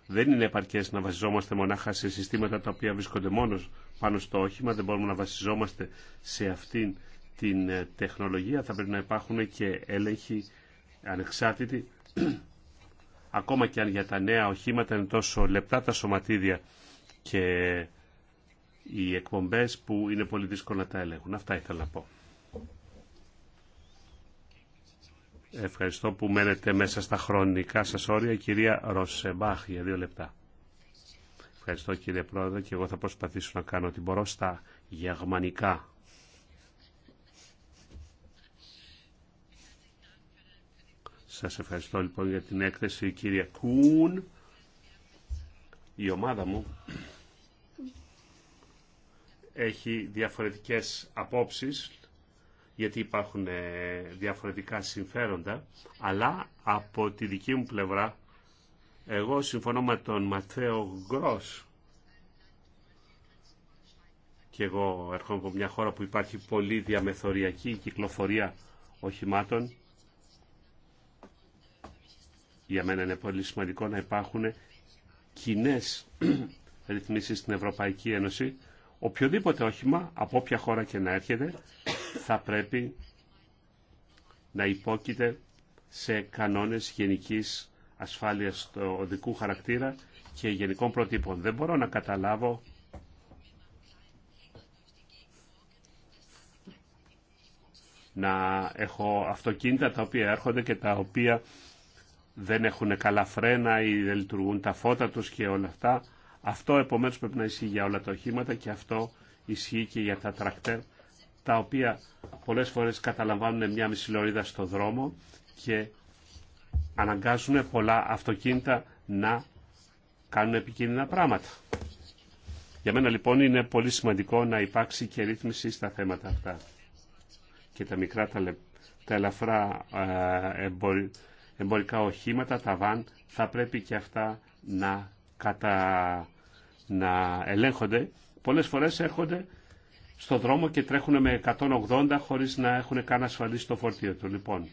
δεν είναι επαρκές να βασιζόμαστε μονάχα σε συστήματα τα οποία βρίσκονται μόνο πάνω στο όχημα. Δεν μπορούμε να βασιζόμαστε σε αυτήν την ε, τεχνολογία θα πρέπει να υπάρχουν και έλεγχοι ανεξάρτητοι (clears throat) ακόμα και αν για τα νέα οχήματα είναι τόσο λεπτά τα σωματίδια και οι εκπομπές που είναι πολύ δύσκολο να τα ελέγχουν. Αυτά ήθελα να πω. Ευχαριστώ που μένετε μέσα στα χρονικά σας όρια. Κυρία Ροσεμπάχ, για δύο λεπτά. Ευχαριστώ κύριε Πρόεδρε και εγώ θα προσπαθήσω να κάνω ό,τι μπορώ στα γερμανικά. Σας ευχαριστώ λοιπόν για την έκθεση κυρία Κούν. Η ομάδα μου έχει διαφορετικές απόψεις γιατί υπάρχουν ε, διαφορετικά συμφέροντα αλλά από τη δική μου πλευρά εγώ συμφωνώ με τον Ματέο Γκρός και εγώ έρχομαι από μια χώρα που υπάρχει πολύ διαμεθοριακή κυκλοφορία οχημάτων για μένα είναι πολύ σημαντικό να υπάρχουν κοινέ (clears throat) ρυθμίσει στην Ευρωπαϊκή Ένωση. Οποιοδήποτε όχημα, από όποια χώρα και να έρχεται, θα πρέπει να υπόκειται σε κανόνες γενικής ασφάλειας του οδικού χαρακτήρα και γενικών προτύπων. Δεν μπορώ να καταλάβω να έχω αυτοκίνητα τα οποία έρχονται και τα οποία δεν έχουν καλά φρένα ή δεν λειτουργούν τα φώτα τους και όλα αυτά. Αυτό επομένως πρέπει να ισχύει για όλα τα οχήματα και αυτό ισχύει και για τα τρακτέρ τα οποία πολλές φορές καταλαμβάνουν μια μισή λωρίδα στο δρόμο και αναγκάζουν πολλά αυτοκίνητα να κάνουν επικίνδυνα πράγματα. Για μένα λοιπόν είναι πολύ σημαντικό να υπάρξει και ρύθμιση στα θέματα αυτά. Και τα μικρά, τα, ελαφρά ε, εμπορικά οχήματα, τα βαν, θα πρέπει και αυτά να, κατα... να ελέγχονται. Πολλές φορές έρχονται στο δρόμο και τρέχουν με 180 χωρίς να έχουν καν ασφαλίσει το φορτίο του. Λοιπόν,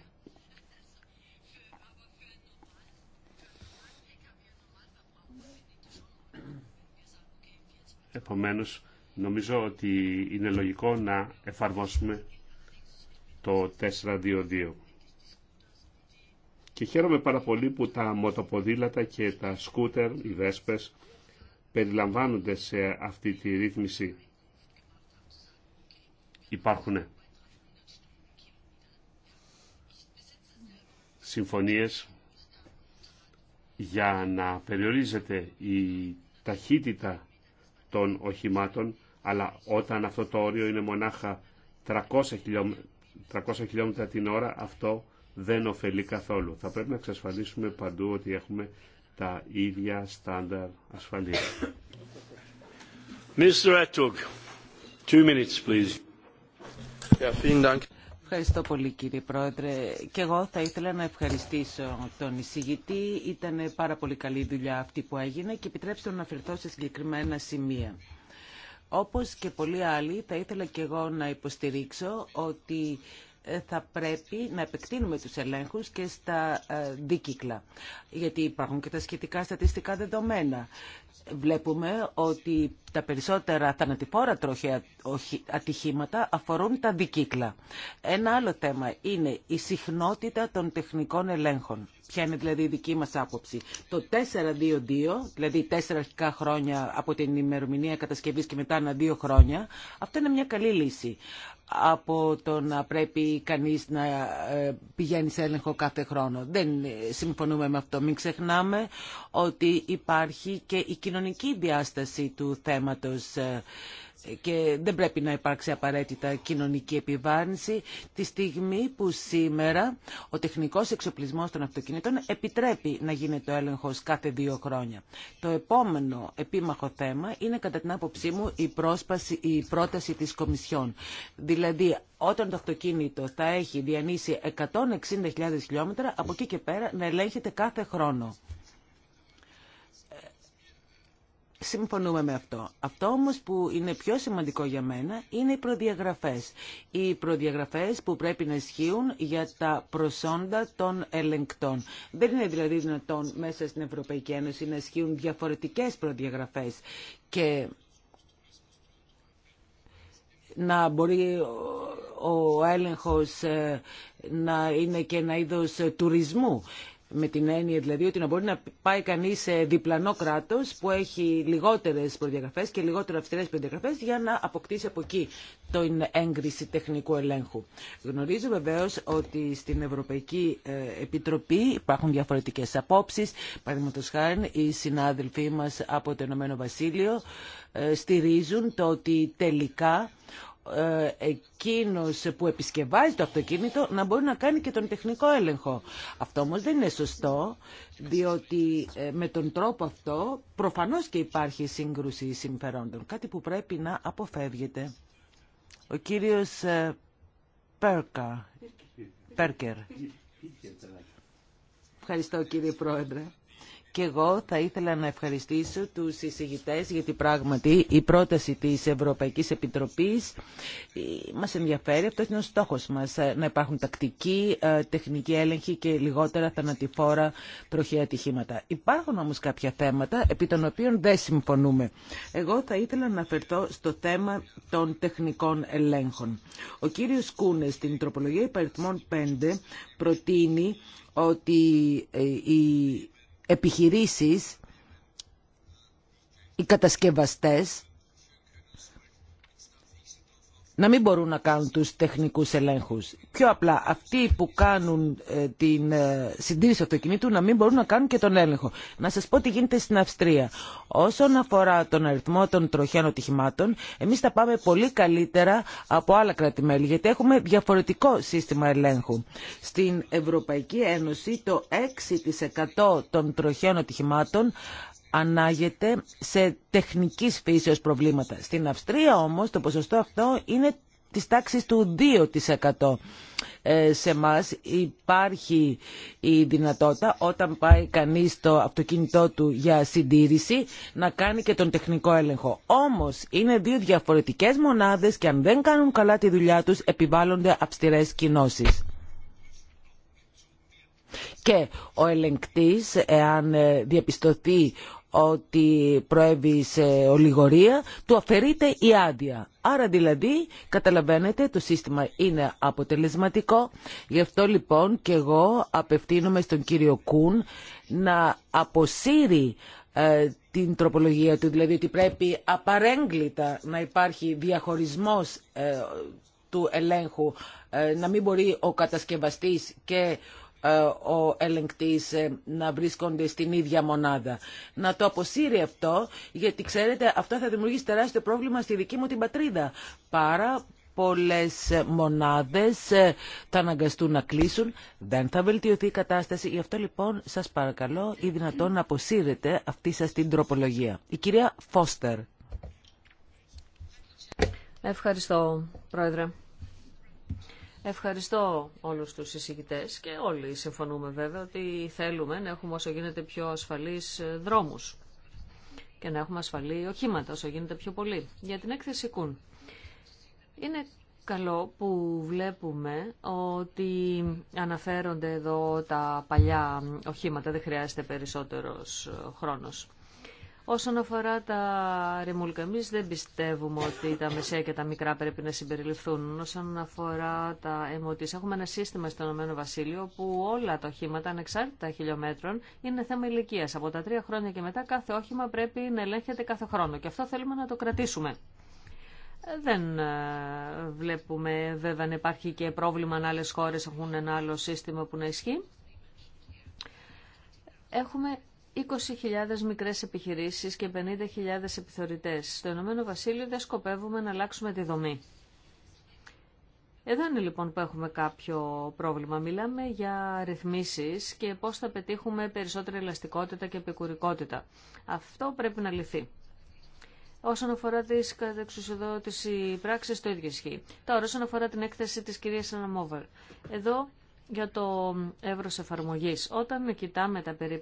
Επομένως, νομίζω ότι είναι λογικό να εφαρμόσουμε το 422. Και χαίρομαι πάρα πολύ που τα μοτοποδήλατα και τα σκούτερ, οι βέσπες, περιλαμβάνονται σε αυτή τη ρύθμιση. Υπάρχουν συμφωνίες για να περιορίζεται η ταχύτητα των οχημάτων, αλλά όταν αυτό το όριο είναι μονάχα 300 300 χιλιόμετρα την ώρα, αυτό δεν ωφελεί καθόλου. Θα πρέπει να εξασφαλίσουμε παντού ότι έχουμε τα ίδια στάνταρ ασφαλείας. Mr. two minutes, please. Ευχαριστώ πολύ κύριε Πρόεδρε. Και εγώ θα ήθελα να ευχαριστήσω τον εισηγητή. Ήταν πάρα πολύ καλή δουλειά αυτή που έγινε και επιτρέψτε να αφαιρθώ σε συγκεκριμένα σημεία. Όπως και πολλοί άλλοι, θα ήθελα και εγώ να υποστηρίξω ότι θα πρέπει να επεκτείνουμε τους ελέγχους και στα ε, δίκυκλα, γιατί υπάρχουν και τα σχετικά στατιστικά δεδομένα. Βλέπουμε ότι τα περισσότερα θανατηφόρα τροχαία ατυχήματα αφορούν τα δικύκλα. Ένα άλλο θέμα είναι η συχνότητα των τεχνικών ελέγχων. Ποια είναι δηλαδή η δική μας άποψη. Το 4-2-2, δηλαδή 4 αρχικά τεσσερα αρχικα από την ημερομηνία κατασκευής και μετά ενα δύο χρόνια, αυτό είναι μια καλή λύση από το να πρέπει κανείς να ε, πηγαίνει σε έλεγχο κάθε χρόνο. Δεν συμφωνούμε με αυτό. Μην ξεχνάμε ότι υπάρχει και η κοινωνική διάσταση του θέματος. Ε, και δεν πρέπει να υπάρξει απαραίτητα κοινωνική επιβάρυνση τη στιγμή που σήμερα ο τεχνικός εξοπλισμός των αυτοκινήτων επιτρέπει να γίνεται ο έλεγχος κάθε δύο χρόνια. Το επόμενο επίμαχο θέμα είναι κατά την άποψή μου η, πρόταση της Κομισιόν. Δηλαδή όταν το αυτοκίνητο θα έχει διανύσει 160.000 χιλιόμετρα από εκεί και πέρα να ελέγχεται κάθε χρόνο. Συμφωνούμε με αυτό. Αυτό όμως που είναι πιο σημαντικό για μένα είναι οι προδιαγραφές. Οι προδιαγραφές που πρέπει να ισχύουν για τα προσόντα των ελεγκτών. Δεν είναι δηλαδή δυνατόν μέσα στην Ευρωπαϊκή Ένωση να ισχύουν διαφορετικές προδιαγραφές και να μπορεί ο έλεγχος ε, να είναι και ένα είδος τουρισμού με την έννοια δηλαδή ότι να μπορεί να πάει κανεί σε διπλανό κράτο που έχει λιγότερε προδιαγραφέ και λιγότερο αυστηρέ προδιαγραφέ για να αποκτήσει από εκεί την έγκριση τεχνικού ελέγχου. Γνωρίζω βεβαίω ότι στην Ευρωπαϊκή ε, Επιτροπή υπάρχουν διαφορετικέ απόψει. Παραδείγματο χάρη, οι συνάδελφοί μα από το Ηνωμένο Βασίλειο ε, στηρίζουν το ότι τελικά ε, εκείνος που επισκευάζει το αυτοκίνητο να μπορεί να κάνει και τον τεχνικό έλεγχο. Αυτό όμως δεν είναι σωστό, διότι ε, με τον τρόπο αυτό προφανώς και υπάρχει σύγκρουση συμφερόντων. Κάτι που πρέπει να αποφεύγεται. Ο κύριος ε, Πέρκα. Πέρκερ. Ευχαριστώ κύριε Πρόεδρε. Και εγώ θα ήθελα να ευχαριστήσω τους εισηγητές γιατί πράγματι η πρόταση της Ευρωπαϊκής Επιτροπής ε, μας ενδιαφέρει. αυτό είναι ο στόχος μας, ε, να υπάρχουν τακτική, ε, τεχνική έλεγχη και λιγότερα θανατηφόρα τροχαία ατυχήματα. Υπάρχουν όμως κάποια θέματα επί των οποίων δεν συμφωνούμε. Εγώ θα ήθελα να αφαιρθώ στο θέμα των τεχνικών ελέγχων. Ο κύριος Κούνες στην τροπολογία υπαριθμών 5 προτείνει ότι η επιχειρήσεις, οι κατασκευαστές να μην μπορούν να κάνουν τους τεχνικούς ελέγχους. Πιο απλά, αυτοί που κάνουν ε, την ε, συντήρηση αυτοκινήτου να μην μπορούν να κάνουν και τον έλεγχο. Να σας πω τι γίνεται στην Αυστρία. Όσον αφορά τον αριθμό των τροχιών οτυχημάτων, εμείς τα πάμε πολύ καλύτερα από άλλα κράτη-μέλη, γιατί έχουμε διαφορετικό σύστημα ελέγχου. Στην Ευρωπαϊκή Ένωση το 6% των τροχιών οτυχημάτων ανάγεται σε τεχνικής φύσεως προβλήματα. Στην Αυστρία όμως το ποσοστό αυτό είναι της τάξης του 2%. Ε, σε εμά υπάρχει η δυνατότητα όταν πάει κανείς το αυτοκίνητό του για συντήρηση να κάνει και τον τεχνικό έλεγχο. Όμως είναι δύο διαφορετικές μονάδες και αν δεν κάνουν καλά τη δουλειά τους επιβάλλονται αυστηρές κοινώσεις. Και ο ελεγκτής, εάν ε, διαπιστωθεί ότι προέβη σε ολιγορία, του αφαιρείται η άδεια. Άρα δηλαδή, καταλαβαίνετε, το σύστημα είναι αποτελεσματικό. Γι' αυτό λοιπόν και εγώ απευθύνομαι στον κύριο Κούν να αποσύρει ε, την τροπολογία του, δηλαδή ότι πρέπει απαρέγκλητα να υπάρχει διαχωρισμός ε, του ελέγχου, ε, να μην μπορεί ο κατασκευαστής και ε, ο ελεγκτής ε, να βρίσκονται στην ίδια μονάδα. Να το αποσύρει αυτό, γιατί ξέρετε αυτό θα δημιουργήσει τεράστιο πρόβλημα στη δική μου την πατρίδα. Πάρα πολλές μονάδες ε, θα αναγκαστούν να κλείσουν. Δεν θα βελτιωθεί η κατάσταση. Γι' αυτό λοιπόν σας παρακαλώ ή δυνατόν να αποσύρετε αυτή σας την τροπολογία. Η κυρία Φώστερ. Ευχαριστώ, Πρόεδρε. Ευχαριστώ όλους τους εισηγητές και όλοι συμφωνούμε βέβαια ότι θέλουμε να έχουμε όσο γίνεται πιο ασφαλείς ε, δρόμους και να έχουμε ασφαλή οχήματα όσο γίνεται πιο πολύ. Για την έκθεση Κούν. Είναι καλό που βλέπουμε ότι αναφέρονται εδώ τα παλιά οχήματα, δεν χρειάζεται περισσότερος χρόνος. Όσον αφορά τα ρημούλκα, εμεί δεν πιστεύουμε ότι τα μεσαία και τα μικρά πρέπει να συμπεριληφθούν. Όσον αφορά τα εμωτή, έχουμε ένα σύστημα στο Ηνωμένο Βασίλειο που όλα τα οχήματα, ανεξάρτητα χιλιόμετρων, είναι θέμα ηλικία. Από τα τρία χρόνια και μετά, κάθε όχημα πρέπει να ελέγχεται κάθε χρόνο. Και αυτό θέλουμε να το κρατήσουμε. Δεν ε, βλέπουμε βέβαια να υπάρχει και πρόβλημα αν άλλε χώρε έχουν ένα άλλο σύστημα που να ισχύει. Έχουμε 20.000 μικρές επιχειρήσεις και 50.000 επιθεωρητές. Στο Ηνωμένο Βασίλειο δεν σκοπεύουμε να αλλάξουμε τη δομή. Εδώ είναι λοιπόν που έχουμε κάποιο πρόβλημα. Μιλάμε για ρυθμίσεις και πώς θα πετύχουμε περισσότερη ελαστικότητα και επικουρικότητα. Αυτό πρέπει να λυθεί. Όσον αφορά τι κατεξουσιοδότηση πράξη, το ίδιο ισχύει. Τώρα, όσον αφορά την έκθεση τη κυρία Αναμόβερ. Εδώ για το εύρος εφαρμογής. Όταν κοιτάμε τα περί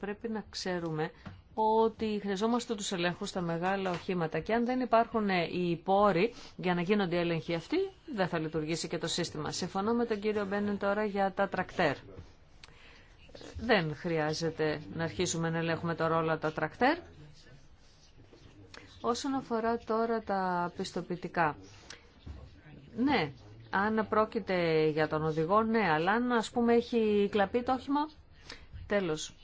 πρέπει να ξέρουμε ότι χρειαζόμαστε τους ελέγχους στα μεγάλα οχήματα και αν δεν υπάρχουν ε, οι πόροι για να γίνονται οι έλεγχοι αυτοί, δεν θα λειτουργήσει και το σύστημα. Συμφωνώ με τον κύριο Μπένεν τώρα για τα τρακτέρ. Δεν χρειάζεται να αρχίσουμε να ελέγχουμε το ρόλο τα τρακτέρ. Όσον αφορά τώρα τα πιστοποιητικά. Ναι, αν πρόκειται για τον οδηγό, ναι, αλλά αν ας πούμε έχει κλαπεί το όχημα, τέλος.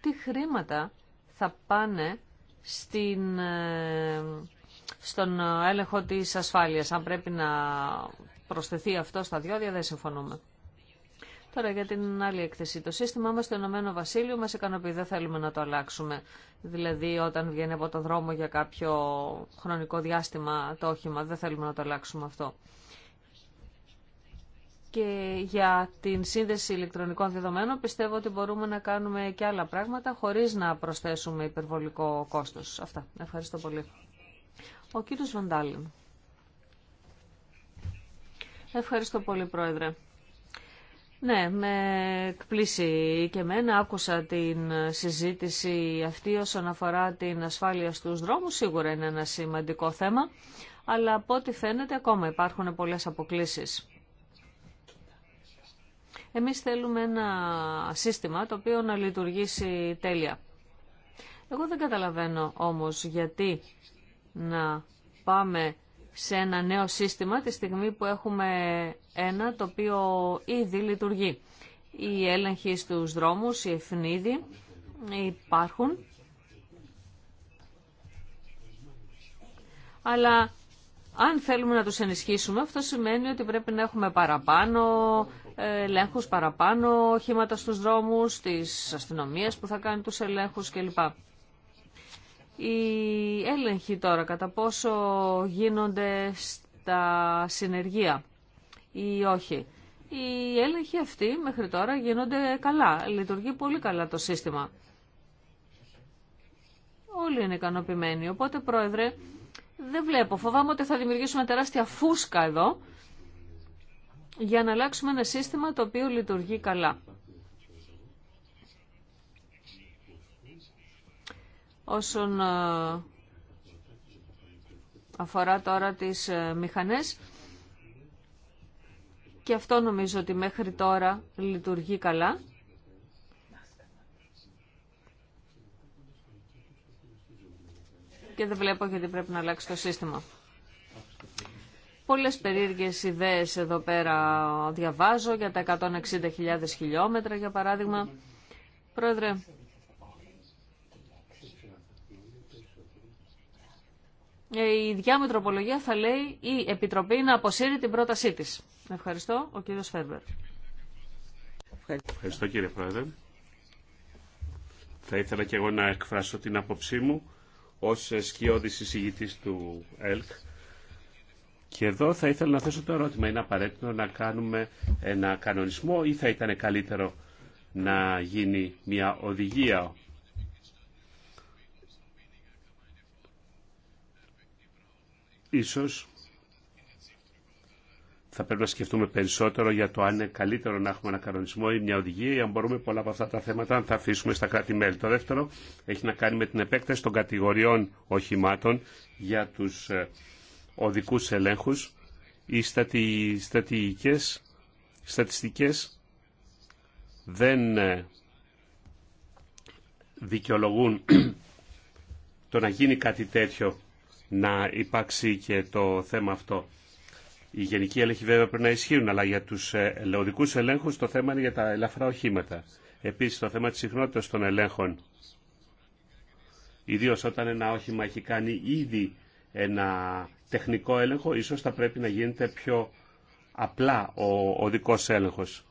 Τι χρήματα θα πάνε στην, ε, στον έλεγχο της ασφάλειας. Αν πρέπει να προσθεθεί αυτό στα διόδια, δεν συμφωνούμε. Τώρα για την άλλη έκθεση. Το σύστημά μα στο Ηνωμένο Βασίλειο μας ικανοποιεί, δεν θέλουμε να το αλλάξουμε. Δηλαδή όταν βγαίνει από το δρόμο για κάποιο χρονικό διάστημα το όχημα, δεν θέλουμε να το αλλάξουμε αυτό. Και για την σύνδεση ηλεκτρονικών δεδομένων πιστεύω ότι μπορούμε να κάνουμε και άλλα πράγματα χωρίς να προσθέσουμε υπερβολικό κόστος. Αυτά. Ευχαριστώ πολύ. Ο κύριος Βαντάλιν. Ευχαριστώ πολύ, Πρόεδρε. Ναι, με εκπλήσει και εμένα. Άκουσα την συζήτηση αυτή όσον αφορά την ασφάλεια στους δρόμους. Σίγουρα είναι ένα σημαντικό θέμα, αλλά από ό,τι φαίνεται ακόμα υπάρχουν πολλές αποκλήσεις. Εμείς θέλουμε ένα σύστημα το οποίο να λειτουργήσει τέλεια. Εγώ δεν καταλαβαίνω όμως γιατί να πάμε σε ένα νέο σύστημα τη στιγμή που έχουμε ένα το οποίο ήδη λειτουργεί. Οι έλεγχοι στους δρόμους, οι ευνίδοι υπάρχουν, αλλά αν θέλουμε να τους ενισχύσουμε αυτό σημαίνει ότι πρέπει να έχουμε παραπάνω ε, ελέγχους, παραπάνω οχήματα στους δρόμους, τις αστυνομίες που θα κάνει τους ελέγχους κλπ. Οι έλεγχοι τώρα, κατά πόσο γίνονται στα συνεργεία ή όχι. Οι έλεγχοι αυτοί μέχρι τώρα γίνονται καλά. Λειτουργεί πολύ καλά το σύστημα. Όλοι είναι ικανοποιημένοι. Οπότε, Πρόεδρε, δεν βλέπω. Φοβάμαι ότι θα δημιουργήσουμε τεράστια φούσκα εδώ για να αλλάξουμε ένα σύστημα το οποίο λειτουργεί καλά. Όσον ε, αφορά τώρα τις ε, μηχανές, και αυτό νομίζω ότι μέχρι τώρα λειτουργεί καλά. Και δεν βλέπω γιατί πρέπει να αλλάξει το σύστημα. Πολλές περίεργες ιδέες εδώ πέρα διαβάζω για τα 160.000 χιλιόμετρα για παράδειγμα. Πρόεδρε, Ε, η ίδια θα λέει η Επιτροπή να αποσύρει την πρότασή της. Ευχαριστώ, ο κύριος Φέρμπερ. Ευχαριστώ κύριε Πρόεδρε. Θα ήθελα και εγώ να εκφράσω την άποψή μου ως σκιώδης εισηγητής του ΕΛΚ. Και εδώ θα ήθελα να θέσω το ερώτημα, είναι απαραίτητο να κάνουμε ένα κανονισμό ή θα ήταν καλύτερο να γίνει μια οδηγία Ίσως θα πρέπει να σκεφτούμε περισσότερο για το αν είναι καλύτερο να έχουμε ένα κανονισμό ή μια οδηγία ή αν μπορούμε πολλά από αυτά τα θέματα να τα αφήσουμε στα κράτη-μέλη. Το δεύτερο έχει να κάνει με την επέκταση των κατηγοριών οχημάτων για τους ε, οδικούς ελέγχους οι στατιστικές στατιστικές δεν ε, δικαιολογούν (clears throat) το να γίνει κάτι τέτοιο να υπάρξει και το θέμα αυτό. Οι γενικοί έλεγχοι βέβαια πρέπει να ισχύουν, αλλά για τους ελαιοδικούς ελέγχους το θέμα είναι για τα ελαφρά οχήματα. Επίσης το θέμα της συχνότητας των ελέγχων. Ιδίως όταν ένα όχημα έχει κάνει ήδη ένα τεχνικό έλεγχο, ίσως θα πρέπει να γίνεται πιο απλά ο οδικός έλεγχος.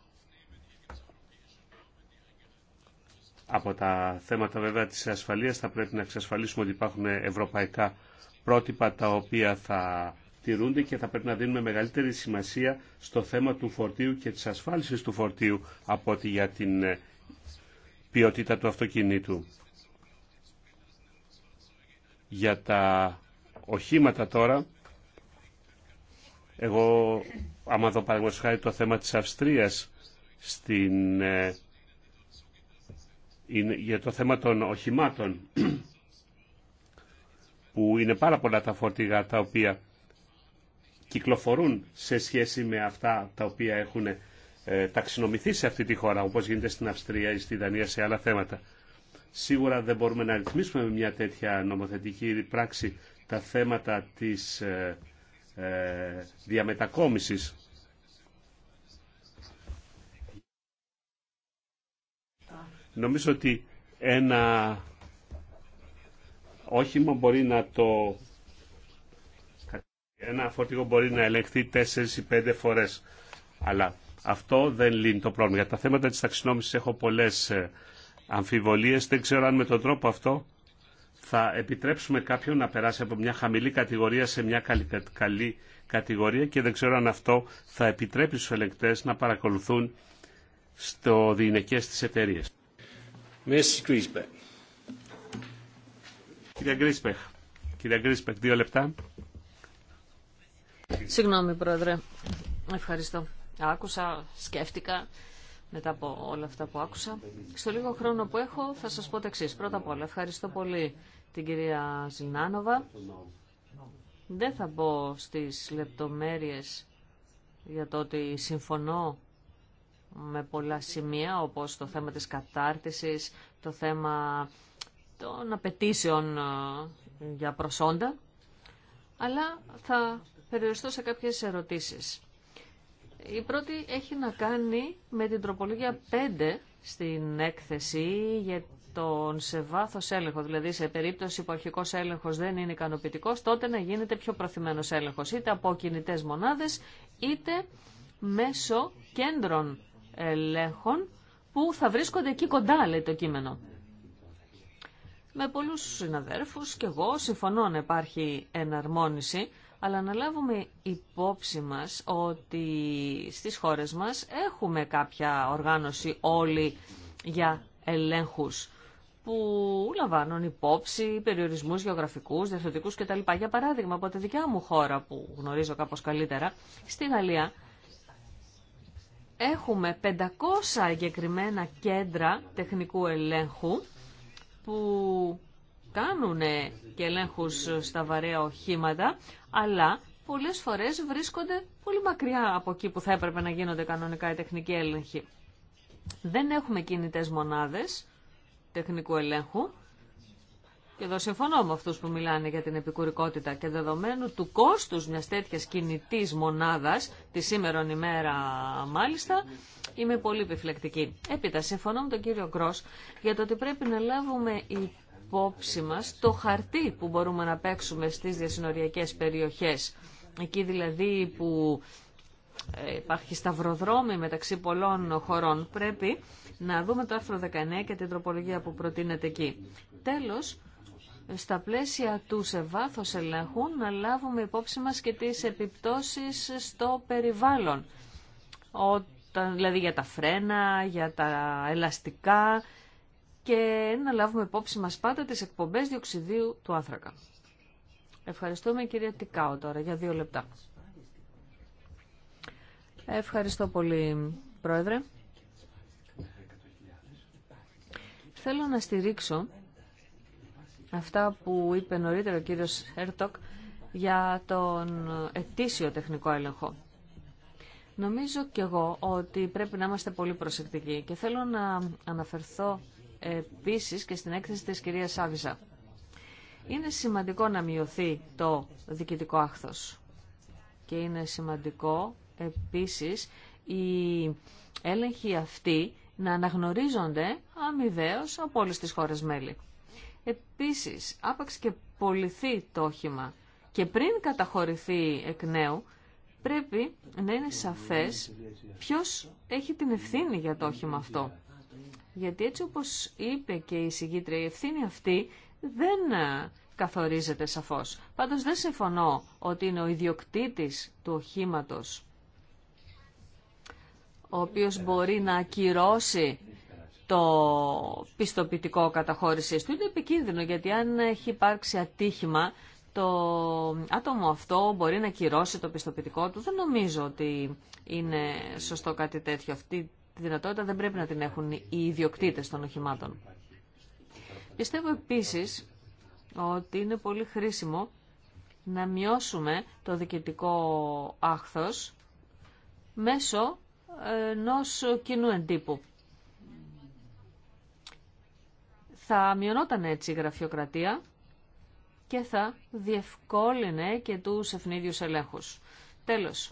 Από τα θέματα βέβαια της ασφαλείας θα πρέπει να εξασφαλίσουμε ότι υπάρχουν ευρωπαϊκά πρότυπα τα οποία θα τηρούνται και θα πρέπει να δίνουμε μεγαλύτερη σημασία στο θέμα του φορτίου και της ασφάλισης του φορτίου από ότι για την ε, ποιότητα του αυτοκινήτου. Για τα οχήματα τώρα, εγώ άμα δω παραδείγματος το θέμα της Αυστρίας στην, ε, για το θέμα των οχημάτων που είναι πάρα πολλά τα φορτηγά τα οποία κυκλοφορούν σε σχέση με αυτά τα οποία έχουν ε, ταξινομηθεί σε αυτή τη χώρα, όπως γίνεται στην Αυστρία ή στη Δανία σε άλλα θέματα. Σίγουρα δεν μπορούμε να ρυθμίσουμε με μια τέτοια νομοθετική πράξη τα θέματα της ε, ε διαμετακόμισης. Νομίζω ότι ένα όχημα μπορεί να το... Ένα φορτηγό μπορεί να ελεγχθεί 4 ή 5 φορές. Αλλά αυτό δεν λύνει το πρόβλημα. Για τα θέματα της ταξινόμησης έχω πολλές ε, αμφιβολίες. Δεν ξέρω αν με τον τρόπο αυτό θα επιτρέψουμε κάποιον να περάσει από μια χαμηλή κατηγορία σε μια καλή, καλή κατηγορία και δεν ξέρω αν αυτό θα επιτρέπει στους ελεγκτές να παρακολουθούν στο διηνεκές της εταιρείες. Κυρία Γκρίσπεχ. Κυρία Γκρίσπεχ, δύο λεπτά. Συγγνώμη, Πρόεδρε. Ευχαριστώ. Άκουσα, σκέφτηκα μετά από όλα αυτά που άκουσα. Στο λίγο χρόνο που έχω θα σας πω το εξή. Πρώτα απ' όλα, ευχαριστώ πολύ την κυρία Ζινάνοβα. Δεν θα μπω στις λεπτομέρειες για το ότι συμφωνώ με πολλά σημεία, όπως το θέμα της κατάρτισης, το θέμα των απαιτήσεων ε, για προσόντα, αλλά θα περιοριστώ σε κάποιες ερωτήσεις. Η πρώτη έχει να κάνει με την τροπολογία 5 στην έκθεση για τον σε βάθο έλεγχο, δηλαδή σε περίπτωση που ο αρχικό έλεγχος δεν είναι ικανοποιητικό, τότε να γίνεται πιο προθυμένος έλεγχος, είτε από κινητέ μονάδες, είτε μέσω κέντρων ελέγχων που θα βρίσκονται εκεί κοντά, λέει το κείμενο με πολλούς συναδέρφους και εγώ συμφωνώ να υπάρχει εναρμόνιση, αλλά να λάβουμε υπόψη μας ότι στις χώρες μας έχουμε κάποια οργάνωση όλοι για ελέγχους που λαμβάνουν υπόψη περιορισμούς γεωγραφικούς, διαθετικούς κτλ. Για παράδειγμα, από τη δικιά μου χώρα που γνωρίζω κάπως καλύτερα, στη Γαλλία έχουμε 500 εγκεκριμένα κέντρα τεχνικού ελέγχου που κάνουν και ελέγχους στα βαρέα οχήματα, αλλά πολλές φορές βρίσκονται πολύ μακριά από εκεί που θα έπρεπε να γίνονται κανονικά οι τεχνικοί έλεγχοι. Δεν έχουμε κινητές μονάδες τεχνικού ελέγχου και εδώ συμφωνώ με αυτού που μιλάνε για την επικουρικότητα και δεδομένου του κόστου μια τέτοια κινητή μονάδα τη σήμερον ημέρα μάλιστα, είμαι πολύ επιφυλακτική. Έπειτα, συμφωνώ με τον κύριο Γκρό για το ότι πρέπει να λάβουμε υπόψη μα το χαρτί που μπορούμε να παίξουμε στι διασυνοριακέ περιοχές. Εκεί δηλαδή που ε, υπάρχει σταυροδρόμι μεταξύ πολλών χωρών, πρέπει να δούμε το άρθρο 19 και την τροπολογία που προτείνεται εκεί. Τέλος, στα πλαίσια του σε βάθος ελέγχου να λάβουμε υπόψη μας και τις επιπτώσεις στο περιβάλλον. Όταν, δηλαδή για τα φρένα, για τα ελαστικά και να λάβουμε υπόψη μας πάντα τις εκπομπές διοξιδίου του άνθρακα. Ευχαριστούμε κυρία Τικάου τώρα για δύο λεπτά. Ευχαριστώ πολύ Πρόεδρε. Θέλω να στηρίξω αυτά που είπε νωρίτερα ο κύριος Έρτοκ για τον ετήσιο τεχνικό έλεγχο. Νομίζω κι εγώ ότι πρέπει να είμαστε πολύ προσεκτικοί και θέλω να αναφερθώ επίσης και στην έκθεση της κυρίας Άβυζα. Είναι σημαντικό να μειωθεί το διοικητικό άχθος και είναι σημαντικό επίσης η έλεγχοι αυτοί να αναγνωρίζονται αμοιβαίως από όλες τις χώρες μέλη. Επίσης, άπαξ και πολιθεί το όχημα και πριν καταχωρηθεί εκ νέου, πρέπει να είναι σαφές ποιος έχει την ευθύνη για το όχημα αυτό. Γιατί έτσι όπως είπε και η συγκήτρια, η ευθύνη αυτή δεν ε, καθορίζεται σαφώς. Πάντως δεν συμφωνώ ότι είναι ο ιδιοκτήτης του οχήματος ο οποίος μπορεί να ακυρώσει το πιστοποιητικό καταχώρησή του. Είναι επικίνδυνο γιατί αν έχει υπάρξει ατύχημα το άτομο αυτό μπορεί να κυρώσει το πιστοποιητικό του. Δεν νομίζω ότι είναι σωστό κάτι τέτοιο. Αυτή τη δυνατότητα δεν πρέπει να την έχουν οι ιδιοκτήτες των οχημάτων. Πιστεύω επίσης ότι είναι πολύ χρήσιμο να μειώσουμε το διοικητικό άχθος μέσω ενός κοινού εντύπου. Θα μειωνόταν έτσι η γραφειοκρατία και θα διευκόλυνε και τους ευνίδιους ελέγχους. Τέλος,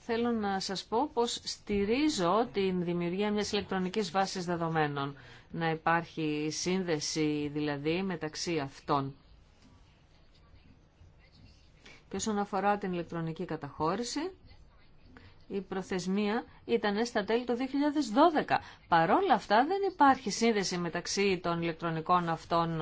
θέλω να σας πω πως στηρίζω την δημιουργία μιας ηλεκτρονικής βάσης δεδομένων. Να υπάρχει σύνδεση δηλαδή μεταξύ αυτών. Και όσον αφορά την ηλεκτρονική καταχώρηση, η προθεσμία ήταν στα τέλη του 2012. Παρόλα αυτά δεν υπάρχει σύνδεση μεταξύ των ηλεκτρονικών αυτών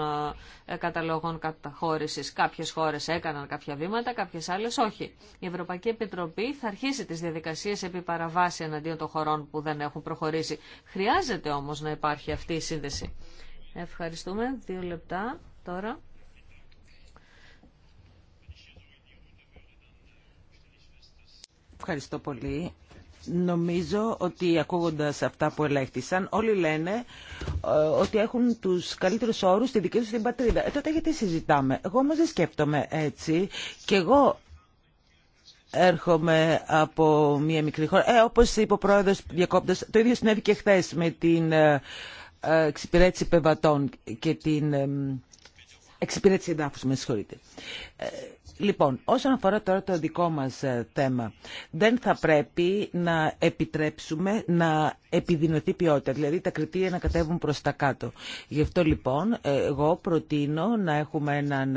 ε, ε, καταλόγων καταχώρησης. Κάποιες χώρες έκαναν κάποια βήματα, κάποιες άλλες όχι. Η Ευρωπαϊκή Επιτροπή θα αρχίσει τις διαδικασίες επί παραβάση εναντίον των χωρών που δεν έχουν προχωρήσει. Χρειάζεται όμως να υπάρχει αυτή η σύνδεση. Ευχαριστούμε. Δύο λεπτά τώρα. Ευχαριστώ πολύ. Νομίζω ότι ακούγοντας αυτά που ελέγχθησαν, όλοι λένε ε, ότι έχουν τους καλύτερους όρους στη δική τους την πατρίδα. Ε, τότε γιατί συζητάμε. Εγώ όμως δεν σκέφτομαι έτσι. Και εγώ έρχομαι από μια μικρή χώρα. Ε, όπως είπε ο πρόεδρος Διακόπτας, το ίδιο συνέβη και χθε με την ε, ε, εξυπηρέτηση πεβατών και την Εξυπηρέτηση εδάφου, με συγχωρείτε. Ε, λοιπόν, όσον αφορά τώρα το δικό μας ε, θέμα, δεν θα πρέπει να επιτρέψουμε να επιδεινωθεί ποιότητα, δηλαδή τα κριτήρια να κατέβουν προς τα κάτω. Γι' αυτό λοιπόν ε, εγώ προτείνω να έχουμε έναν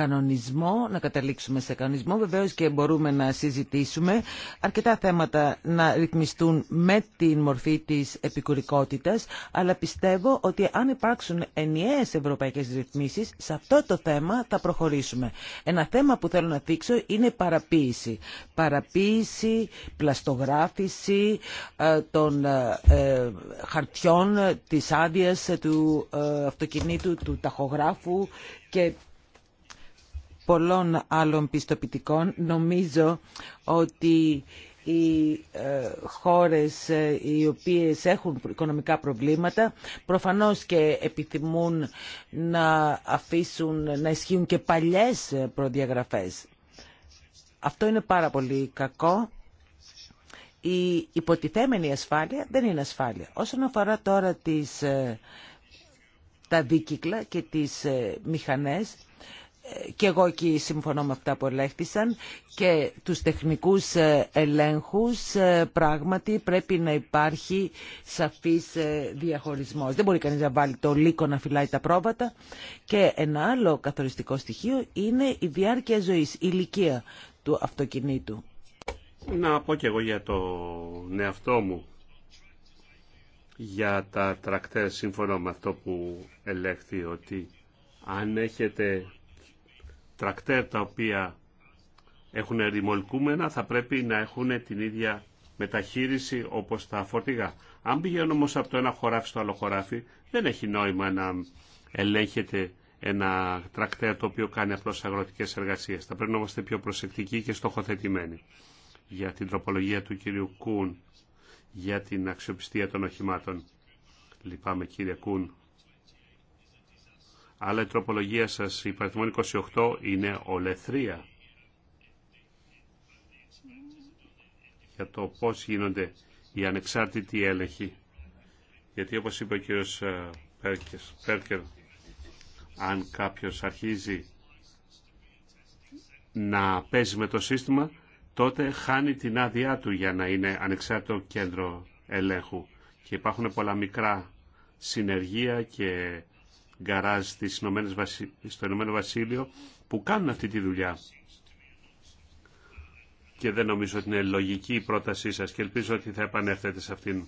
κανονισμό, να καταλήξουμε σε κανονισμό. βεβαίω και μπορούμε να συζητήσουμε αρκετά θέματα να ρυθμιστούν με την μορφή της επικουρικότητα, αλλά πιστεύω ότι αν υπάρξουν ενιαίες ευρωπαϊκές ρυθμίσεις, σε αυτό το θέμα θα προχωρήσουμε. Ένα θέμα που θέλω να δείξω είναι παραποίηση. Παραποίηση, πλαστογράφηση ε, των ε, ε, χαρτιών τη άδεια του αυτοκινήτου, του ταχογράφου και πολλών άλλων πιστοποιητικών. Νομίζω ότι οι ε, χώρες ε, οι οποίες έχουν οικονομικά προβλήματα προφανώς και επιθυμούν να αφήσουν να ισχύουν και παλιές προδιαγραφές. Αυτό είναι πάρα πολύ κακό. Η υποτιθέμενη ασφάλεια δεν είναι ασφάλεια. Όσον αφορά τώρα τις, ε, τα δίκυκλα και τις μηχανές, και εγώ εκεί συμφωνώ με αυτά που ελέγχθησαν και τους τεχνικούς ε, ελέγχους ε, πράγματι πρέπει να υπάρχει σαφής ε, διαχωρισμός. Δεν μπορεί κανείς να βάλει το λύκο να φυλάει τα πρόβατα και ένα άλλο καθοριστικό στοιχείο είναι η διάρκεια ζωής, η ηλικία του αυτοκινήτου. Να πω και εγώ για τον εαυτό μου για τα τρακτέρ σύμφωνα με αυτό που ελέγχθη ότι αν έχετε τρακτέρ τα οποία έχουν ρημολκούμενα θα πρέπει να έχουν την ίδια μεταχείριση όπως τα φορτηγά. Αν πηγαίνουν όμως από το ένα χωράφι στο άλλο χωράφι δεν έχει νόημα να ελέγχεται ένα τρακτέρ το οποίο κάνει απλώς αγροτικές εργασίες. Θα πρέπει να είμαστε πιο προσεκτικοί και στοχοθετημένοι. Για την τροπολογία του κυρίου Κούν, για την αξιοπιστία των οχημάτων. Λυπάμαι κύριε Κούν αλλά η τροπολογία σας, η 28, είναι ολεθρία για το πώς γίνονται οι ανεξάρτητοι έλεγχοι. Γιατί όπως είπε ο κύριος ε, Πέρκερ, αν κάποιος αρχίζει να παίζει με το σύστημα, τότε χάνει την άδειά του για να είναι ανεξάρτητο κέντρο ελέγχου. Και υπάρχουν πολλά μικρά συνεργεία και γκαράζ στις στο Ηνωμένο Βασίλειο που κάνουν αυτή τη δουλειά. Και δεν νομίζω ότι είναι λογική η πρότασή σας και ελπίζω ότι θα επανέφθετε σε αυτήν.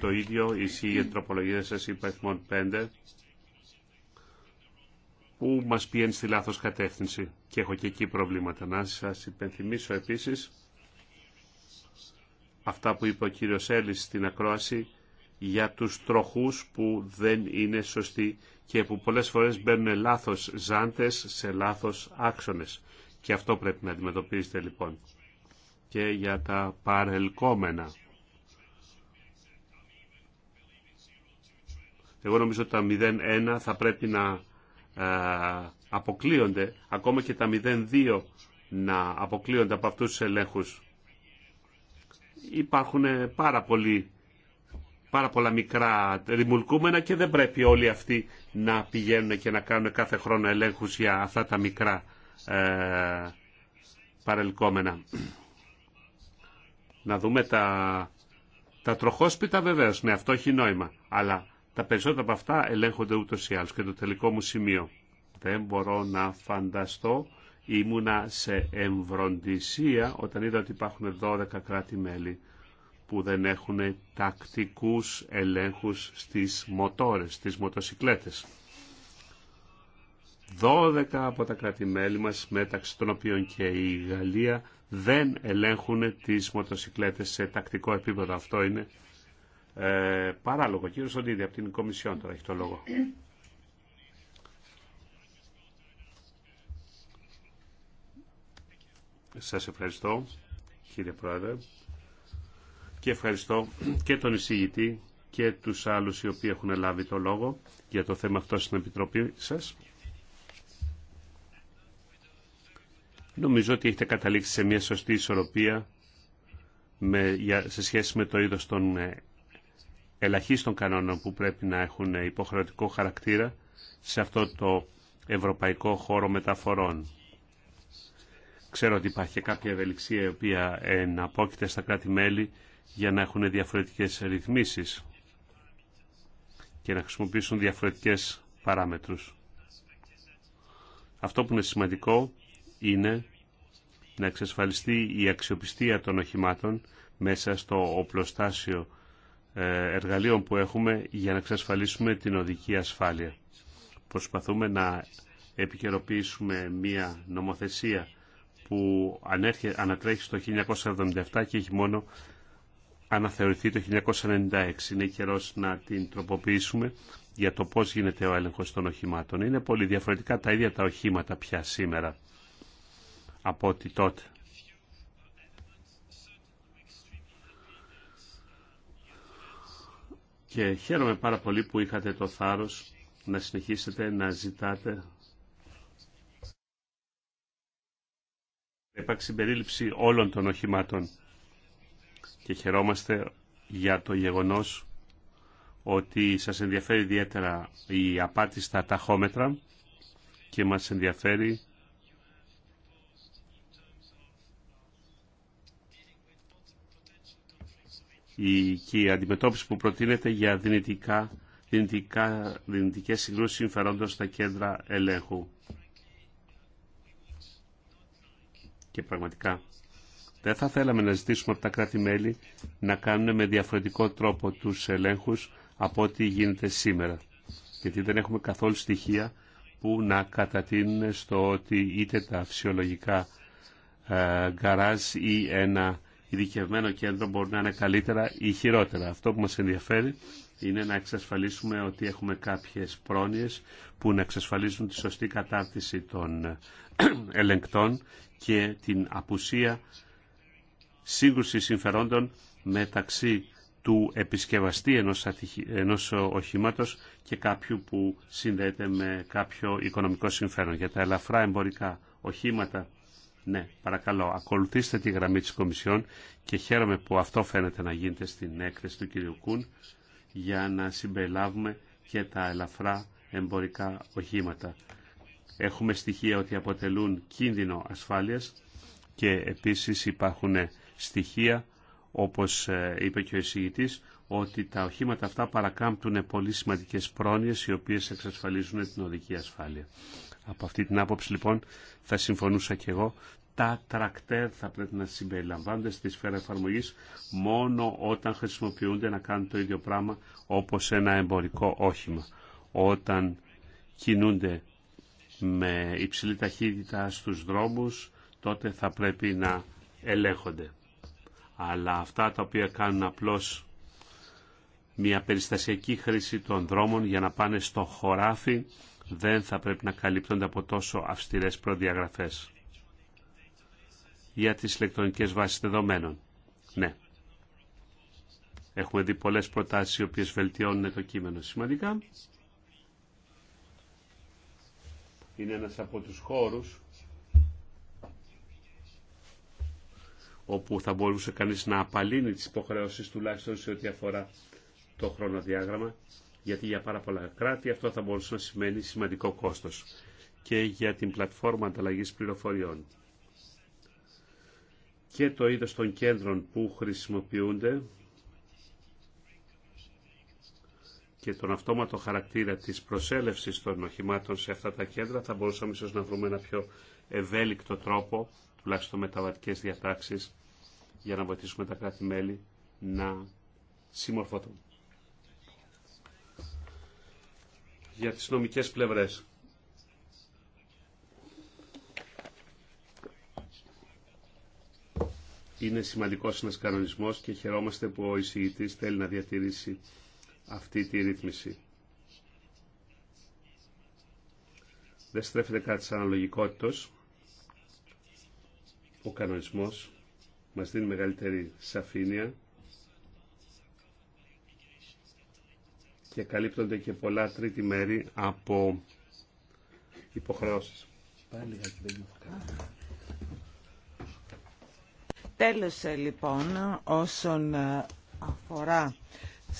Το ίδιο ισχύει την τροπολογία σας υπαριθμών 5 που μας πιένει στη λάθος κατεύθυνση και έχω και εκεί προβλήματα. Να σας υπενθυμίσω επίσης αυτά που είπε ο κύριος Έλλης στην ακρόαση για τους τροχούς που δεν είναι σωστοί και που πολλές φορές μπαίνουν λάθος ζάντες σε λάθος άξονες. Και αυτό πρέπει να αντιμετωπίσετε λοιπόν. Και για τα παρελκόμενα. Εγώ νομίζω ότι τα 1 θα πρέπει να ε, αποκλείονται, ακόμα και τα 0-2 να αποκλείονται από αυτούς τους ελέγχους. Υπάρχουν πάρα πολλοί πάρα πολλά μικρά ρημουλκούμενα και δεν πρέπει όλοι αυτοί να πηγαίνουν και να κάνουν κάθε χρόνο ελέγχους για αυτά τα μικρά ε, παρελκόμενα. Να δούμε τα, τα τροχόσπιτα βεβαίως, ναι αυτό έχει νόημα, αλλά τα περισσότερα από αυτά ελέγχονται ούτως ή άλλως και το τελικό μου σημείο. Δεν μπορώ να φανταστώ, ήμουνα σε εμβροντισία όταν είδα ότι υπάρχουν 12 κράτη-μέλη που δεν έχουν τακτικούς ελέγχους στις μοτόρες, στις μοτοσικλέτες. 12 από τα κράτη-μέλη μας, μεταξύ των οποίων και η Γαλλία, δεν ελέγχουν τις μοτοσικλέτες σε τακτικό επίπεδο. Αυτό είναι ε, παράλογο. Κύριο Σοντίδη, από την Κομισιόν τώρα έχει το λόγο. Σας ευχαριστώ, κύριε Πρόεδρε και ευχαριστώ και τον εισηγητή και τους άλλους οι οποίοι έχουν λάβει το λόγο για το θέμα αυτό στην Επιτροπή σας. Νομίζω ότι έχετε καταλήξει σε μια σωστή ισορροπία με, σε σχέση με το είδος των ε, ελαχίστων κανόνων που πρέπει να έχουν υποχρεωτικό χαρακτήρα σε αυτό το ευρωπαϊκό χώρο μεταφορών. Ξέρω ότι υπάρχει κάποια ευελιξία η οποία εναπόκειται στα κράτη-μέλη για να έχουν διαφορετικές ρυθμίσεις και να χρησιμοποιήσουν διαφορετικές παράμετρους. Αυτό που είναι σημαντικό είναι να εξασφαλιστεί η αξιοπιστία των οχημάτων μέσα στο οπλοστάσιο ε, εργαλείων που έχουμε για να εξασφαλίσουμε την οδική ασφάλεια. Προσπαθούμε να επικαιροποιήσουμε μία νομοθεσία που ανατρέχει στο 1977 και έχει μόνο αναθεωρηθεί το 1996. Είναι καιρό να την τροποποιήσουμε για το πώς γίνεται ο έλεγχος των οχημάτων. Είναι πολύ διαφορετικά τα ίδια τα οχήματα πια σήμερα από ότι τότε. Και χαίρομαι πάρα πολύ που είχατε το θάρρος να συνεχίσετε να ζητάτε να υπάρξει συμπερίληψη όλων των οχημάτων και χαιρόμαστε για το γεγονός ότι σας ενδιαφέρει ιδιαίτερα η απάτη στα ταχόμετρα και μας ενδιαφέρει η, και η αντιμετώπιση που προτείνεται για δυνητικά, δυνητικά, δυνητικές συγκρούσεις συμφερόντων στα κέντρα ελέγχου. Και πραγματικά δεν θα θέλαμε να ζητήσουμε από τα κράτη-μέλη να κάνουν με διαφορετικό τρόπο τους ελέγχους από ό,τι γίνεται σήμερα. Γιατί δεν έχουμε καθόλου στοιχεία που να κατατείνουν στο ότι είτε τα φυσιολογικά ε, γκαράζ ή ένα ειδικευμένο κέντρο μπορεί να είναι καλύτερα ή χειρότερα. Αυτό που μας ενδιαφέρει είναι να εξασφαλίσουμε ότι έχουμε κάποιες πρόνοιες που να εξασφαλίσουν τη σωστή κατάρτιση των ε, (clears throat) ελεγκτών και την απουσία σύγκρουση συμφερόντων μεταξύ του επισκευαστή ενός, οχήματο ενός οχήματος και κάποιου που συνδέεται με κάποιο οικονομικό συμφέρον. Για τα ελαφρά εμπορικά οχήματα, ναι, παρακαλώ, ακολουθήστε τη γραμμή της Κομισιόν και χαίρομαι που αυτό φαίνεται να γίνεται στην έκθεση του κ. Κούν για να συμπεριλάβουμε και τα ελαφρά εμπορικά οχήματα. Έχουμε στοιχεία ότι αποτελούν κίνδυνο ασφάλειας και επίσης υπάρχουν στοιχεία, όπως ε, είπε και ο εισηγητής, ότι τα οχήματα αυτά παρακάμπτουν πολύ σημαντικές πρόνοιες οι οποίες εξασφαλίζουν την οδική ασφάλεια. Από αυτή την άποψη λοιπόν θα συμφωνούσα και εγώ τα τρακτέρ θα πρέπει να συμπεριλαμβάνονται στη σφαίρα εφαρμογή μόνο όταν χρησιμοποιούνται να κάνουν το ίδιο πράγμα όπως ένα εμπορικό όχημα. Όταν κινούνται με υψηλή ταχύτητα στους δρόμους τότε θα πρέπει να ελέγχονται αλλά αυτά τα οποία κάνουν απλώς μια περιστασιακή χρήση των δρόμων για να πάνε στο χωράφι δεν θα πρέπει να καλύπτονται από τόσο αυστηρές προδιαγραφές. Για τις ηλεκτρονικές βάσεις δεδομένων. Ναι. Έχουμε δει πολλές προτάσεις οι οποίες βελτιώνουν το κείμενο σημαντικά. Είναι ένας από τους χώρους όπου θα μπορούσε κανείς να απαλύνει τις υποχρεώσεις τουλάχιστον σε ό,τι αφορά το χρονοδιάγραμμα, γιατί για πάρα πολλά κράτη αυτό θα μπορούσε να σημαίνει σημαντικό κόστος και για την πλατφόρμα ανταλλαγής πληροφοριών. Και το είδος των κέντρων που χρησιμοποιούνται και τον αυτόματο χαρακτήρα της προσέλευσης των οχημάτων σε αυτά τα κέντρα θα μπορούσαμε ίσως να βρούμε ένα πιο ευέλικτο τρόπο τουλάχιστον μεταβατικέ διατάξεις για να βοηθήσουμε τα κράτη-μέλη να συμμορφωθούν. Για τις νομικές πλευρές. Είναι σημαντικός ένας κανονισμός και χαιρόμαστε που ο εισηγητής θέλει να διατηρήσει αυτή τη ρύθμιση. Δεν στρέφεται κάτι σαν αναλογικότητος. Ο κανονισμός μας δίνει μεγαλύτερη σαφήνεια και καλύπτονται και πολλά τρίτη μέρη από υποχρεώσεις. Τέλος ε, λοιπόν όσον ε, αφορά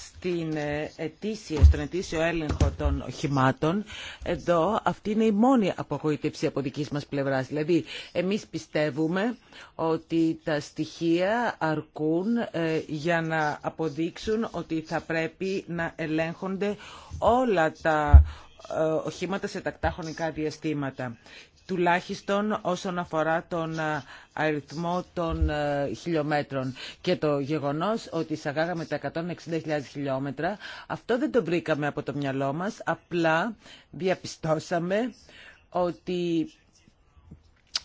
στην ε, ετήσια, στον ετήσιο έλεγχο των οχημάτων, εδώ αυτή είναι η μόνη απογοήτευση από δική μας πλευράς. Δηλαδή, εμείς πιστεύουμε ότι τα στοιχεία αρκούν ε, για να αποδείξουν ότι θα πρέπει να ελέγχονται όλα τα ε, οχήματα σε τακτά χρονικά διαστήματα τουλάχιστον όσον αφορά τον ε, αριθμό των ε, χιλιόμετρων. Και το γεγονός ότι σαγάγαμε τα 160.000 χιλιόμετρα, αυτό δεν το βρήκαμε από το μυαλό μας, απλά διαπιστώσαμε ότι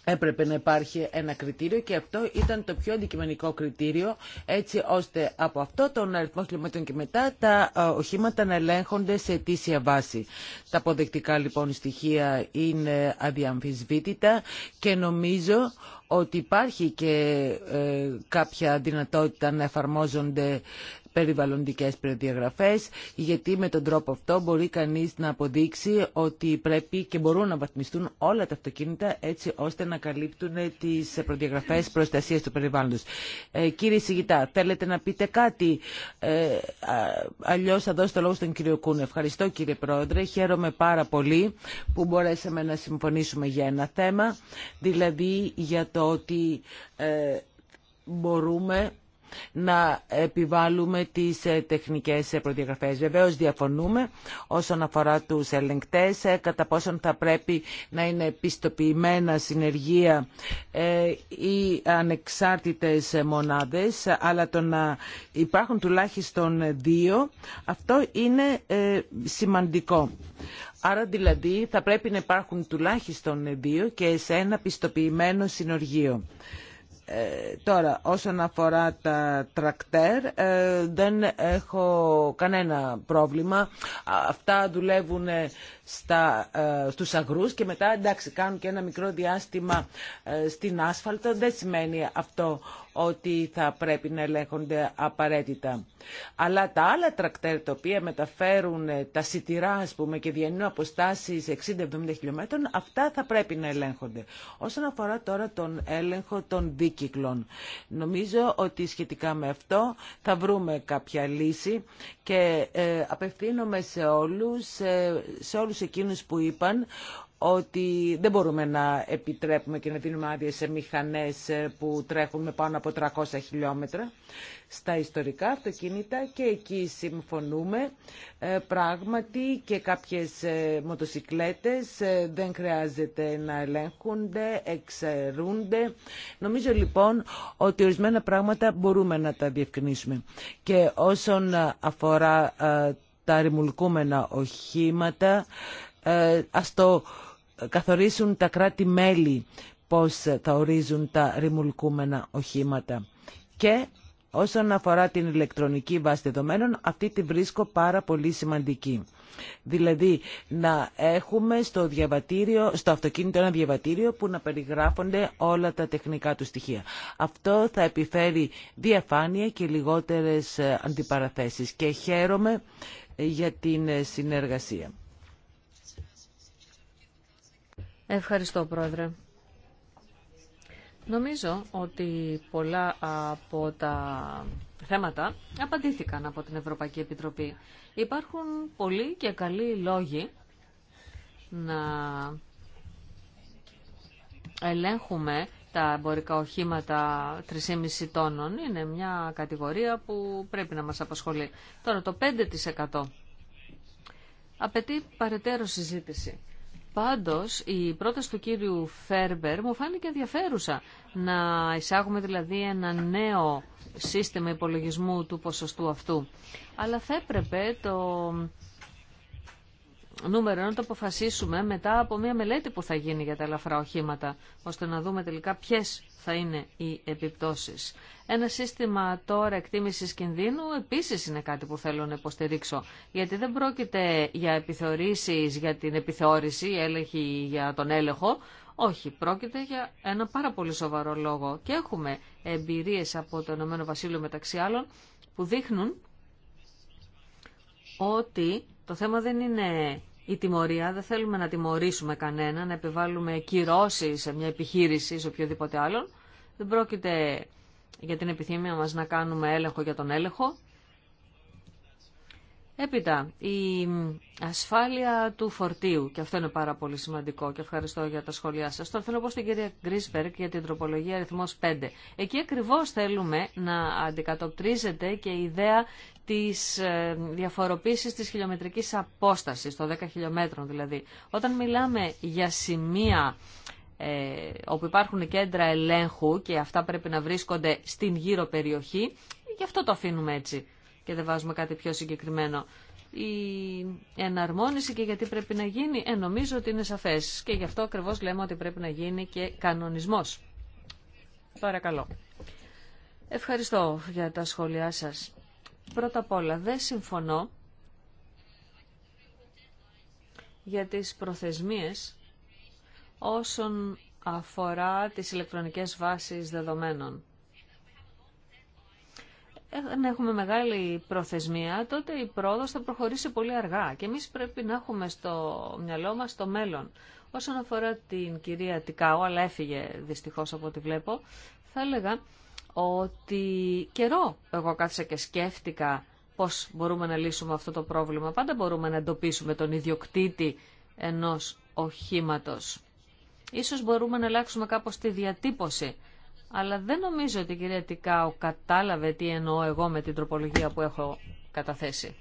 έπρεπε να υπάρχει ένα κριτήριο και αυτό ήταν το πιο αντικειμενικό κριτήριο έτσι ώστε από αυτό τον αριθμό χιλιόμετρων και μετά τα ε, οχήματα να ελέγχονται σε αιτήσια βάση. Τα αποδεκτικά λοιπόν στοιχεία είναι αδιαμφισβήτητα και νομίζω ότι υπάρχει και ε, κάποια δυνατότητα να εφαρμόζονται περιβαλλοντικές προδιαγραφές γιατί με τον τρόπο αυτό μπορεί κανείς να αποδείξει ότι πρέπει και μπορούν να βαθμιστούν όλα τα αυτοκίνητα έτσι ώστε να καλύπτουν τις προδιαγραφές προστασίας του περιβάλλοντος. Ε, κύριε Σιγητά, θέλετε να πείτε κάτι, ε, αλλιώς θα δώσω το λόγο στον κύριο Κούνε. Ευχαριστώ κύριε Πρόεδρε, χαίρομαι πάρα πολύ που μπορέσαμε να συμφωνήσουμε για ένα θέμα, δηλαδή για το ότι ε, μπορούμε να επιβάλλουμε τις ε, τεχνικές ε, προδιαγραφές. Βεβαίως διαφωνούμε όσον αφορά τους ελεγκτές, ε, κατά πόσον θα πρέπει να είναι επιστοποιημένα συνεργεία ή ανεξάρτητες μονάδες, αλλά το να υπάρχουν τουλάχιστον δύο, αυτό είναι σημαντικό. Άρα δηλαδή θα πρέπει να υπάρχουν τουλάχιστον δύο και σε ένα πιστοποιημένο συνεργείο. Ε, τώρα, όσον αφορά τα τρακτέρ, ε, δεν έχω κανένα πρόβλημα. Αυτά δουλεύουν στα, ε, στους αγρούς και μετά, εντάξει, κάνουν και ένα μικρό διάστημα στην άσφαλτο. Δεν σημαίνει αυτό ότι θα πρέπει να ελέγχονται απαραίτητα. Αλλά τα άλλα τρακτέρ τα οποία μεταφέρουν ε, τα σιτηρά ας πούμε, και διανύουν αποστάσεις 60-70 χιλιόμετρων, αυτά θα πρέπει να ελέγχονται. Όσον αφορά τώρα τον έλεγχο των δίκυκλων, νομίζω ότι σχετικά με αυτό θα βρούμε κάποια λύση και ε, απευθύνομαι σε όλους, σε, σε όλους εκείνους που είπαν ότι δεν μπορούμε να επιτρέπουμε και να δίνουμε άδεια σε μηχανές ε, που τρέχουν με πάνω από 300 χιλιόμετρα στα ιστορικά αυτοκίνητα και εκεί συμφωνούμε ε, πράγματι και κάποιες ε, μοτοσικλέτες δεν χρειάζεται να ελέγχονται, εξαιρούνται. Νομίζω λοιπόν ότι ορισμένα πράγματα μπορούμε να τα διευκρινίσουμε. Και όσον αφορά τα ρημουλκούμενα οχήματα, ας καθορίσουν τα κράτη-μέλη πώς θα ορίζουν τα ρημουλκούμενα οχήματα. Και όσον αφορά την ηλεκτρονική βάση δεδομένων, αυτή τη βρίσκω πάρα πολύ σημαντική. Δηλαδή, να έχουμε στο, διαβατήριο, στο αυτοκίνητο ένα διαβατήριο που να περιγράφονται όλα τα τεχνικά του στοιχεία. Αυτό θα επιφέρει διαφάνεια και λιγότερες ε, αντιπαραθέσεις. Και χαίρομαι ε, για την ε, συνεργασία. Ευχαριστώ, Πρόεδρε. Νομίζω ότι πολλά από τα θέματα απαντήθηκαν από την Ευρωπαϊκή Επιτροπή. Υπάρχουν πολλοί και καλοί λόγοι να ελέγχουμε τα εμπορικά οχήματα 3,5 τόνων. Είναι μια κατηγορία που πρέπει να μας απασχολεί. Τώρα το 5% απαιτεί παρετέρω συζήτηση. Πάντως, η πρόταση του κύριου Φέρμπερ μου φάνηκε ενδιαφέρουσα να εισάγουμε δηλαδή ένα νέο σύστημα υπολογισμού του ποσοστού αυτού. Αλλά θα έπρεπε το νούμερο να το αποφασίσουμε μετά από μια μελέτη που θα γίνει για τα ελαφρά οχήματα, ώστε να δούμε τελικά ποιε θα είναι οι επιπτώσει. Ένα σύστημα τώρα εκτίμηση κινδύνου επίση είναι κάτι που θέλω να υποστηρίξω, γιατί δεν πρόκειται για επιθεωρήσεις για την επιθεώρηση, έλεγχη για τον έλεγχο, όχι, πρόκειται για ένα πάρα πολύ σοβαρό λόγο και έχουμε εμπειρίες από το Ηνωμένο Βασίλειο μεταξύ άλλων που δείχνουν ότι το θέμα δεν είναι η τιμωρία. Δεν θέλουμε να τιμωρήσουμε κανένα, να επιβάλλουμε κυρώσει σε μια επιχείρηση, σε οποιοδήποτε άλλον. Δεν πρόκειται για την επιθυμία μας να κάνουμε έλεγχο για τον έλεγχο. Έπειτα, η ασφάλεια του φορτίου, και αυτό είναι πάρα πολύ σημαντικό και ευχαριστώ για τα σχόλιά σας. Τώρα θέλω πώς πω κυρία Γκρίσπερκ για την τροπολογία αριθμός 5. Εκεί ακριβώς θέλουμε να αντικατοπτρίζεται και η ιδέα της ε, διαφοροποίησεις της χιλιομετρικής απόστασης, το 10 χιλιόμετρων δηλαδή. Όταν μιλάμε για σημεία ε, όπου υπάρχουν κέντρα ελέγχου και αυτά πρέπει να βρίσκονται στην γύρω περιοχή, γι' αυτό το αφήνουμε έτσι και δεν βάζουμε κάτι πιο συγκεκριμένο. Η εναρμόνιση και γιατί πρέπει να γίνει, ε, νομίζω ότι είναι σαφές και γι' αυτό ακριβώς λέμε ότι πρέπει να γίνει και κανονισμός. Παρακαλώ. Ευχαριστώ για τα σχόλιά σας. Πρώτα απ' όλα, δεν συμφωνώ για τις προθεσμίες όσον αφορά τις ηλεκτρονικές βάσεις δεδομένων. Αν έχουμε μεγάλη προθεσμία, τότε η πρόοδος θα προχωρήσει πολύ αργά και εμείς πρέπει να έχουμε στο μυαλό μας το μέλλον. Όσον αφορά την κυρία Τικάου, αλλά έφυγε δυστυχώς από ό,τι βλέπω, θα έλεγα ότι καιρό εγώ κάθισα και σκέφτηκα πώς μπορούμε να λύσουμε αυτό το πρόβλημα. Πάντα μπορούμε να εντοπίσουμε τον ιδιοκτήτη ενός οχήματος. Ίσως μπορούμε να αλλάξουμε κάπως τη διατύπωση. Αλλά δεν νομίζω ότι η κυρία Τικάου κατάλαβε τι εννοώ εγώ με την τροπολογία που έχω καταθέσει.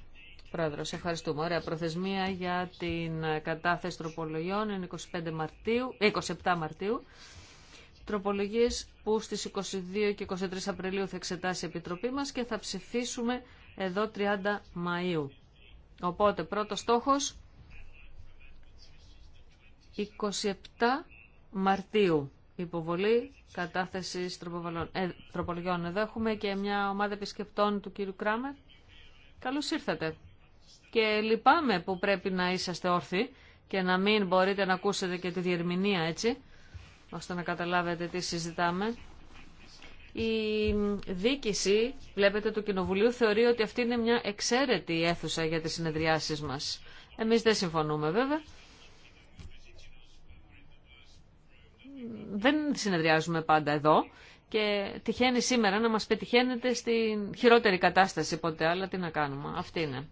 Πρόεδρο, σε ευχαριστούμε. Ωραία προθεσμία για την κατάθεση τροπολογιών είναι 25 Μαρτίου, ε, 27 Μαρτίου τροπολογίες που στις 22 και 23 Απριλίου θα εξετάσει η Επιτροπή μας και θα ψηφίσουμε εδώ 30 Μαΐου. Οπότε πρώτος στόχος 27 Μαρτίου υποβολή κατάθεσης ε, τροπολογιών. Εδώ έχουμε και μια ομάδα επισκεπτών του κύριου Κράμερ. Καλώς ήρθατε. Και λυπάμαι που πρέπει να είσαστε όρθιοι και να μην μπορείτε να ακούσετε και τη διερμηνία έτσι ώστε να καταλάβετε τι συζητάμε. Η δίκηση, βλέπετε, του Κοινοβουλίου θεωρεί ότι αυτή είναι μια εξαίρετη αίθουσα για τις συνεδριάσεις μας. Εμείς δεν συμφωνούμε βέβαια. Δεν συνεδριάζουμε πάντα εδώ και τυχαίνει σήμερα να μας πετυχαίνετε στην χειρότερη κατάσταση ποτέ, αλλά τι να κάνουμε. Αυτή είναι.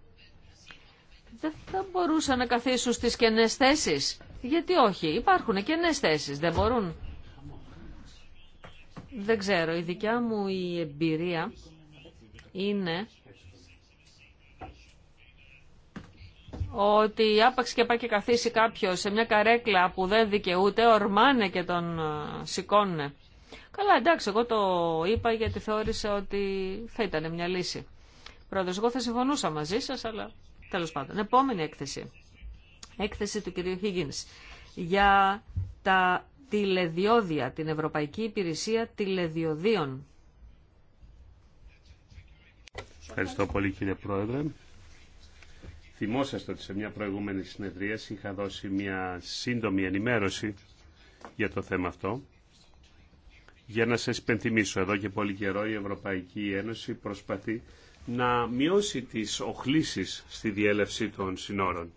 Δεν θα μπορούσα να καθίσω στις κενές θέσεις. Γιατί όχι, υπάρχουν και νέες θέσεις, δεν μπορούν. Δεν ξέρω, η δικιά μου η εμπειρία είναι ότι άπαξ και πάει και καθίσει κάποιος σε μια καρέκλα που δεν δικαιούται, ορμάνε και τον ε, σηκώνουνε. Καλά, εντάξει, εγώ το είπα γιατί θεώρησα ότι θα ήταν μια λύση. Πρόεδρος, εγώ θα συμφωνούσα μαζί σας, αλλά τέλος πάντων. Επόμενη έκθεση έκθεση του κ. Higgins για τα τηλεδιώδια, την Ευρωπαϊκή Υπηρεσία Τηλεδιοδίων. Ευχαριστώ πολύ κύριε Πρόεδρε. Θυμόσαστε ότι σε μια προηγούμενη συνεδρία είχα δώσει μια σύντομη ενημέρωση για το θέμα αυτό. Για να σας υπενθυμίσω, εδώ και πολύ καιρό η Ευρωπαϊκή Ένωση προσπαθεί να μειώσει τις οχλήσεις στη διέλευση των συνόρων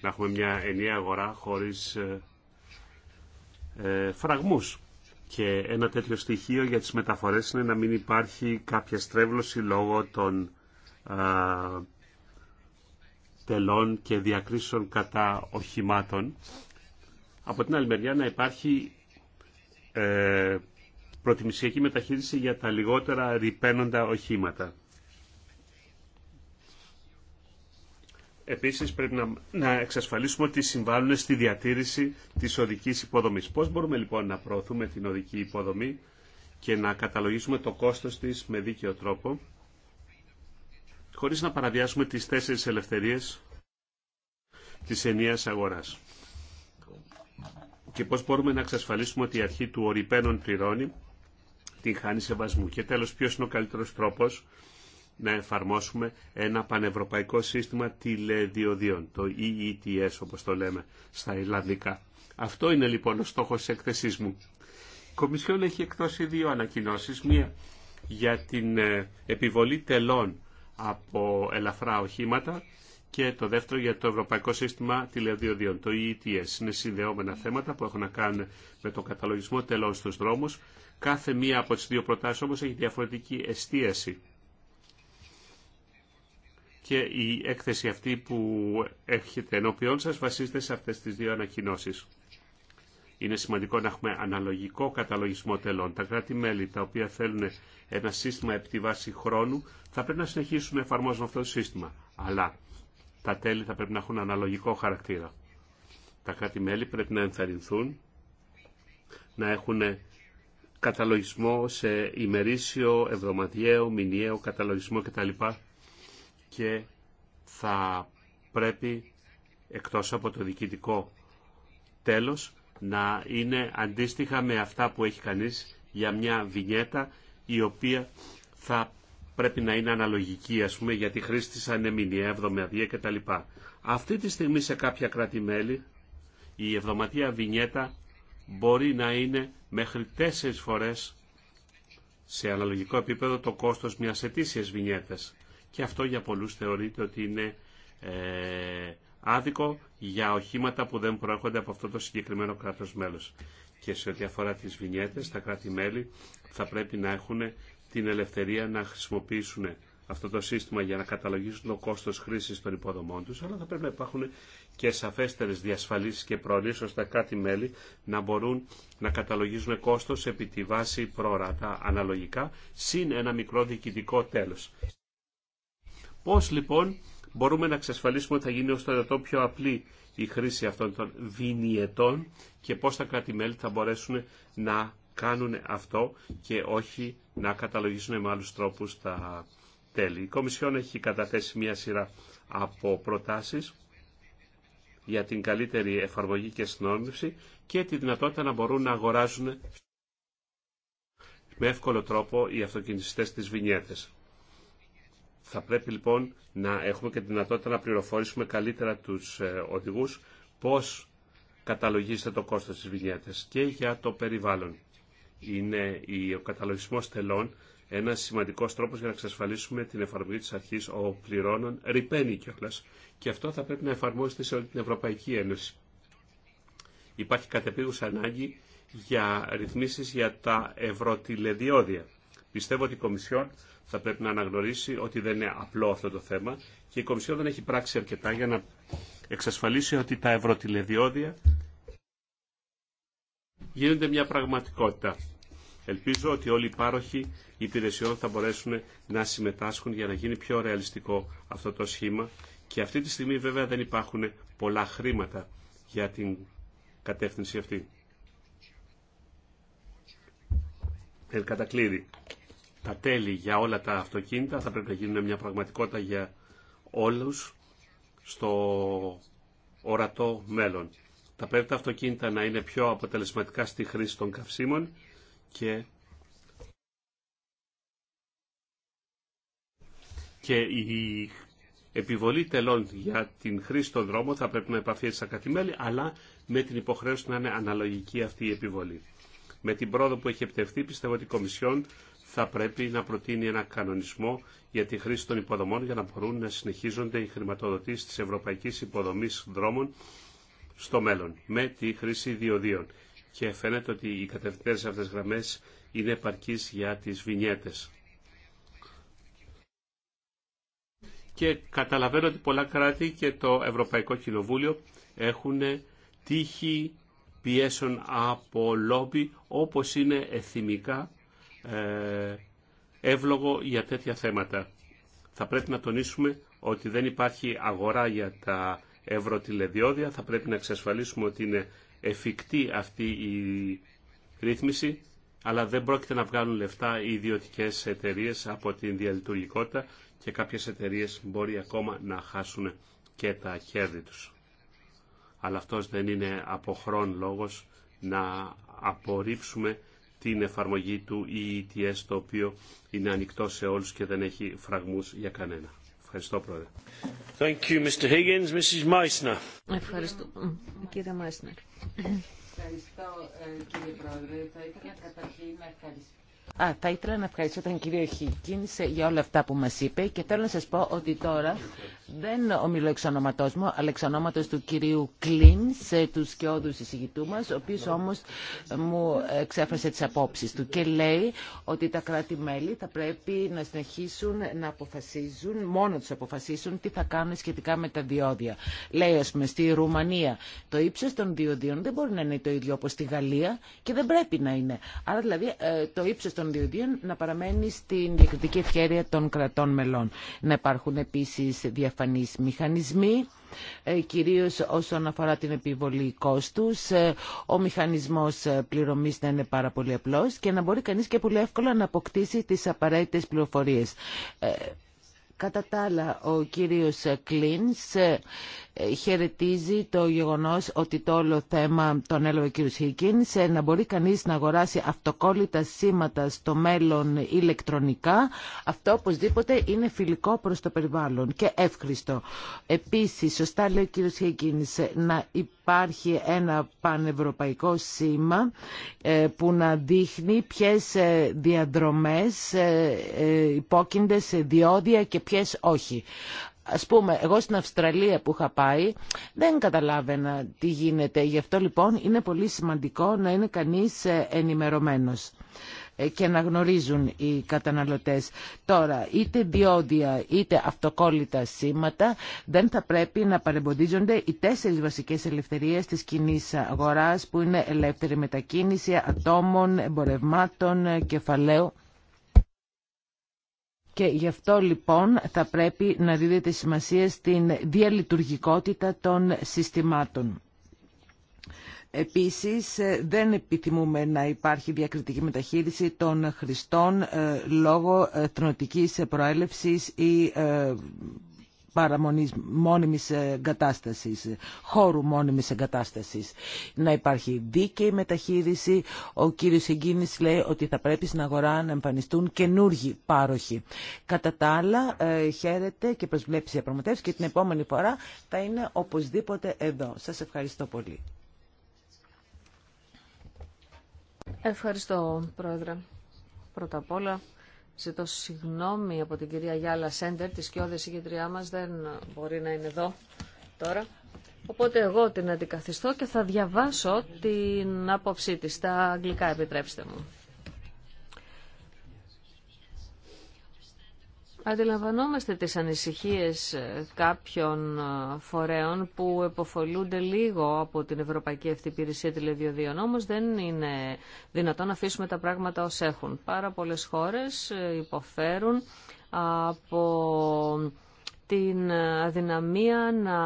να έχουμε μια ενιαία αγορά χωρίς ε, ε, φραγμούς. Και ένα τέτοιο στοιχείο για τις μεταφορές είναι να μην υπάρχει κάποια στρέβλωση λόγω των τελών και διακρίσεων κατά οχημάτων. Από την άλλη μεριά να υπάρχει ε, προτιμησιακή μεταχείριση για τα λιγότερα ρηπαίνοντα οχήματα. Επίσης πρέπει να, να εξασφαλίσουμε ότι συμβάλλουν στη διατήρηση της οδική υποδομής. Πώ μπορούμε λοιπόν να προωθούμε την οδική υποδομή και να καταλογίσουμε το κόστο της με δίκαιο τρόπο, χωρίς να παραδιάσουμε τις τέσσερι ελευθερίε της ενία αγοράς. Και πώ μπορούμε να εξασφαλίσουμε ότι η αρχή του ορυπαίνων πληρώνει την χάνει σεβασμού. Και τέλο ποιο είναι ο καλύτερο τρόπο, να εφαρμόσουμε ένα πανευρωπαϊκό σύστημα τηλεδιοδιών, το EETS όπως το λέμε στα Ιρλανδικά. Αυτό είναι λοιπόν ο στόχος της έκθεσής μου. Η Κομισιόν έχει εκδώσει δύο ανακοινώσεις, μία για την ε, επιβολή τελών από ελαφρά οχήματα και το δεύτερο για το Ευρωπαϊκό Σύστημα Τηλεδιοδιών, το EETS. Είναι συνδεόμενα θέματα που έχουν να κάνουν με τον καταλογισμό τελών στους δρόμους. Κάθε μία από τις δύο προτάσεις όμως έχει διαφορετική εστίαση και η έκθεση αυτή που έχετε ενώπιόν σας βασίζεται σε αυτές τις δύο ανακοινώσεις. Είναι σημαντικό να έχουμε αναλογικό καταλογισμό τελών. Τα κράτη-μέλη τα οποία θέλουν ένα σύστημα επί βάση χρόνου θα πρέπει να συνεχίσουν να εφαρμόζουν αυτό το σύστημα. Αλλά τα τέλη θα πρέπει να έχουν αναλογικό χαρακτήρα. Τα κράτη-μέλη πρέπει να ενθαρρυνθούν να έχουν καταλογισμό σε ημερήσιο, εβδομαδιαίο, μηνιαίο καταλογισμό κτλ και θα πρέπει εκτός από το διοικητικό τέλος να είναι αντίστοιχα με αυτά που έχει κανείς για μια βινιέτα η οποία θα πρέπει να είναι αναλογική ας πούμε γιατί χρήση της εβδομαδία κτλ. Αυτή τη στιγμή σε κάποια κράτη-μέλη η εβδοματία βινιέτα μπορεί να είναι μέχρι τέσσερις φορές σε αναλογικό επίπεδο το κόστος μιας ετήσιας βινιέτας και αυτό για πολλούς θεωρείται ότι είναι ε, άδικο για οχήματα που δεν προέρχονται από αυτό το συγκεκριμένο κράτος μέλος. Και σε ό,τι αφορά τις βινιέτες, τα κράτη-μέλη θα πρέπει να έχουν την ελευθερία να χρησιμοποιήσουν αυτό το σύστημα για να καταλογίσουν το κόστος χρήσης των υποδομών τους, αλλά θα πρέπει να υπάρχουν και σαφέστερες διασφαλίσεις και προορίες ώστε κρατη μέλη να μπορούν να καταλογίζουν κόστος επί τη βάση προορατά αναλογικά, συν ένα μικρό διοικητικό τέλος. Πώς λοιπόν μπορούμε να εξασφαλίσουμε ότι θα γίνει ως το πιο απλή η χρήση αυτών των βινιετών και πώς τα κράτη-μέλη θα μπορέσουν να κάνουν αυτό και όχι να καταλογίσουν με άλλους τρόπους τα τέλη. Η Κομισιόν έχει καταθέσει μια σειρά από προτάσεις για την καλύτερη εφαρμογή και συνόρμηση και τη δυνατότητα να μπορούν να αγοράζουν με εύκολο τρόπο οι αυτοκινησιστές της βινιέτες. Θα πρέπει λοιπόν να έχουμε και τη δυνατότητα να πληροφορήσουμε καλύτερα τους ε, οδηγούς πώς καταλογίζεται το κόστος της βινιέτας και για το περιβάλλον. Είναι ο καταλογισμός τελών ένα σημαντικό τρόπο για να εξασφαλίσουμε την εφαρμογή τη αρχή ο πληρώνων ρηπαίνει κιόλα. Και αυτό θα πρέπει να εφαρμόζεται σε όλη την Ευρωπαϊκή Ένωση. Υπάρχει κατεπίγουσα ανάγκη για ρυθμίσει για τα ευρωτηλεδιώδια. Πιστεύω ότι η Κομισιόν θα πρέπει να αναγνωρίσει ότι δεν είναι απλό αυτό το θέμα και η Κομισιόν δεν έχει πράξει αρκετά για να εξασφαλίσει ότι τα ευρωτηλεδιώδια γίνονται μια πραγματικότητα. Ελπίζω ότι όλοι οι πάροχοι υπηρεσιών θα μπορέσουν να συμμετάσχουν για να γίνει πιο ρεαλιστικό αυτό το σχήμα και αυτή τη στιγμή βέβαια δεν υπάρχουν πολλά χρήματα για την κατεύθυνση αυτή. Ε, τα τέλη για όλα τα αυτοκίνητα θα πρέπει να γίνουν μια πραγματικότητα για όλους στο ορατό μέλλον. Θα πρέπει τα αυτοκίνητα να είναι πιο αποτελεσματικά στη χρήση των καυσίμων και, και η επιβολή τελών για την χρήση των δρόμων θα πρέπει να επαφείται στα κατημέλη, αλλά με την υποχρέωση να είναι αναλογική αυτή η επιβολή. Με την πρόοδο που έχει επιτευχθεί πιστεύω ότι η Κομισιόν θα πρέπει να προτείνει ένα κανονισμό για τη χρήση των υποδομών για να μπορούν να συνεχίζονται οι χρηματοδοτήσεις τη Ευρωπαϊκή Υποδομή Δρόμων στο μέλλον με τη χρήση διοδίων. Και φαίνεται ότι οι κατευθυντέ αυτές γραμμές είναι επαρκείς για τις βινιέτες. Και καταλαβαίνω ότι πολλά κράτη και το Ευρωπαϊκό Κοινοβούλιο έχουν τύχη πιέσεων από λόμπι όπως είναι εθιμικά ε, εύλογο για τέτοια θέματα. Θα πρέπει να τονίσουμε ότι δεν υπάρχει αγορά για τα ευρωτηλεδιώδια. Θα πρέπει να εξασφαλίσουμε ότι είναι εφικτή αυτή η ρύθμιση, αλλά δεν πρόκειται να βγάλουν λεφτά οι ιδιωτικέ εταιρείε από την διαλειτουργικότητα και κάποιες εταιρείε μπορεί ακόμα να χάσουν και τα κέρδη τους. Αλλά αυτός δεν είναι από χρόν λόγος να απορρίψουμε την εφαρμογή του EETS, το οποίο είναι ανοιχτό σε όλους και δεν έχει φραγμούς για κανένα. Ευχαριστώ, Πρόεδρε. Thank you, Mr. Higgins. Mrs. Meissner. Ευχαριστώ, κύριε Meissner. Ευχαριστώ, ε, κύριε Πρόεδρε. Θα ήθελα καταρχήν να ευχαριστήσω Α, θα ήθελα να ευχαριστήσω τον κύριο Χικίν για όλα αυτά που μας είπε και θέλω να σας πω ότι τώρα δεν ομιλώ εξ ονόματός μου, αλλά εξ ονόματος του κυρίου Κλίν, σε του σκιώδους εισηγητού μας, ο οποίος όμως μου εξέφρασε τις απόψεις του και λέει ότι τα κράτη-μέλη θα πρέπει να συνεχίσουν να αποφασίζουν, μόνο τους αποφασίσουν, τι θα κάνουν σχετικά με τα διόδια. Λέει, ας πούμε, στη Ρουμανία το ύψο των διοδίων δεν μπορεί να είναι το ίδιο όπως στη Γαλλία και δεν πρέπει να είναι. Άρα δηλαδή ε, το ύψο των να παραμένει στην διακριτική ευχέρεια των κρατών μελών. Να υπάρχουν επίσης διαφανείς μηχανισμοί ε, κυρίως όσον αφορά την επιβολή κόστους. Ε, ο μηχανισμός ε, πληρωμής να είναι πάρα πολύ απλός και να μπορεί κανείς και πολύ εύκολα να αποκτήσει τις απαραίτητες πληροφορίες. Κατά τα άλλα, ο κύριος Κλίνς ε, χαιρετίζει το γεγονός ότι το όλο θέμα τον έλαβε ο κ. Χίκινς ε, να μπορεί κανείς να αγοράσει αυτοκόλλητα σήματα στο μέλλον ηλεκτρονικά. Αυτό οπωσδήποτε είναι φιλικό προς το περιβάλλον και εύχριστο. Επίσης, σωστά λέει ο κ. Χίκινς, ε, να υπάρχει ένα πανευρωπαϊκό σήμα που να δείχνει ποιες διαδρομές υπόκεινται σε διόδια και ποιες όχι. Ας πούμε, εγώ στην Αυστραλία που είχα πάει δεν καταλάβαινα τι γίνεται. Γι' αυτό λοιπόν είναι πολύ σημαντικό να είναι κανείς ε, ενημερωμένος ε, και να γνωρίζουν οι καταναλωτές. Τώρα, είτε διόδια είτε αυτοκόλλητα σήματα δεν θα πρέπει να παρεμποδίζονται οι τέσσερις βασικές ελευθερίες της κοινή αγοράς που είναι ελεύθερη μετακίνηση ατόμων, εμπορευμάτων, ε, κεφαλαίου. Και γι' αυτό λοιπόν θα πρέπει να δίδεται σημασία στην διαλειτουργικότητα των συστημάτων. Επίσης, δεν επιθυμούμε να υπάρχει διακριτική μεταχείριση των χρηστών ε, λόγω εθνοτικής προέλευσης ή ε, παραμονής μόνιμης εγκατάστασης, χώρου μόνιμης εγκατάστασης. Να υπάρχει δίκαιη μεταχείριση. Ο κύριος Εγκίνης λέει ότι θα πρέπει στην αγορά να εμφανιστούν καινούργοι πάροχοι. Κατά τα άλλα, ε, χαίρεται και προσβλέψει διαπραγματεύσει και την επόμενη φορά θα είναι οπωσδήποτε εδώ. Σας ευχαριστώ πολύ. Ευχαριστώ, Πρόεδρε. Πρώτα απ' όλα, Ζητώ συγγνώμη από την κυρία Γιάλα Σέντερ, τη σκιώδη ηγετριά μας, δεν μπορεί να είναι εδώ τώρα. Οπότε εγώ την αντικαθιστώ και θα διαβάσω την άποψή της στα αγγλικά, επιτρέψτε μου. Αντιλαμβανόμαστε τις ανησυχίες ε, κάποιων ε, φορέων που εποφολούνται λίγο από την Ευρωπαϊκή Ευθυπηρεσία Τηλεδιοδίων, όμως δεν είναι δυνατόν να αφήσουμε τα πράγματα ως έχουν. Πάρα πολλές χώρες ε, υποφέρουν από την αδυναμία να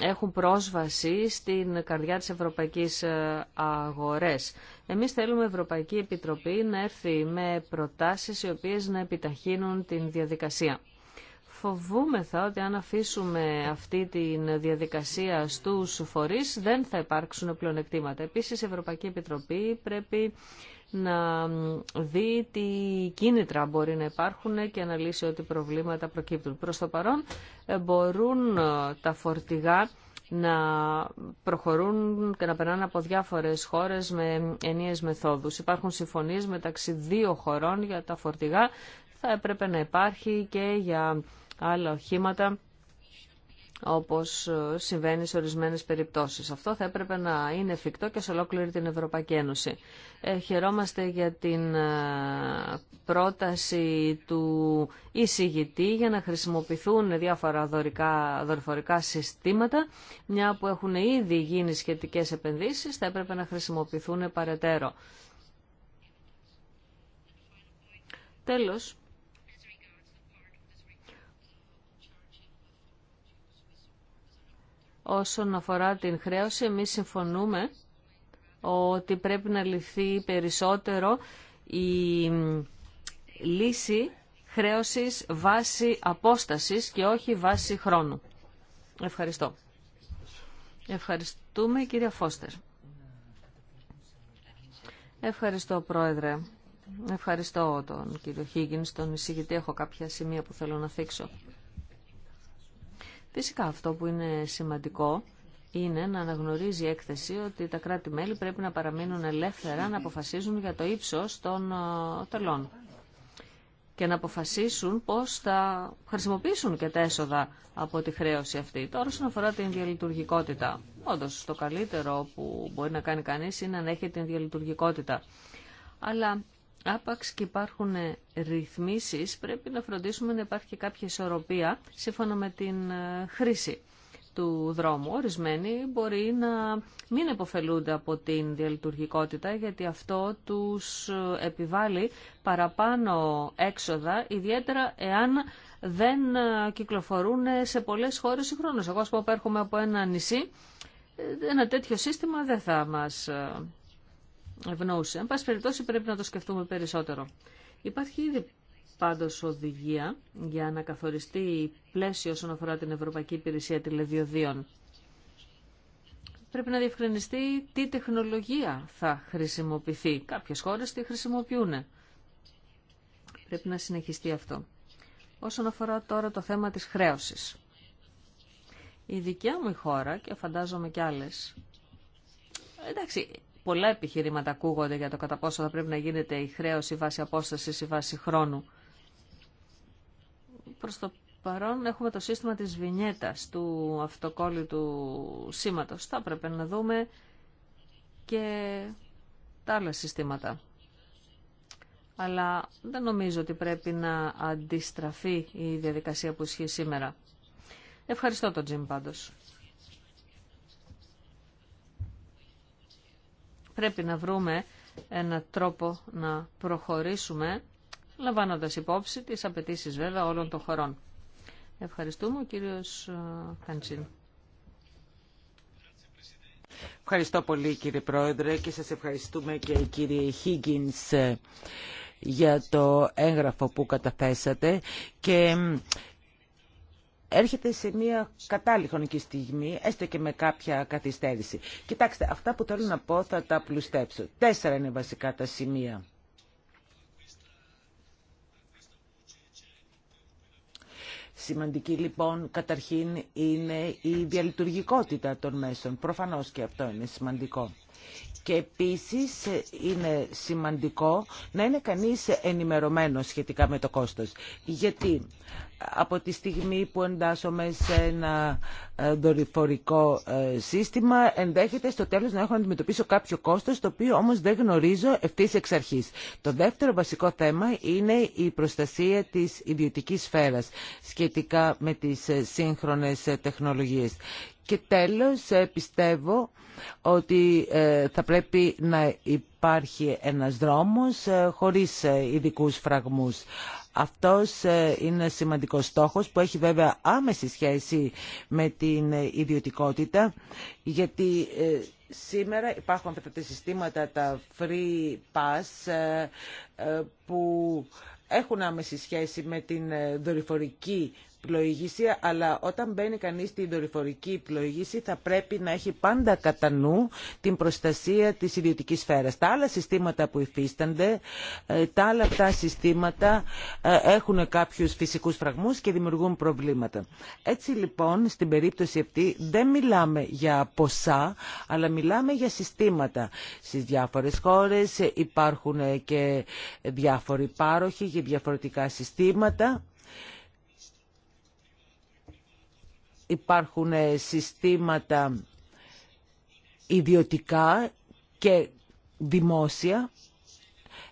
έχουν πρόσβαση στην καρδιά της ευρωπαϊκής ε, αγορές. Εμείς θέλουμε η Ευρωπαϊκή Επιτροπή να έρθει με προτάσεις οι οποίες να επιταχύνουν την διαδικασία. Φοβούμεθα ότι αν αφήσουμε αυτή τη διαδικασία στους φορείς δεν θα υπάρξουν πλεονεκτήματα. Επίσης η Ευρωπαϊκή Επιτροπή πρέπει να δει τι κίνητρα μπορεί να υπάρχουν και να λύσει ό,τι προβλήματα προκύπτουν. Προς το παρόν ε, μπορούν ε, τα φορτηγά να προχωρούν και να περνάνε από διάφορες χώρες με ενίες μεθόδους. Υπάρχουν συμφωνίες μεταξύ δύο χωρών για τα φορτηγά. Θα έπρεπε να υπάρχει και για άλλα οχήματα όπως ε, συμβαίνει σε ορισμένες περιπτώσεις. Αυτό θα έπρεπε να είναι εφικτό και σε ολόκληρη την Ευρωπαϊκή Ένωση. Ε, χαιρόμαστε για την ε, πρόταση του εισηγητή για να χρησιμοποιηθούν διάφορα δορυφορικά συστήματα, μια που έχουν ήδη γίνει σχετικές επενδύσεις, θα έπρεπε να χρησιμοποιηθούν παρετέρω. Τέλος, Όσον αφορά την χρέωση, εμείς συμφωνούμε ότι πρέπει να λυθεί περισσότερο η λύση χρέωσης βάση απόστασης και όχι βάση χρόνου. Ευχαριστώ. Ευχαριστούμε κύριε Φώστερ. Ευχαριστώ πρόεδρε. Ευχαριστώ τον κύριο Χίγγιν, τον εισηγητή. Έχω κάποια σημεία που θέλω να θίξω. Φυσικά αυτό που είναι σημαντικό είναι να αναγνωρίζει η έκθεση ότι τα κράτη-μέλη πρέπει να παραμείνουν ελεύθερα να αποφασίζουν για το ύψος των ε, τελών και να αποφασίσουν πώς θα χρησιμοποιήσουν και τα έσοδα από τη χρέωση αυτή. Τώρα, όσον αφορά την διαλειτουργικότητα, όντω το καλύτερο που μπορεί να κάνει κανείς είναι να έχει την διαλειτουργικότητα. Αλλά Άπαξ και υπάρχουν ρυθμίσεις, πρέπει να φροντίσουμε να υπάρχει κάποια ισορροπία σύμφωνα με την ε, χρήση του δρόμου. Ορισμένοι μπορεί να μην επωφελούνται από την διαλειτουργικότητα γιατί αυτό τους ε, επιβάλλει παραπάνω έξοδα, ιδιαίτερα εάν δεν ε, κυκλοφορούν σε πολλές χώρες συγχρόνως. Εγώ, ας πω, έρχομαι από ένα νησί, ένα τέτοιο σύστημα δεν θα μας ευνοούσε. Εν πάση περιπτώσει πρέπει να το σκεφτούμε περισσότερο. Υπάρχει ήδη πάντως οδηγία για να καθοριστεί πλαίσιο όσον αφορά την Ευρωπαϊκή Υπηρεσία Τηλεδιοδίων. Πρέπει να διευκρινιστεί τι τεχνολογία θα χρησιμοποιηθεί. Κάποιες χώρες τη χρησιμοποιούν. Πρέπει να συνεχιστεί αυτό. Όσον αφορά τώρα το θέμα της χρέωσης. Η δικιά μου χώρα και φαντάζομαι κι άλλες. Εντάξει, πολλά επιχειρήματα ακούγονται για το κατά πόσο θα πρέπει να γίνεται η χρέωση βάση απόστασης ή βάση χρόνου. Προς το παρόν έχουμε το σύστημα της βινιέτας του αυτοκόλλητου σήματος. Θα πρέπει να δούμε και τα άλλα συστήματα. Αλλά δεν νομίζω ότι πρέπει να αντιστραφεί η διαδικασία που ισχύει σήμερα. Ευχαριστώ τον Τζιμ πάντως. πρέπει να βρούμε ένα τρόπο να προχωρήσουμε, λαμβάνοντας υπόψη τις απαιτήσεις βέβαια όλων των χωρών. Ευχαριστούμε ο κύριος ε, Καντσίν. Ευχαριστώ πολύ κύριε Πρόεδρε και σας ευχαριστούμε και κύριε Higgins ε, για το έγγραφο που καταθέσατε και έρχεται σε μια κατάλληλη χρονική στιγμή, έστω και με κάποια καθυστέρηση. Κοιτάξτε, αυτά που θέλω να πω θα τα πλουστέψω. Τέσσερα είναι βασικά τα σημεία. Σημαντική λοιπόν καταρχήν είναι η διαλειτουργικότητα των μέσων. Προφανώς και αυτό είναι σημαντικό. Και επίσης ε, είναι σημαντικό να είναι κανείς ενημερωμένος σχετικά με το κόστος. Γιατί από τη στιγμή που εντάσσομαι σε ένα ε, δορυφορικό ε, σύστημα ενδέχεται στο τέλος να έχω να αντιμετωπίσω κάποιο κόστος το οποίο όμως δεν γνωρίζω ευθύς εξ αρχής. Το δεύτερο βασικό θέμα είναι η προστασία της ιδιωτικής σφαίρας σχετικά με τις σύγχρονες τεχνολογίες. Και τέλος, ε, πιστεύω ότι ε, θα πρέπει να υπάρχει ένας δρόμος ε, χωρίς ειδικούς φραγμούς. Αυτός είναι σημαντικός στόχος που έχει βέβαια άμεση σχέση με την ιδιωτικότητα γιατί σήμερα υπάρχουν αυτά τα συστήματα τα free pass που έχουν άμεση σχέση με την δορυφορική πλοήγηση, αλλά όταν μπαίνει κανείς στην δορυφορική πλοήγηση θα πρέπει να έχει πάντα κατά νου την προστασία της ιδιωτικής σφαίρας. Τα άλλα συστήματα που υφίστανται, ε, τα άλλα αυτά συστήματα ε, έχουν κάποιους φυσικούς φραγμούς και δημιουργούν προβλήματα. Έτσι λοιπόν στην περίπτωση αυτή δεν μιλάμε για ποσά, αλλά μιλάμε για συστήματα. Στις διάφορες χώρες ε, υπάρχουν και διάφοροι πάροχοι για διαφορετικά συστήματα υπάρχουν ε, συστήματα ιδιωτικά και δημόσια.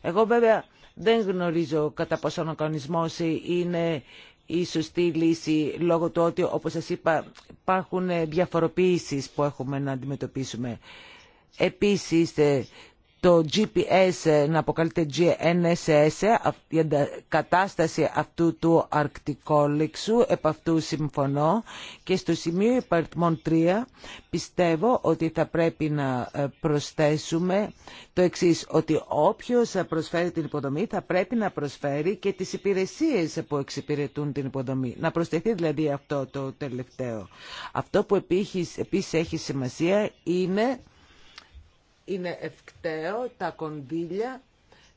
Εγώ βέβαια δεν γνωρίζω κατά πόσο ο κανονισμός είναι η σωστή λύση λόγω του ότι, όπως σας είπα, υπάρχουν ε, διαφοροποιήσεις που έχουμε να αντιμετωπίσουμε. Επίσης, ε, το GPS ε, να αποκαλείται GNSS, η κατάσταση αυτού του αρκτικόληξου, επ' αυτού συμφωνώ και στο σημείο υπαριθμών 3 πιστεύω ότι θα πρέπει να ε, προσθέσουμε το εξής, ότι όποιος ε, προσφέρει την υποδομή θα πρέπει να προσφέρει και τις υπηρεσίες που εξυπηρετούν την υποδομή. Να προσθεθεί δηλαδή αυτό το τελευταίο. Αυτό που επίσης έχει σημασία είναι είναι ευκταίο τα κονδύλια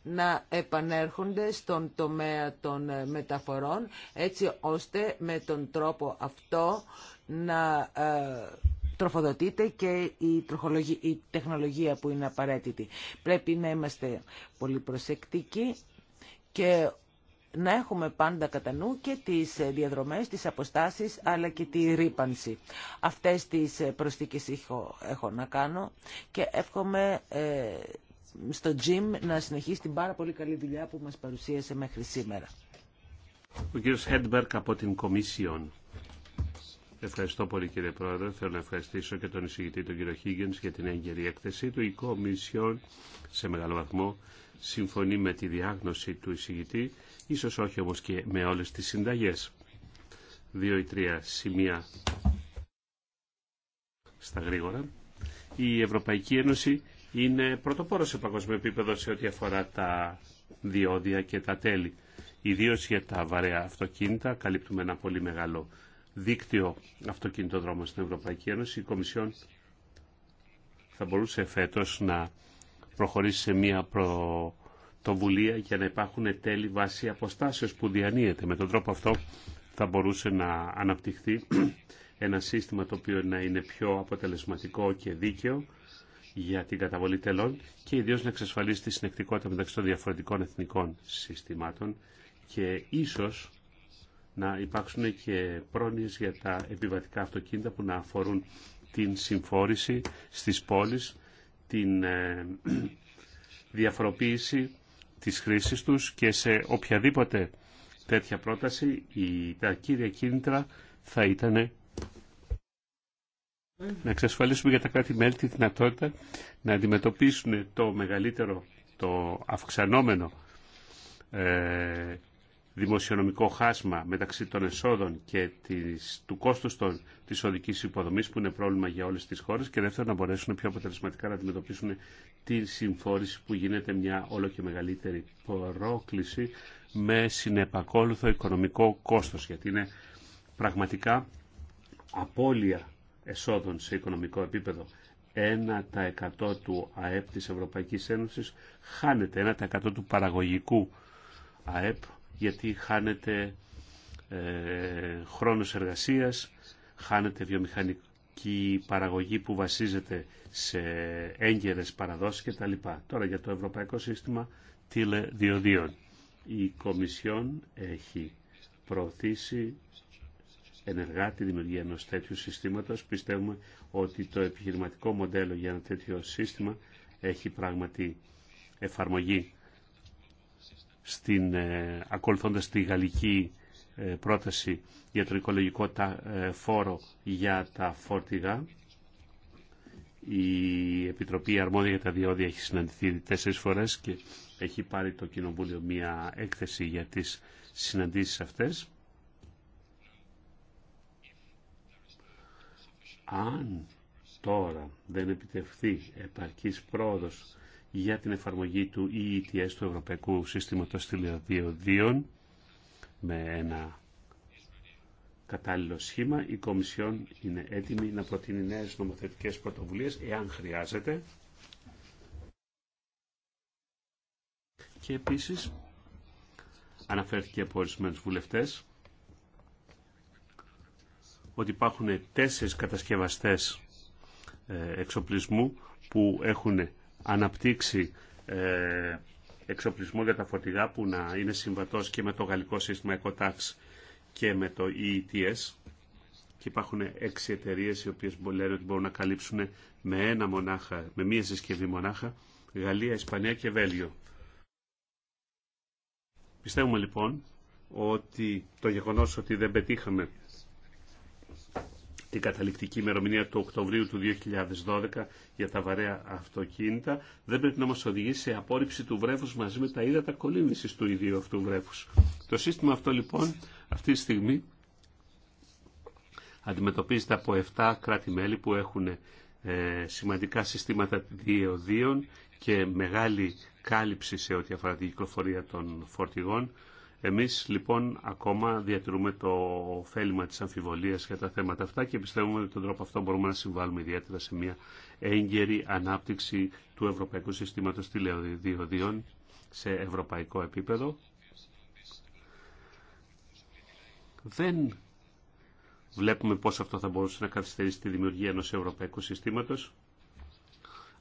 να επανέρχονται στον τομέα των ε, μεταφορών έτσι ώστε με τον τρόπο αυτό να ε, τροφοδοτείται και η, η τεχνολογία που είναι απαραίτητη. Πρέπει να είμαστε πολύ προσεκτικοί και να έχουμε πάντα κατά νου και τις διαδρομές, τις αποστάσεις αλλά και τη ρήπανση. Αυτές τις προσθήκες έχω, έχω να κάνω και εύχομαι ε, στο Jim να συνεχίσει την πάρα πολύ καλή δουλειά που μας παρουσίασε μέχρι σήμερα. Ο κύριος Χέντμπερκ από την Κομισιόν. Ευχαριστώ πολύ κύριε Πρόεδρε. Θέλω να ευχαριστήσω και τον εισηγητή τον κύριο Χίγγενς για την έγκαιρη έκθεση του. Η Κομισιόν σε μεγάλο βαθμό συμφωνεί με τη διάγνωση του εισηγητή ίσως όχι όμως και με όλες τις συνταγές. Δύο ή τρία σημεία στα γρήγορα. Η Ευρωπαϊκή Ένωση είναι πρωτοπόρο σε παγκόσμιο επίπεδο σε ό,τι αφορά τα διόδια και τα τέλη. Ιδίω για τα βαρέα αυτοκίνητα, καλύπτουμε ένα πολύ μεγάλο δίκτυο αυτοκινητοδρόμων στην Ευρωπαϊκή Ένωση. Η Κομισιόν θα μπορούσε φέτος να προχωρήσει σε μια προ βουλία για να υπάρχουν τέλη βάση αποστάσεως που διανύεται. Με τον τρόπο αυτό θα μπορούσε να αναπτυχθεί ένα σύστημα το οποίο να είναι πιο αποτελεσματικό και δίκαιο για την καταβολή τελών και ιδίως να εξασφαλίσει τη συνεκτικότητα μεταξύ των διαφορετικών εθνικών συστημάτων και ίσως να υπάρξουν και πρόνοιες για τα επιβατικά αυτοκίνητα που να αφορούν την συμφόρηση στις πόλεις, την ε, (clears throat) διαφοροποίηση της χρήσης τους και σε οποιαδήποτε τέτοια πρόταση τα κύρια κίνητρα θα ήταν να εξασφαλίσουμε για τα κράτη-μέλη τη δυνατότητα να αντιμετωπίσουν το μεγαλύτερο, το αυξανόμενο ε, δημοσιονομικό χάσμα μεταξύ των εσόδων και της, του κόστους των, της οδικής υποδομής που είναι πρόβλημα για όλες τις χώρες και δεύτερον να μπορέσουν πιο αποτελεσματικά να αντιμετωπίσουν τη συμφόρηση που γίνεται μια όλο και μεγαλύτερη πρόκληση με συνεπακόλουθο οικονομικό κόστος, γιατί είναι πραγματικά απώλεια εσόδων σε οικονομικό επίπεδο. 1% του ΑΕΠ της Ευρωπαϊκής Ένωσης χάνεται, 1% του παραγωγικού ΑΕΠ, γιατί χάνεται ε, χρόνος εργασίας, χάνεται βιομηχανικό και η παραγωγή που βασίζεται σε έγκαιρες παραδόσεις κτλ. Τώρα για το Ευρωπαϊκό Σύστημα Τηλεδιοδίων. Η Κομισιόν έχει προωθήσει ενεργά τη δημιουργία ενός τέτοιου συστήματος. Πιστεύουμε ότι το επιχειρηματικό μοντέλο για ένα τέτοιο σύστημα έχει πράγματι εφαρμογή στην, ε, ακολουθώντας τη γαλλική ε, πρόταση για το οικολογικό ε, φόρο για τα φόρτηγα. Η Επιτροπή Αρμόδια για τα Διόδια έχει συναντηθεί τέσσερις φορές και έχει πάρει το Κοινοβούλιο μία έκθεση για τις συναντήσεις αυτές. Αν τώρα δεν επιτευχθεί επαρκής πρόοδος για την εφαρμογή του EETS του Ευρωπαϊκού Συστήματος Τηλεοδίων, με ένα κατάλληλο σχήμα. Η Κομισιόν είναι έτοιμη να προτείνει νέες νομοθετικές πρωτοβουλίες εάν χρειάζεται. Και επίσης αναφέρθηκε από ορισμένου βουλευτές ότι υπάρχουν τέσσερις κατασκευαστές ε, εξοπλισμού που έχουν αναπτύξει ε, εξοπλισμό για τα φορτηγά που να είναι συμβατός και με το γαλλικό σύστημα ECOTAX και με το EETS. Και υπάρχουν έξι εταιρείε οι οποίες λένε ότι μπορούν να καλύψουν με ένα μονάχα, με μία συσκευή μονάχα, Γαλλία, Ισπανία και Βέλγιο. Πιστεύουμε λοιπόν ότι το γεγονός ότι δεν πετύχαμε την καταληκτική ημερομηνία του Οκτωβρίου του 2012 για τα βαρέα αυτοκίνητα, δεν πρέπει να μας οδηγήσει σε απόρριψη του βρέφους μαζί με τα ύδατα κολύμβησης του ίδιου αυτού βρέφους. Το σύστημα αυτό λοιπόν αυτή τη στιγμή αντιμετωπίζεται από 7 κράτη-μέλη που έχουν ε, σημαντικά συστήματα διαιωδίων και μεγάλη κάλυψη σε ό,τι αφορά την κυκλοφορία των φορτηγών. Εμείς λοιπόν ακόμα διατηρούμε το φέλημα της αμφιβολίας για τα θέματα αυτά και πιστεύουμε ότι τον τρόπο αυτό μπορούμε να συμβάλλουμε ιδιαίτερα σε μια έγκαιρη ανάπτυξη του Ευρωπαϊκού Συστήματος Τηλεοδιοδίων σε ευρωπαϊκό επίπεδο. Δεν βλέπουμε πώς αυτό θα μπορούσε να καθυστερήσει τη δημιουργία ενός ευρωπαϊκού συστήματος,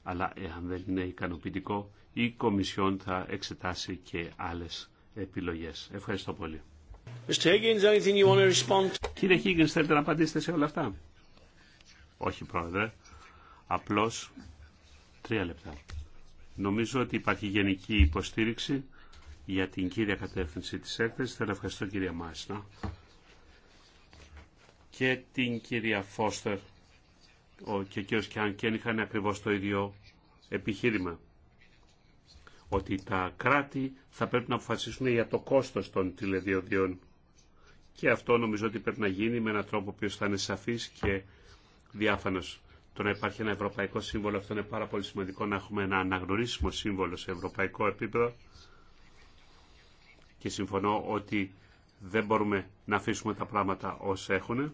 αλλά εάν δεν είναι ικανοποιητικό, η Κομισιόν θα εξετάσει και άλλες επιλογές. Ευχαριστώ πολύ. Κύριε Χίγγινς, θέλετε να απαντήσετε σε όλα αυτά. Όχι, Πρόεδρε. Απλώς τρία λεπτά. Νομίζω ότι υπάρχει γενική υποστήριξη για την κύρια κατεύθυνση της έκθεσης. Θέλω ευχαριστώ κυρία Μάσνα και την κυρία Φώστερ και ο κύριος Κιάν Κέν είχαν ακριβώς το ίδιο επιχείρημα ότι τα κράτη θα πρέπει να αποφασίσουν για το κόστος των τηλεδιοδιών. Και αυτό νομίζω ότι πρέπει να γίνει με έναν τρόπο που θα είναι σαφής και διάφανος. Το να υπάρχει ένα ευρωπαϊκό σύμβολο, αυτό είναι πάρα πολύ σημαντικό, να έχουμε ένα αναγνωρίσιμο σύμβολο σε ευρωπαϊκό επίπεδο. Και συμφωνώ ότι δεν μπορούμε να αφήσουμε τα πράγματα όσα έχουν.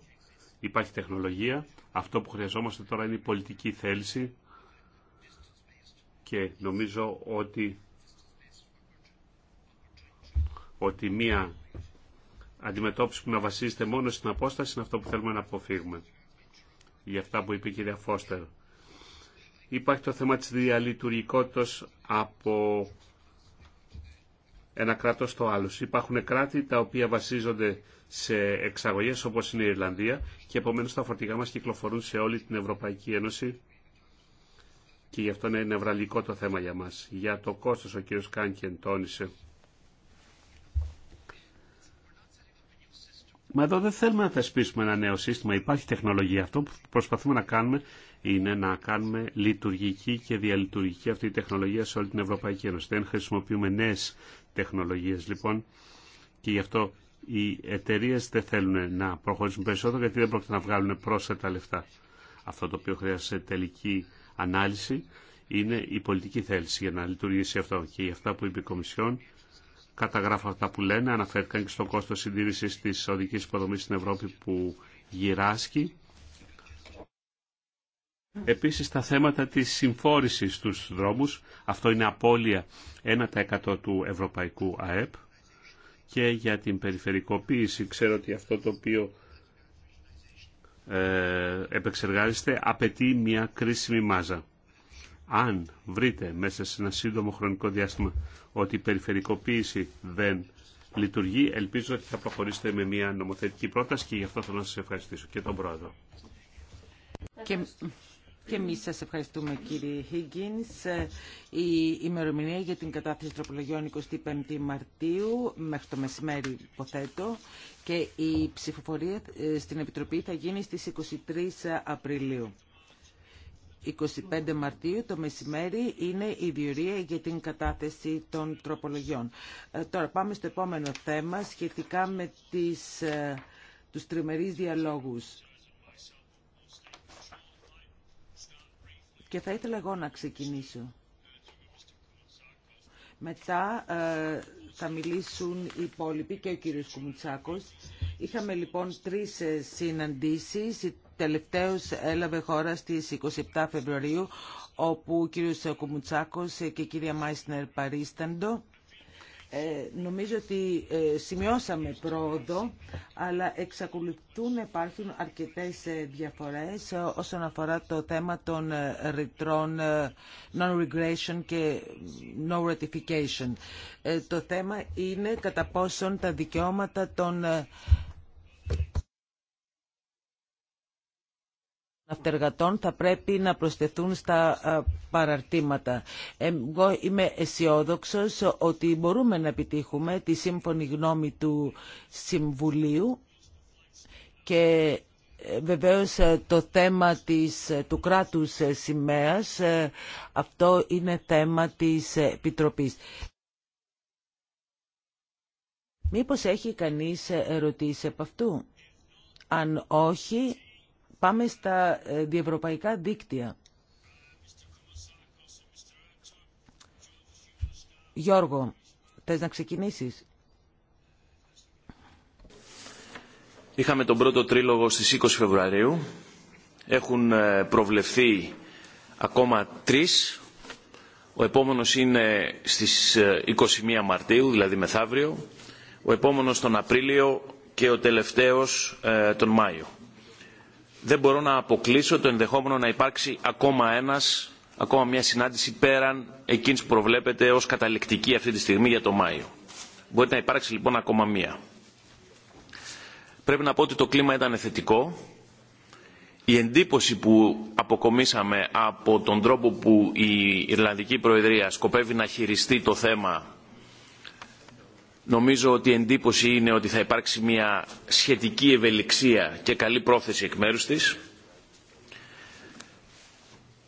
Υπάρχει τεχνολογία. Αυτό που χρειαζόμαστε τώρα είναι η πολιτική θέληση και νομίζω ότι ότι μία αντιμετώπιση που να βασίζεται μόνο στην απόσταση είναι αυτό που θέλουμε να αποφύγουμε. Για αυτά που είπε η κυρία Φώστερ. Υπάρχει το θέμα της διαλειτουργικότητας από ένα κράτος στο άλλο. Υπάρχουν κράτη τα οποία βασίζονται σε εξαγωγές όπως είναι η Ιρλανδία και επομένως τα φορτηγά μας κυκλοφορούν σε όλη την Ευρωπαϊκή Ένωση και γι' αυτό είναι νευραλικό το θέμα για μας. Για το κόστος ο κύριος Κάνκεν τόνισε Μα εδώ δεν θέλουμε να θεσπίσουμε ένα νέο σύστημα. Υπάρχει τεχνολογία. Αυτό που προσπαθούμε να κάνουμε είναι να κάνουμε λειτουργική και διαλειτουργική αυτή η τεχνολογία σε όλη την Ευρωπαϊκή Ένωση. Δεν χρησιμοποιούμε νέε τεχνολογίε λοιπόν και γι' αυτό οι εταιρείε δεν θέλουν να προχωρήσουν περισσότερο γιατί δεν πρόκειται να βγάλουν πρόσθετα λεφτά. Αυτό το οποίο χρειάζεται τελική ανάλυση είναι η πολιτική θέληση για να λειτουργήσει αυτό. Και για αυτά που είπε η Κομισιόν καταγράφω αυτά που λένε, αναφέρθηκαν και στο κόστος συντήρησης τη οδικής υποδομή στην Ευρώπη που γυράσκει. Επίσης τα θέματα της συμφόρησης στου δρόμου. αυτό είναι απώλεια 1% του ευρωπαϊκού ΑΕΠ και για την περιφερικοποίηση ξέρω ότι αυτό το οποίο ε, επεξεργάζεστε απαιτεί μια κρίσιμη μάζα αν βρείτε μέσα σε ένα σύντομο χρονικό διάστημα ότι η περιφερικοποίηση δεν λειτουργεί, ελπίζω ότι θα προχωρήσετε με μια νομοθετική πρόταση και γι' αυτό θέλω να σας ευχαριστήσω και τον Πρόεδρο. Και... Και εμεί σα ευχαριστούμε κύριε Higgins. Η ημερομηνία για την κατάθεση τροπολογιών 25 Μαρτίου μέχρι το μεσημέρι υποθέτω και η ψηφοφορία ε, στην Επιτροπή θα γίνει στις 23 Απριλίου. 25 Μαρτίου το μεσημέρι είναι η διορία για την κατάθεση των τροπολογιών. Ε, τώρα πάμε στο επόμενο θέμα σχετικά με τις, ε, τους τριμερείς διαλόγους. Και θα ήθελα εγώ να ξεκινήσω. Μετά ε, θα μιλήσουν οι υπόλοιποι και ο κύριος Κουμουτσάκος Είχαμε λοιπόν τρεις ε, συναντήσεις. Η έλαβε χώρα στις 27 Φεβρουαρίου, όπου ο κύριος Κουμουτσάκος και η κυρία Μάισνερ παρίσταντο. Ε, νομίζω ότι ε, σημειώσαμε πρόοδο, αλλά εξακολουθούν να υπάρχουν αρκετές διαφορές όσον αφορά το θέμα των ρητρών non-regression και no ratification. το θέμα είναι κατά πόσον τα δικαιώματα των ...αυτεργατών θα πρέπει να προσθεθούν στα παραρτήματα. Ε, εγώ είμαι αισιόδοξο ότι μπορούμε να επιτύχουμε τη σύμφωνη γνώμη του Συμβουλίου και ε, βεβαίως ε, το θέμα της, του κράτους σημαίας αυτό είναι θέμα της Επιτροπής. Μήπως έχει κανείς ερωτήσει από αυτού. Αν όχι, πάμε στα ε, διευρωπαϊκά δίκτυα. Γιώργο, θες να ξεκινήσεις. Είχαμε τον πρώτο τρίλογο στις 20 Φεβρουαρίου. Έχουν ε, προβλεφθεί ακόμα τρεις. Ο επόμενος είναι στις 21 ε, Μαρτίου, δηλαδή μεθαύριο ο επόμενος τον Απρίλιο και ο τελευταίος ε, τον Μάιο. Δεν μπορώ να αποκλείσω το ενδεχόμενο να υπάρξει ακόμα ένας, ακόμα μια συνάντηση πέραν εκείνης που προβλέπεται ως καταληκτική αυτή τη στιγμή για τον Μάιο. Μπορεί να υπάρξει λοιπόν ακόμα μία. Πρέπει να πω ότι το κλίμα ήταν θετικό. Η εντύπωση που αποκομίσαμε από τον τρόπο που η Ιρλανδική Προεδρία σκοπεύει να χειριστεί το θέμα Νομίζω ότι η εντύπωση είναι ότι θα υπάρξει μια σχετική ευελιξία και καλή πρόθεση εκ μέρους της.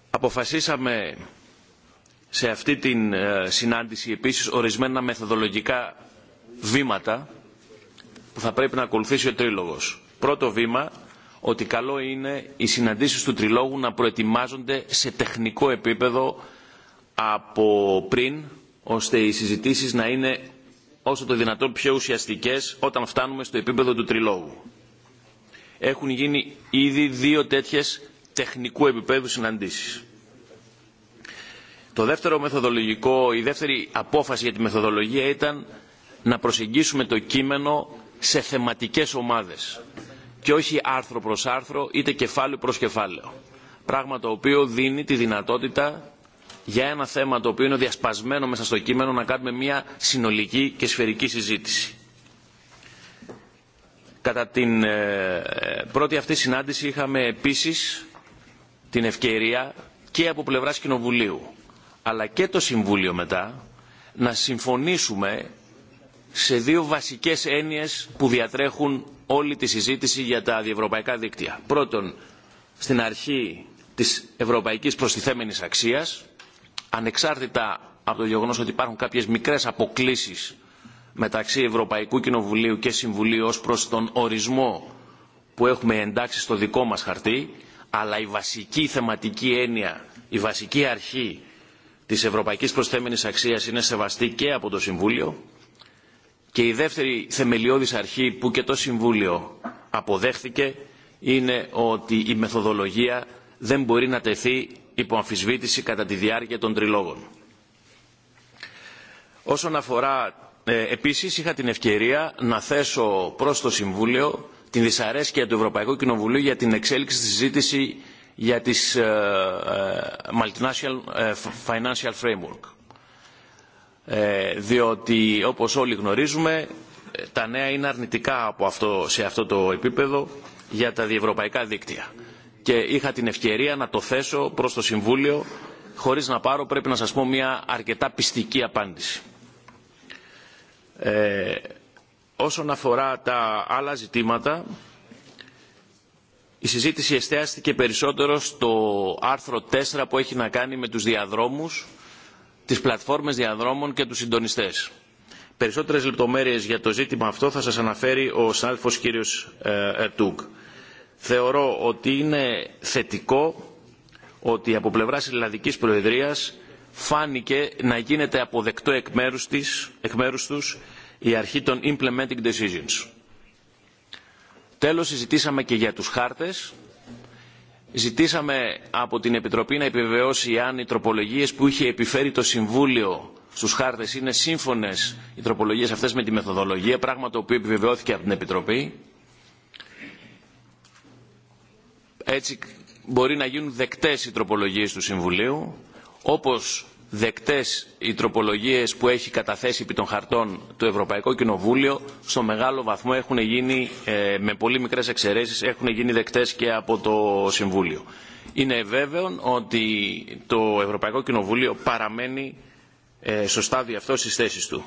Αποφασίσαμε σε αυτή την ε, συνάντηση επίσης ορισμένα μεθοδολογικά βήματα που θα πρέπει να ακολουθήσει ο Τρίλογος. Πρώτο βήμα, ότι καλό είναι οι συναντήσεις του Τριλόγου να προετοιμάζονται σε τεχνικό επίπεδο από πριν, ώστε οι συζητήσεις να είναι όσο το δυνατόν πιο ουσιαστικές όταν φτάνουμε στο επίπεδο του τριλόγου. Έχουν γίνει ήδη δύο τέτοιες τεχνικού επίπεδου συναντήσεις. Το δεύτερο μεθοδολογικό, η δεύτερη απόφαση για τη μεθοδολογία ήταν να προσεγγίσουμε το κείμενο σε θεματικές ομάδες και όχι άρθρο προς άρθρο είτε κεφάλαιο προς κεφάλαιο. Πράγμα το οποίο δίνει τη δυνατότητα για ένα θέμα το οποίο είναι διασπασμένο μέσα στο κείμενο να κάνουμε μια συνολική και σφαιρική συζήτηση. Κατά την ε, πρώτη αυτή συνάντηση είχαμε επίσης την ευκαιρία και από πλευράς Κοινοβουλίου αλλά και το Συμβούλιο μετά να συμφωνήσουμε σε δύο βασικές έννοιες που διατρέχουν όλη τη συζήτηση για τα διευρωπαϊκά δίκτυα. Πρώτον, στην αρχή της ευρωπαϊκής προστιθέμενης αξίας ανεξάρτητα από το γεγονός ότι υπάρχουν κάποιες μικρές αποκλήσεις μεταξύ Ευρωπαϊκού Κοινοβουλίου και Συμβουλίου ως προς τον ορισμό που έχουμε εντάξει στο δικό μας χαρτί, αλλά η βασική θεματική έννοια, η βασική αρχή της ευρωπαϊκής προσθέμενης αξίας είναι σεβαστή και από το Συμβούλιο και η δεύτερη θεμελιώδης αρχή που και το Συμβούλιο αποδέχθηκε είναι ότι η μεθοδολογία δεν μπορεί να τεθεί υπό αμφισβήτηση κατά τη διάρκεια των τριλόγων. Όσον αφορά, ε, επίσης είχα την ευκαιρία να θέσω προς το Συμβούλιο την δυσαρέσκεια του Ευρωπαϊκού Κοινοβουλίου για την εξέλιξη της συζήτηση για τις ε, ε, Multinational Financial Framework. Διότι, όπως όλοι γνωρίζουμε, τα νέα είναι αρνητικά από αυτό, σε αυτό το επίπεδο για τα διευρωπαϊκά δίκτυα και είχα την ευκαιρία να το θέσω προς το Συμβούλιο χωρίς να πάρω πρέπει να σας πω μια αρκετά πιστική απάντηση. Ε, όσον αφορά τα άλλα ζητήματα, η συζήτηση εστιάστηκε περισσότερο στο άρθρο 4 που έχει να κάνει με τους διαδρόμους, τις πλατφόρμες διαδρόμων και τους συντονιστές. Περισσότερες λεπτομέρειες για το ζήτημα αυτό θα σας αναφέρει ο συνάδελφος κύριος ε, Ερτούγκ θεωρώ ότι είναι θετικό ότι από πλευράς Ελλαδικής Προεδρίας φάνηκε να γίνεται αποδεκτό εκ μέρους, της, εκ μέρους η αρχή των implementing decisions. Τέλος, συζητήσαμε και για τους χάρτες. Ζητήσαμε από την Επιτροπή να επιβεβαιώσει αν οι τροπολογίες που είχε επιφέρει το Συμβούλιο στους χάρτες είναι σύμφωνες οι τροπολογίες αυτές με τη μεθοδολογία, πράγμα το οποίο επιβεβαιώθηκε από την Επιτροπή Έτσι μπορεί να γίνουν δεκτές οι τροπολογίες του Συμβουλίου, όπως δεκτές οι τροπολογίες που έχει καταθέσει επί των χαρτών το Ευρωπαϊκό Κοινοβούλιο στο μεγάλο βαθμό έχουν γίνει, ε, με πολύ μικρές εξαιρέσεις, έχουν γίνει δεκτές και από το Συμβούλιο. Είναι βέβαιο ότι το Ευρωπαϊκό Κοινοβούλιο παραμένει ε, στο στάδιο αυτό στις θέσεις του.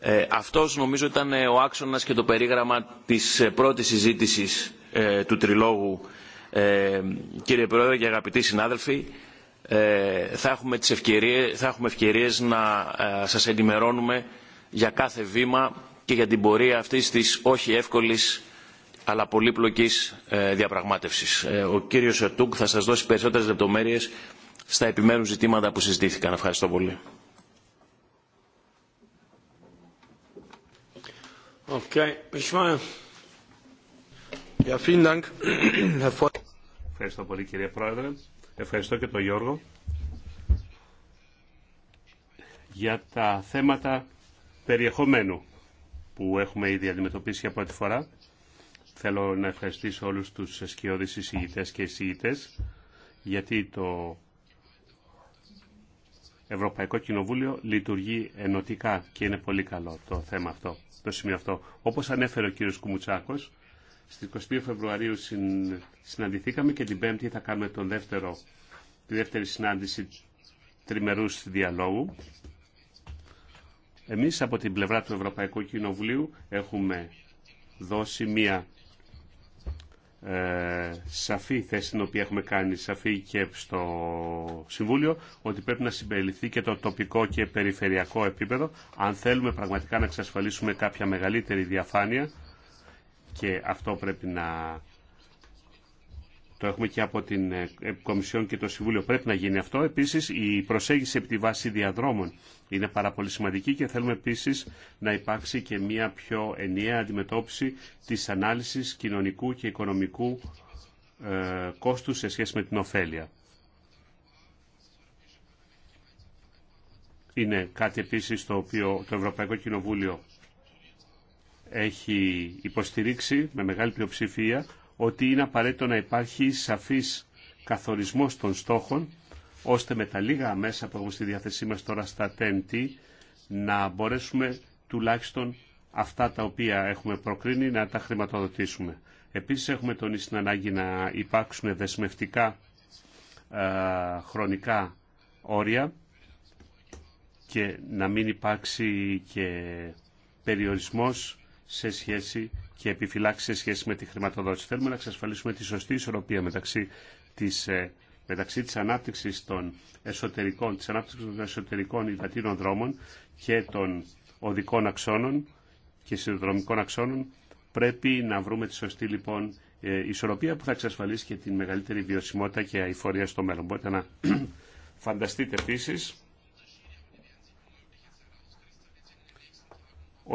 Ε, αυτός νομίζω ήταν ο άξονας και το περίγραμμα της πρώτης συζήτησης του Τριλόγου ε, κύριε Πρόεδρε και αγαπητοί συνάδελφοι, ε, θα έχουμε, τις ευκαιρίες, θα έχουμε ευκαιρίες να ε, σας ενημερώνουμε για κάθε βήμα και για την πορεία αυτής της όχι εύκολης αλλά πολύπλοκης διαπραγμάτευσης. Ο κύριος Ερτούκ θα σας δώσει περισσότερες λεπτομέρειες στα επιμέρους ζητήματα που συζητήθηκαν. Ευχαριστώ πολύ. Okay. Ja, vielen Dank, (clears throat) Herr Ευχαριστώ πολύ κύριε Πρόεδρε. Ευχαριστώ και τον Γιώργο για τα θέματα περιεχομένου που έχουμε ήδη αντιμετωπίσει για πρώτη φορά. Θέλω να ευχαριστήσω όλους τους σκιώδεις εισηγητές και εισηγητές γιατί το Ευρωπαϊκό Κοινοβούλιο λειτουργεί ενωτικά και είναι πολύ καλό το θέμα αυτό, το σημείο αυτό. Όπως ανέφερε ο κύριος Κουμουτσάκος, στις 22 Φεβρουαρίου συναντηθήκαμε και την Πέμπτη θα κάνουμε τον δεύτερο, τη δεύτερη συνάντηση τριμερούς διαλόγου. Εμείς από την πλευρά του Ευρωπαϊκού Κοινοβουλίου έχουμε δώσει μία ε, σαφή θέση την οποία έχουμε κάνει σαφή και στο Συμβούλιο ότι πρέπει να συμπεριληφθεί και το τοπικό και περιφερειακό επίπεδο αν θέλουμε πραγματικά να εξασφαλίσουμε κάποια μεγαλύτερη διαφάνεια και αυτό πρέπει να το έχουμε και από την ε, Κομισιόν και το Συμβούλιο. Πρέπει να γίνει αυτό. Επίση, η προσέγγιση επί τη βάση διαδρόμων είναι πάρα πολύ σημαντική και θέλουμε επίση να υπάρξει και μια πιο ενιαία αντιμετώπιση τη ανάλυση κοινωνικού και οικονομικού ε, κόστου σε σχέση με την ωφέλεια. Είναι κάτι επίση το οποίο το Ευρωπαϊκό Κοινοβούλιο έχει υποστηρίξει με μεγάλη πλειοψηφία ότι είναι απαραίτητο να υπάρχει σαφής καθορισμός των στόχων ώστε με τα λίγα μέσα που έχουμε στη διάθεσή μας τώρα στα TNT να μπορέσουμε τουλάχιστον αυτά τα οποία έχουμε προκρίνει να τα χρηματοδοτήσουμε. Επίσης έχουμε τονίσει την ανάγκη να υπάρξουν δεσμευτικά ε, χρονικά όρια και να μην υπάρξει και περιορισμός σε σχέση και επιφυλάξει σε σχέση με τη χρηματοδότηση. Θέλουμε να εξασφαλίσουμε τη σωστή ισορροπία μεταξύ της, ε, μεταξύ της ανάπτυξης των εσωτερικών, της ανάπτυξης των εσωτερικών υδατήρων δρόμων και των οδικών αξώνων και συνδρομικών αξώνων. Πρέπει να βρούμε τη σωστή λοιπόν ε, ισορροπία που θα εξασφαλίσει και την μεγαλύτερη βιωσιμότητα και αηφορία στο μέλλον. Μπορείτε να (clears throat) φανταστείτε επίσης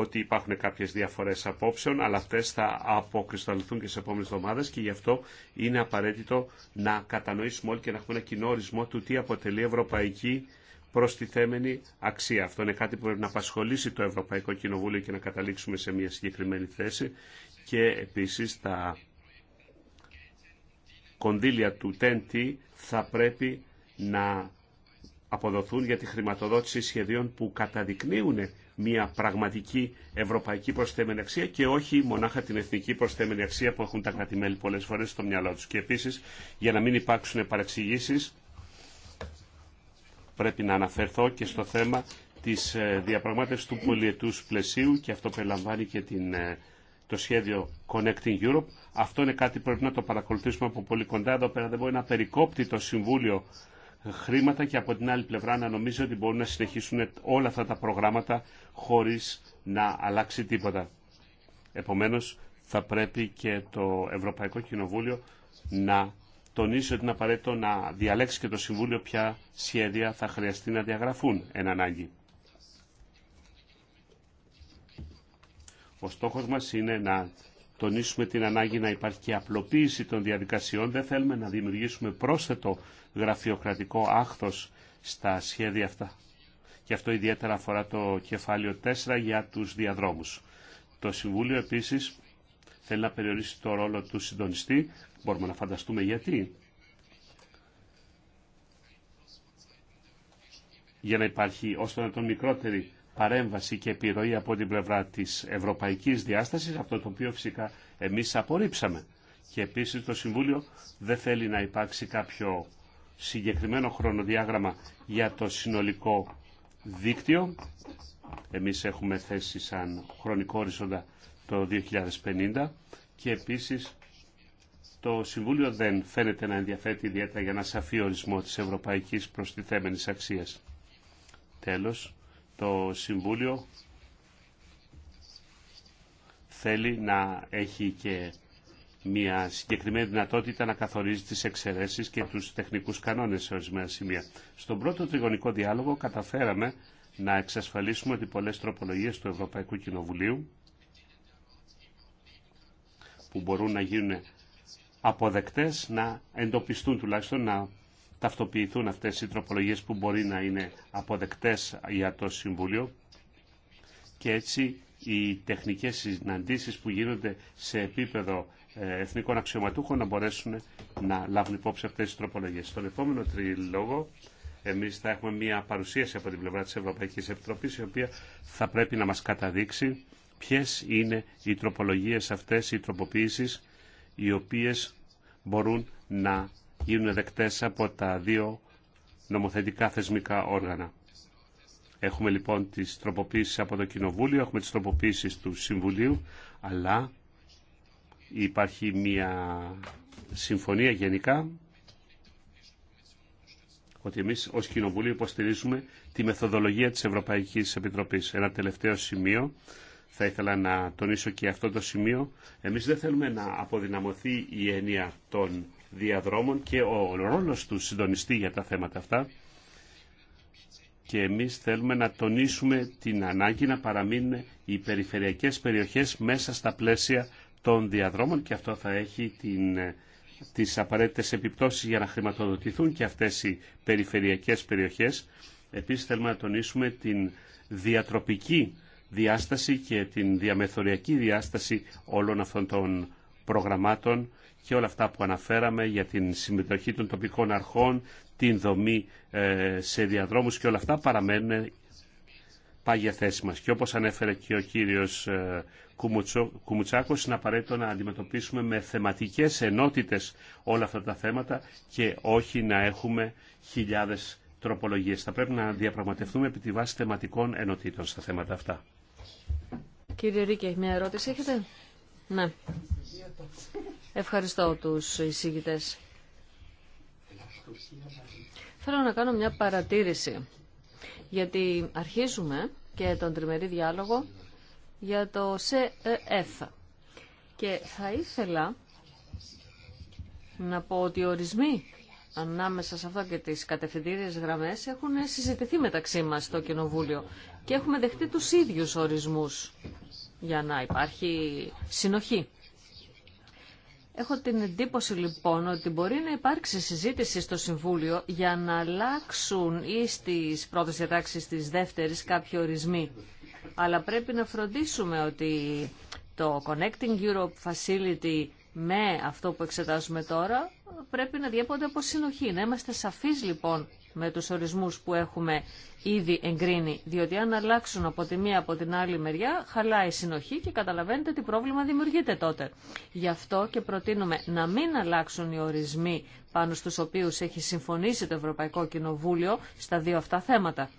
ότι υπάρχουν κάποιες διαφορές απόψεων, αλλά αυτές θα αποκρισταλωθούν και σε επόμενες εβδομάδες και γι' αυτό είναι απαραίτητο να κατανοήσουμε όλοι και να έχουμε ένα κοινό ορισμό του τι αποτελεί ευρωπαϊκή προστιθέμενη αξία. Αυτό είναι κάτι που πρέπει να απασχολήσει το Ευρωπαϊκό Κοινοβούλιο και να καταλήξουμε σε μια συγκεκριμένη θέση και επίσης τα κονδύλια του TNT θα πρέπει να αποδοθούν για τη χρηματοδότηση σχεδίων που καταδεικνύουν μια πραγματική ευρωπαϊκή προσθέμενη αξία και όχι μονάχα την εθνική προσθέμενη αξία που έχουν τα κρατημέλη πολλές φορές στο μυαλό τους. Και επίσης, για να μην υπάρξουν παρεξηγήσεις, πρέπει να αναφερθώ και στο θέμα της ε, διαπραγμάτευσης του πολιετούς πλαισίου και αυτό περιλαμβάνει και την, ε, το σχέδιο Connecting Europe. Αυτό είναι κάτι που πρέπει να το παρακολουθήσουμε από πολύ κοντά. Εδώ πέρα δεν μπορεί να περικόπτει το Συμβούλιο χρήματα και από την άλλη πλευρά να νομίζει ότι μπορούν να συνεχίσουν όλα αυτά τα προγράμματα χωρίς να αλλάξει τίποτα. Επομένως, θα πρέπει και το Ευρωπαϊκό Κοινοβούλιο να τονίσει ότι είναι απαραίτητο να διαλέξει και το Συμβούλιο ποια σχέδια θα χρειαστεί να διαγραφούν εν ανάγκη. Ο στόχος μας είναι να τονίσουμε την ανάγκη να υπάρχει και απλοποίηση των διαδικασιών. Δεν θέλουμε να δημιουργήσουμε πρόσθετο γραφειοκρατικό άχθος στα σχέδια αυτά. Και αυτό ιδιαίτερα αφορά το κεφάλαιο 4 για τους διαδρόμους. Το Συμβούλιο επίσης θέλει να περιορίσει το ρόλο του συντονιστή. Μπορούμε να φανταστούμε γιατί. Για να υπάρχει ώστε να τον μικρότερη παρέμβαση και επιρροή από την πλευρά της ευρωπαϊκής διάστασης, αυτό το οποίο φυσικά εμείς απορρίψαμε. Και επίσης το Συμβούλιο δεν θέλει να υπάρξει κάποιο συγκεκριμένο χρονοδιάγραμμα για το συνολικό δίκτυο. Εμείς έχουμε θέσει σαν χρονικό οριζόντα το 2050 και επίσης το Συμβούλιο δεν φαίνεται να ενδιαφέρει ιδιαίτερα για ένα σαφή ορισμό της ευρωπαϊκής προστιθέμενης αξίας. Τέλος, το Συμβούλιο θέλει να έχει και μια συγκεκριμένη δυνατότητα να καθορίζει τις εξαιρέσεις και τους τεχνικούς κανόνες σε ορισμένα σημεία. Στον πρώτο τριγωνικό διάλογο καταφέραμε να εξασφαλίσουμε ότι πολλές τροπολογίες του Ευρωπαϊκού Κοινοβουλίου που μπορούν να γίνουν αποδεκτές, να εντοπιστούν τουλάχιστον, να ταυτοποιηθούν αυτές οι τροπολογίες που μπορεί να είναι αποδεκτές για το Συμβούλιο και έτσι οι τεχνικές συναντήσεις που γίνονται σε επίπεδο ε, εθνικών αξιωματούχων να μπορέσουν να λάβουν υπόψη αυτέ τι τροπολογίε. Στον επόμενο τριλόγο εμεί θα έχουμε μια παρουσίαση από την πλευρά τη Ευρωπαϊκή Επιτροπή, η οποία θα πρέπει να μα καταδείξει ποιε είναι οι τροπολογίε αυτέ οι τροποποίησεις οι οποίε μπορούν να γίνουν δεκτέ από τα δύο νομοθετικά θεσμικά όργανα. Έχουμε λοιπόν τις τροποποίησεις από το Κοινοβούλιο, έχουμε τις τροποποίησεις του Συμβουλίου, αλλά Υπάρχει μια συμφωνία γενικά ότι εμείς ως Κοινοβούλιο υποστηρίζουμε τη μεθοδολογία της Ευρωπαϊκής Επιτροπής. Ένα τελευταίο σημείο, θα ήθελα να τονίσω και αυτό το σημείο, εμείς δεν θέλουμε να αποδυναμωθεί η έννοια των διαδρόμων και ο ρόλος του συντονιστή για τα θέματα αυτά και εμείς θέλουμε να τονίσουμε την ανάγκη να παραμείνουν οι περιφερειακές περιοχές μέσα στα πλαίσια των διαδρόμων και αυτό θα έχει την, τις απαραίτητες επιπτώσεις για να χρηματοδοτηθούν και αυτές οι περιφερειακές περιοχές. Επίσης θέλουμε να τονίσουμε την διατροπική διάσταση και την διαμεθοριακή διάσταση όλων αυτών των προγραμμάτων και όλα αυτά που αναφέραμε για την συμμετοχή των τοπικών αρχών, την δομή ε, σε διαδρόμους και όλα αυτά παραμένουν πάγια μας. Και όπως ανέφερε και ο κύριος ε, Κουμουτσάκος, είναι απαραίτητο να αντιμετωπίσουμε με θεματικές ενότητες όλα αυτά τα θέματα και όχι να έχουμε χιλιάδες τροπολογίες. Θα πρέπει να διαπραγματευτούμε επί τη βάση θεματικών ενότητων στα θέματα αυτά. Κύριε Ρίκε, μια ερώτηση έχετε? Ναι. Ευχαριστώ τους εισηγητές. Θέλω να κάνω μια παρατήρηση γιατί αρχίζουμε και τον τριμερή διάλογο για το ΣΕΕΦ. Και θα ήθελα να πω ότι ορισμοί ανάμεσα σε αυτό και τις κατευθυντήριες γραμμές έχουν συζητηθεί μεταξύ μας στο Κοινοβούλιο και έχουμε δεχτεί τους ίδιους ορισμούς για να υπάρχει συνοχή. Έχω την εντύπωση λοιπόν ότι μπορεί να υπάρξει συζήτηση στο Συμβούλιο για να αλλάξουν ή στις πρώτες διατάξεις της δεύτερης κάποιοι ορισμοί. Αλλά πρέπει να φροντίσουμε ότι το Connecting Europe Facility με αυτό που εξετάζουμε τώρα πρέπει να διέπονται από συνοχή. Να είμαστε σαφείς λοιπόν με τους ορισμούς που έχουμε ήδη εγκρίνει, διότι αν αλλάξουν από τη μία από την άλλη μεριά, χαλάει η συνοχή και καταλαβαίνετε τι πρόβλημα δημιουργείται τότε. Γι' αυτό και προτείνουμε να μην αλλάξουν οι ορισμοί πάνω στους οποίους έχει συμφωνήσει το Ευρωπαϊκό Κοινοβούλιο στα δύο αυτά θέματα.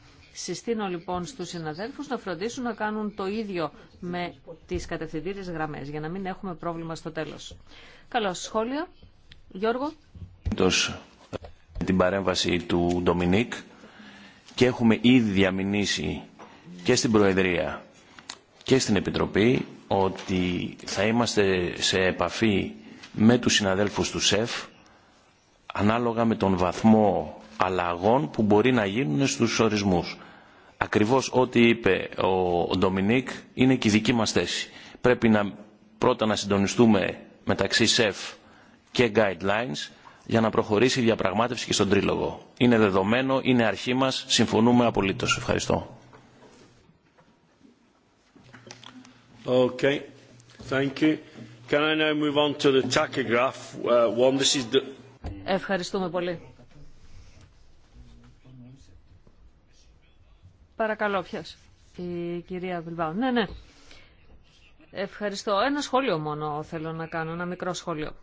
Συστήνω λοιπόν στους συναδέλφους να φροντίσουν να κάνουν το ίδιο με τις κατευθυντήριες γραμμές για να μην έχουμε πρόβλημα στο τέλος. Καλώς σχόλια. Γιώργο. Την παρέμβαση του Ντομινίκ και έχουμε ήδη διαμηνήσει και στην Προεδρία και στην Επιτροπή ότι θα είμαστε σε επαφή με τους συναδέλφους του ΣΕΦ ανάλογα με τον βαθμό αλλαγών που μπορεί να γίνουν στους ορισμούς ακριβώς ό,τι είπε ο Ντομινίκ είναι και η δική μας θέση. Πρέπει να, πρώτα να συντονιστούμε μεταξύ ΣΕΦ και guidelines για να προχωρήσει η διαπραγμάτευση και στον τρίλογο. Είναι δεδομένο, είναι αρχή μας, συμφωνούμε απολύτως. Ευχαριστώ. Okay, thank you. Can I now move on to the tachograph uh, one? This is the... Ευχαριστούμε πολύ. Παρακαλώ, ποιος. Η κυρία Βιλμπάου. Ναι, ναι. Ευχαριστώ. Ένα σχόλιο μόνο θέλω να κάνω, ένα μικρό σχόλιο.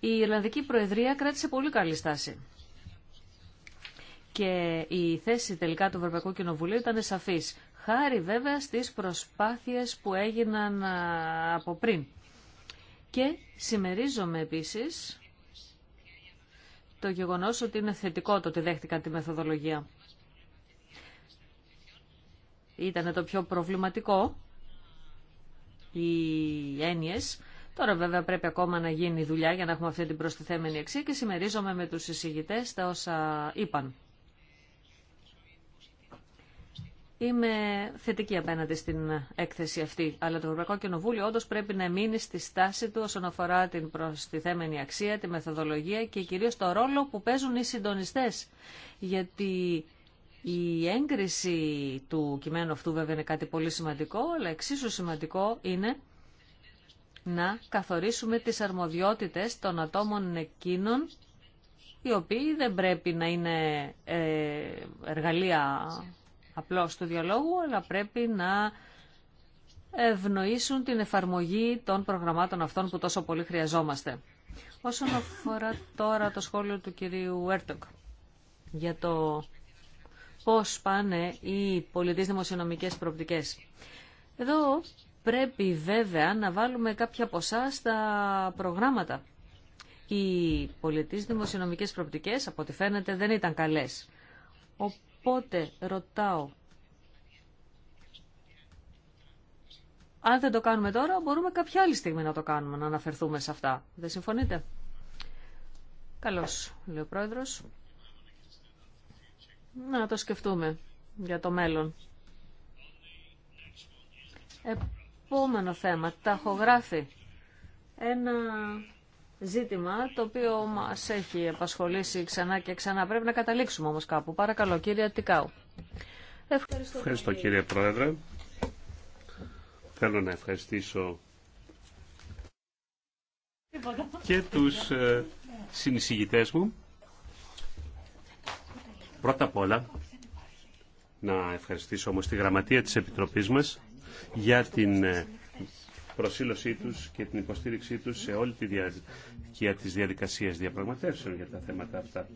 Η Ιρλανδική Προεδρία κράτησε πολύ καλή στάση. Και η θέση τελικά του Ευρωπαϊκού Κοινοβουλίου ήταν σαφής. Χάρη βέβαια στις προσπάθειες που έγιναν από πριν. Και συμμερίζομαι επίσης το γεγονός ότι είναι θετικό το ότι δέχτηκαν τη μεθοδολογία. Ήταν το πιο προβληματικό οι έννοιες. Τώρα βέβαια πρέπει ακόμα να γίνει δουλειά για να έχουμε αυτή την προστιθέμενη αξία και συμμερίζομαι με τους εισηγητές τα όσα είπαν. Είμαι θετική απέναντι στην έκθεση αυτή, αλλά το Ευρωπαϊκό Κοινοβούλιο όντω πρέπει να μείνει στη στάση του όσον αφορά την προστιθέμενη αξία, τη μεθοδολογία και κυρίως το ρόλο που παίζουν οι συντονιστές. Γιατί η έγκριση του κειμένου αυτού βέβαια είναι κάτι πολύ σημαντικό, αλλά εξίσου σημαντικό είναι να καθορίσουμε τις αρμοδιότητες των ατόμων εκείνων οι οποίοι δεν πρέπει να είναι ε, εργαλεία απλώς του διαλόγου, αλλά πρέπει να ευνοήσουν την εφαρμογή των προγραμμάτων αυτών που τόσο πολύ χρειαζόμαστε. Όσον αφορά τώρα το σχόλιο του κυρίου Έρτοκ για το πώς πάνε οι πολιτείς δημοσιονομικές προοπτικές. Εδώ πρέπει βέβαια να βάλουμε κάποια ποσά τα προγράμματα. Οι πολιτείς δημοσιονομικές προοπτικές, από ό,τι φαίνεται, δεν ήταν καλές. Οπότε ρωτάω, αν δεν το κάνουμε τώρα, μπορούμε κάποια άλλη στιγμή να το κάνουμε, να αναφερθούμε σε αυτά. Δεν συμφωνείτε. Καλώς, λέει ο Πρόεδρος. Να το σκεφτούμε για το μέλλον. Επόμενο θέμα, ταχογράφη. Ένα ζήτημα το οποίο μας έχει απασχολήσει ξανά και ξανά. Πρέπει να καταλήξουμε όμως κάπου. Παρακαλώ κύριε Τικάου. Ευχαριστώ, κύριε Πρόεδρε. Θέλω να ευχαριστήσω και τους ε, συνεισηγητές μου. Πρώτα απ' όλα, να ευχαριστήσω όμως τη γραμματεία της Επιτροπής μας για την ε, προσήλωσή τους και την υποστήριξή τους σε όλη τη διαδικασία διαδικασίας διαπραγματεύσεων για τα θέματα αυτά.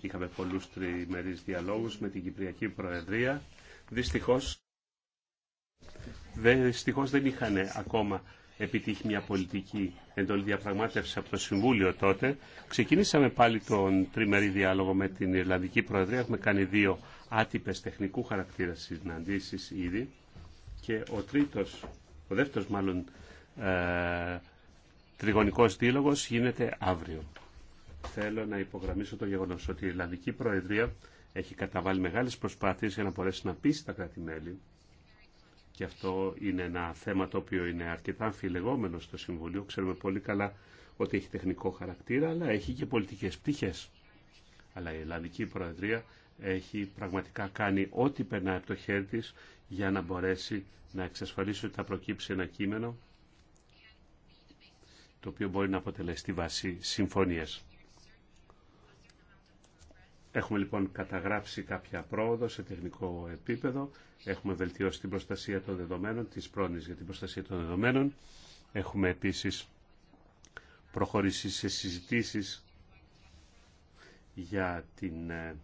Είχαμε πολλούς τριμερείς διαλόγους με την Κυπριακή Προεδρία. Δυστυχώς, δυστυχώς δεν είχαν ακόμα επιτύχει μια πολιτική εντολή διαπραγμάτευση από το Συμβούλιο τότε. Ξεκινήσαμε πάλι τον τριμερή διάλογο με την Ιρλανδική Προεδρία. Έχουμε κάνει δύο άτυπες τεχνικού χαρακτήρα συναντήσεις ήδη. Και ο τρίτο. Ο δεύτερος μάλλον ε, τριγωνικός δίλογος γίνεται αύριο. Θέλω να υπογραμμίσω το γεγονός ότι η Ιρλανδική Προεδρία έχει καταβάλει μεγάλες προσπάθειες για να μπορέσει να πείσει τα κράτη-μέλη και αυτό είναι ένα θέμα το οποίο είναι αρκετά αμφιλεγόμενο στο Συμβουλίο. Ξέρουμε πολύ καλά ότι έχει τεχνικό χαρακτήρα, αλλά έχει και πολιτικές πτυχές. Αλλά η Ελλανδική Προεδρία έχει πραγματικά κάνει ό,τι περνάει από το χέρι της για να μπορέσει να εξασφαλίσει ότι θα προκύψει ένα κείμενο το οποίο μπορεί να αποτελέσει τη βάση συμφωνίας. Έχουμε λοιπόν καταγράψει κάποια πρόοδο σε τεχνικό επίπεδο, έχουμε βελτιώσει την προστασία των δεδομένων, τις πρόνοιες για την προστασία των δεδομένων, έχουμε επίσης προχωρήσει σε συζητήσεις για την ε,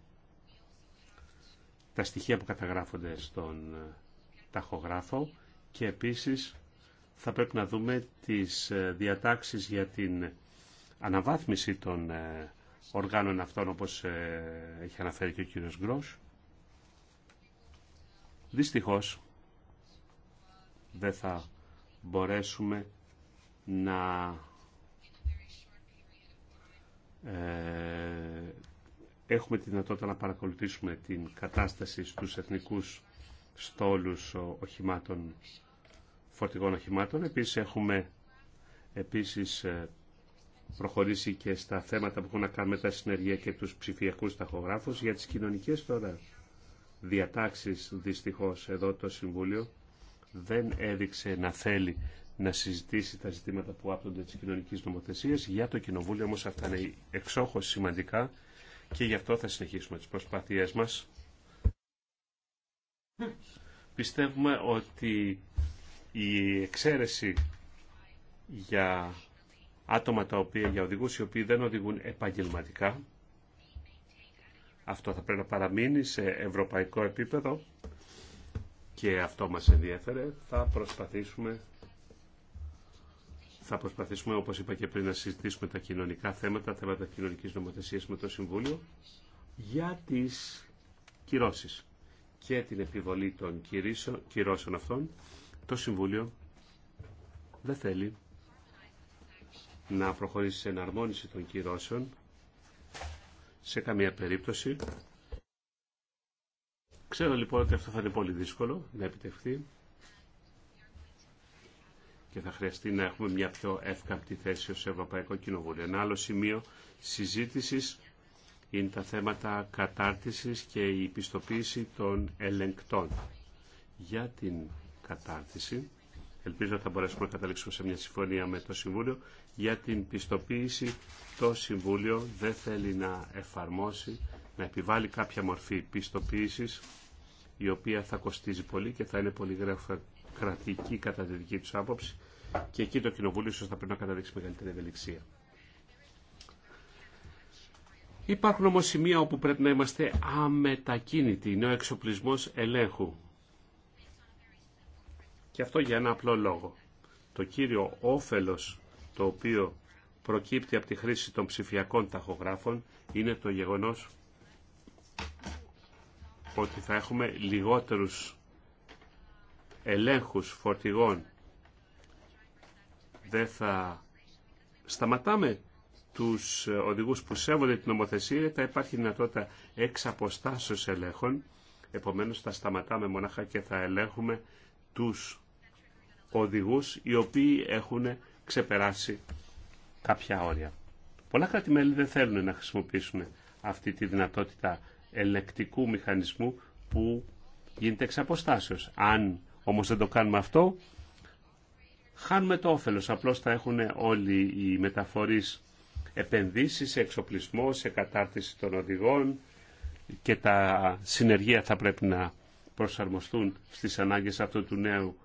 τα στοιχεία που καταγράφονται στον ε, ταχογράφο και επίσης θα πρέπει να δούμε τις ε, διατάξεις για την αναβάθμιση των ε, οργάνων αυτών όπως έχει αναφέρει και ο κύριος Γκρός. Δυστυχώς δεν θα μπορέσουμε να έχουμε τη δυνατότητα να παρακολουθήσουμε την κατάσταση στους εθνικούς στόλους οχημάτων, φορτηγών οχημάτων. Επίσης έχουμε επίσης ε, προχωρήσει και στα θέματα που έχουν να κάνουν με τα συνεργεία και τους ψηφιακούς ταχογράφους. Για τις κοινωνικές τώρα διατάξεις δυστυχώς εδώ το Συμβούλιο δεν έδειξε να θέλει να συζητήσει τα ζητήματα που άπτονται της κοινωνικής νομοθεσίας. Για το Κοινοβούλιο όμως αυτά είναι εξόχως σημαντικά και γι' αυτό θα συνεχίσουμε τις προσπάθειές μας. Πιστεύουμε ότι η εξαίρεση για άτομα τα οποία, για οδηγούς οι οποίοι δεν οδηγούν επαγγελματικά, αυτό θα πρέπει να παραμείνει σε ευρωπαϊκό επίπεδο και αυτό μας ενδιέφερε. Θα προσπαθήσουμε θα προσπαθήσουμε, όπως είπα και πριν, να συζητήσουμε τα κοινωνικά θέματα, θέματα κοινωνικής νομοθεσίας με το Συμβούλιο, για τις κυρώσεις και την επιβολή των κυρώσεων αυτών. Το Συμβούλιο δεν θέλει να προχωρήσει σε εναρμόνιση των κυρώσεων σε καμία περίπτωση. Ξέρω λοιπόν ότι αυτό θα είναι πολύ δύσκολο να επιτευχθεί και θα χρειαστεί να έχουμε μια πιο εύκαμπτη θέση ως Ευρωπαϊκό Κοινοβούλιο. Ένα άλλο σημείο συζήτησης είναι τα θέματα κατάρτισης και η πιστοποίηση των ελεγκτών. Για την κατάρτιση, ελπίζω θα μπορέσουμε να καταλήξουμε σε μια συμφωνία με το Συμβούλιο, για την πιστοποίηση το Συμβούλιο δεν θέλει να εφαρμόσει, να επιβάλλει κάποια μορφή πιστοποίησης η οποία θα κοστίζει πολύ και θα είναι πολύ κρατική κατά τη δική άποψη και εκεί το Κοινοβούλιο ίσως θα πρέπει να καταδείξει μεγαλύτερη ευελιξία. Υπάρχουν όμως σημεία όπου πρέπει να είμαστε αμετακίνητοι. Είναι ο εξοπλισμός ελέγχου. Και αυτό για ένα απλό λόγο. Το κύριο όφελος το οποίο προκύπτει από τη χρήση των ψηφιακών ταχογράφων είναι το γεγονός ότι θα έχουμε λιγότερους ελέγχους φορτηγών δεν θα σταματάμε τους οδηγούς που σέβονται την νομοθεσία, θα υπάρχει δυνατότητα εξ αποστάσεως ελέγχων, επομένως θα σταματάμε μονάχα και θα ελέγχουμε τους οδηγούς οι οποίοι έχουν ξεπεράσει κάποια όρια. Πολλά κράτη-μέλη δεν θέλουν να χρησιμοποιήσουν αυτή τη δυνατότητα ελεκτικού μηχανισμού που γίνεται εξ αποστάσεως. Αν όμως δεν το κάνουμε αυτό, χάνουμε το όφελος. Απλώς θα έχουν όλοι οι μεταφορείς επενδύσεις, σε εξοπλισμό, σε κατάρτιση των οδηγών και τα συνεργεία θα πρέπει να προσαρμοστούν στις ανάγκες αυτού του νέου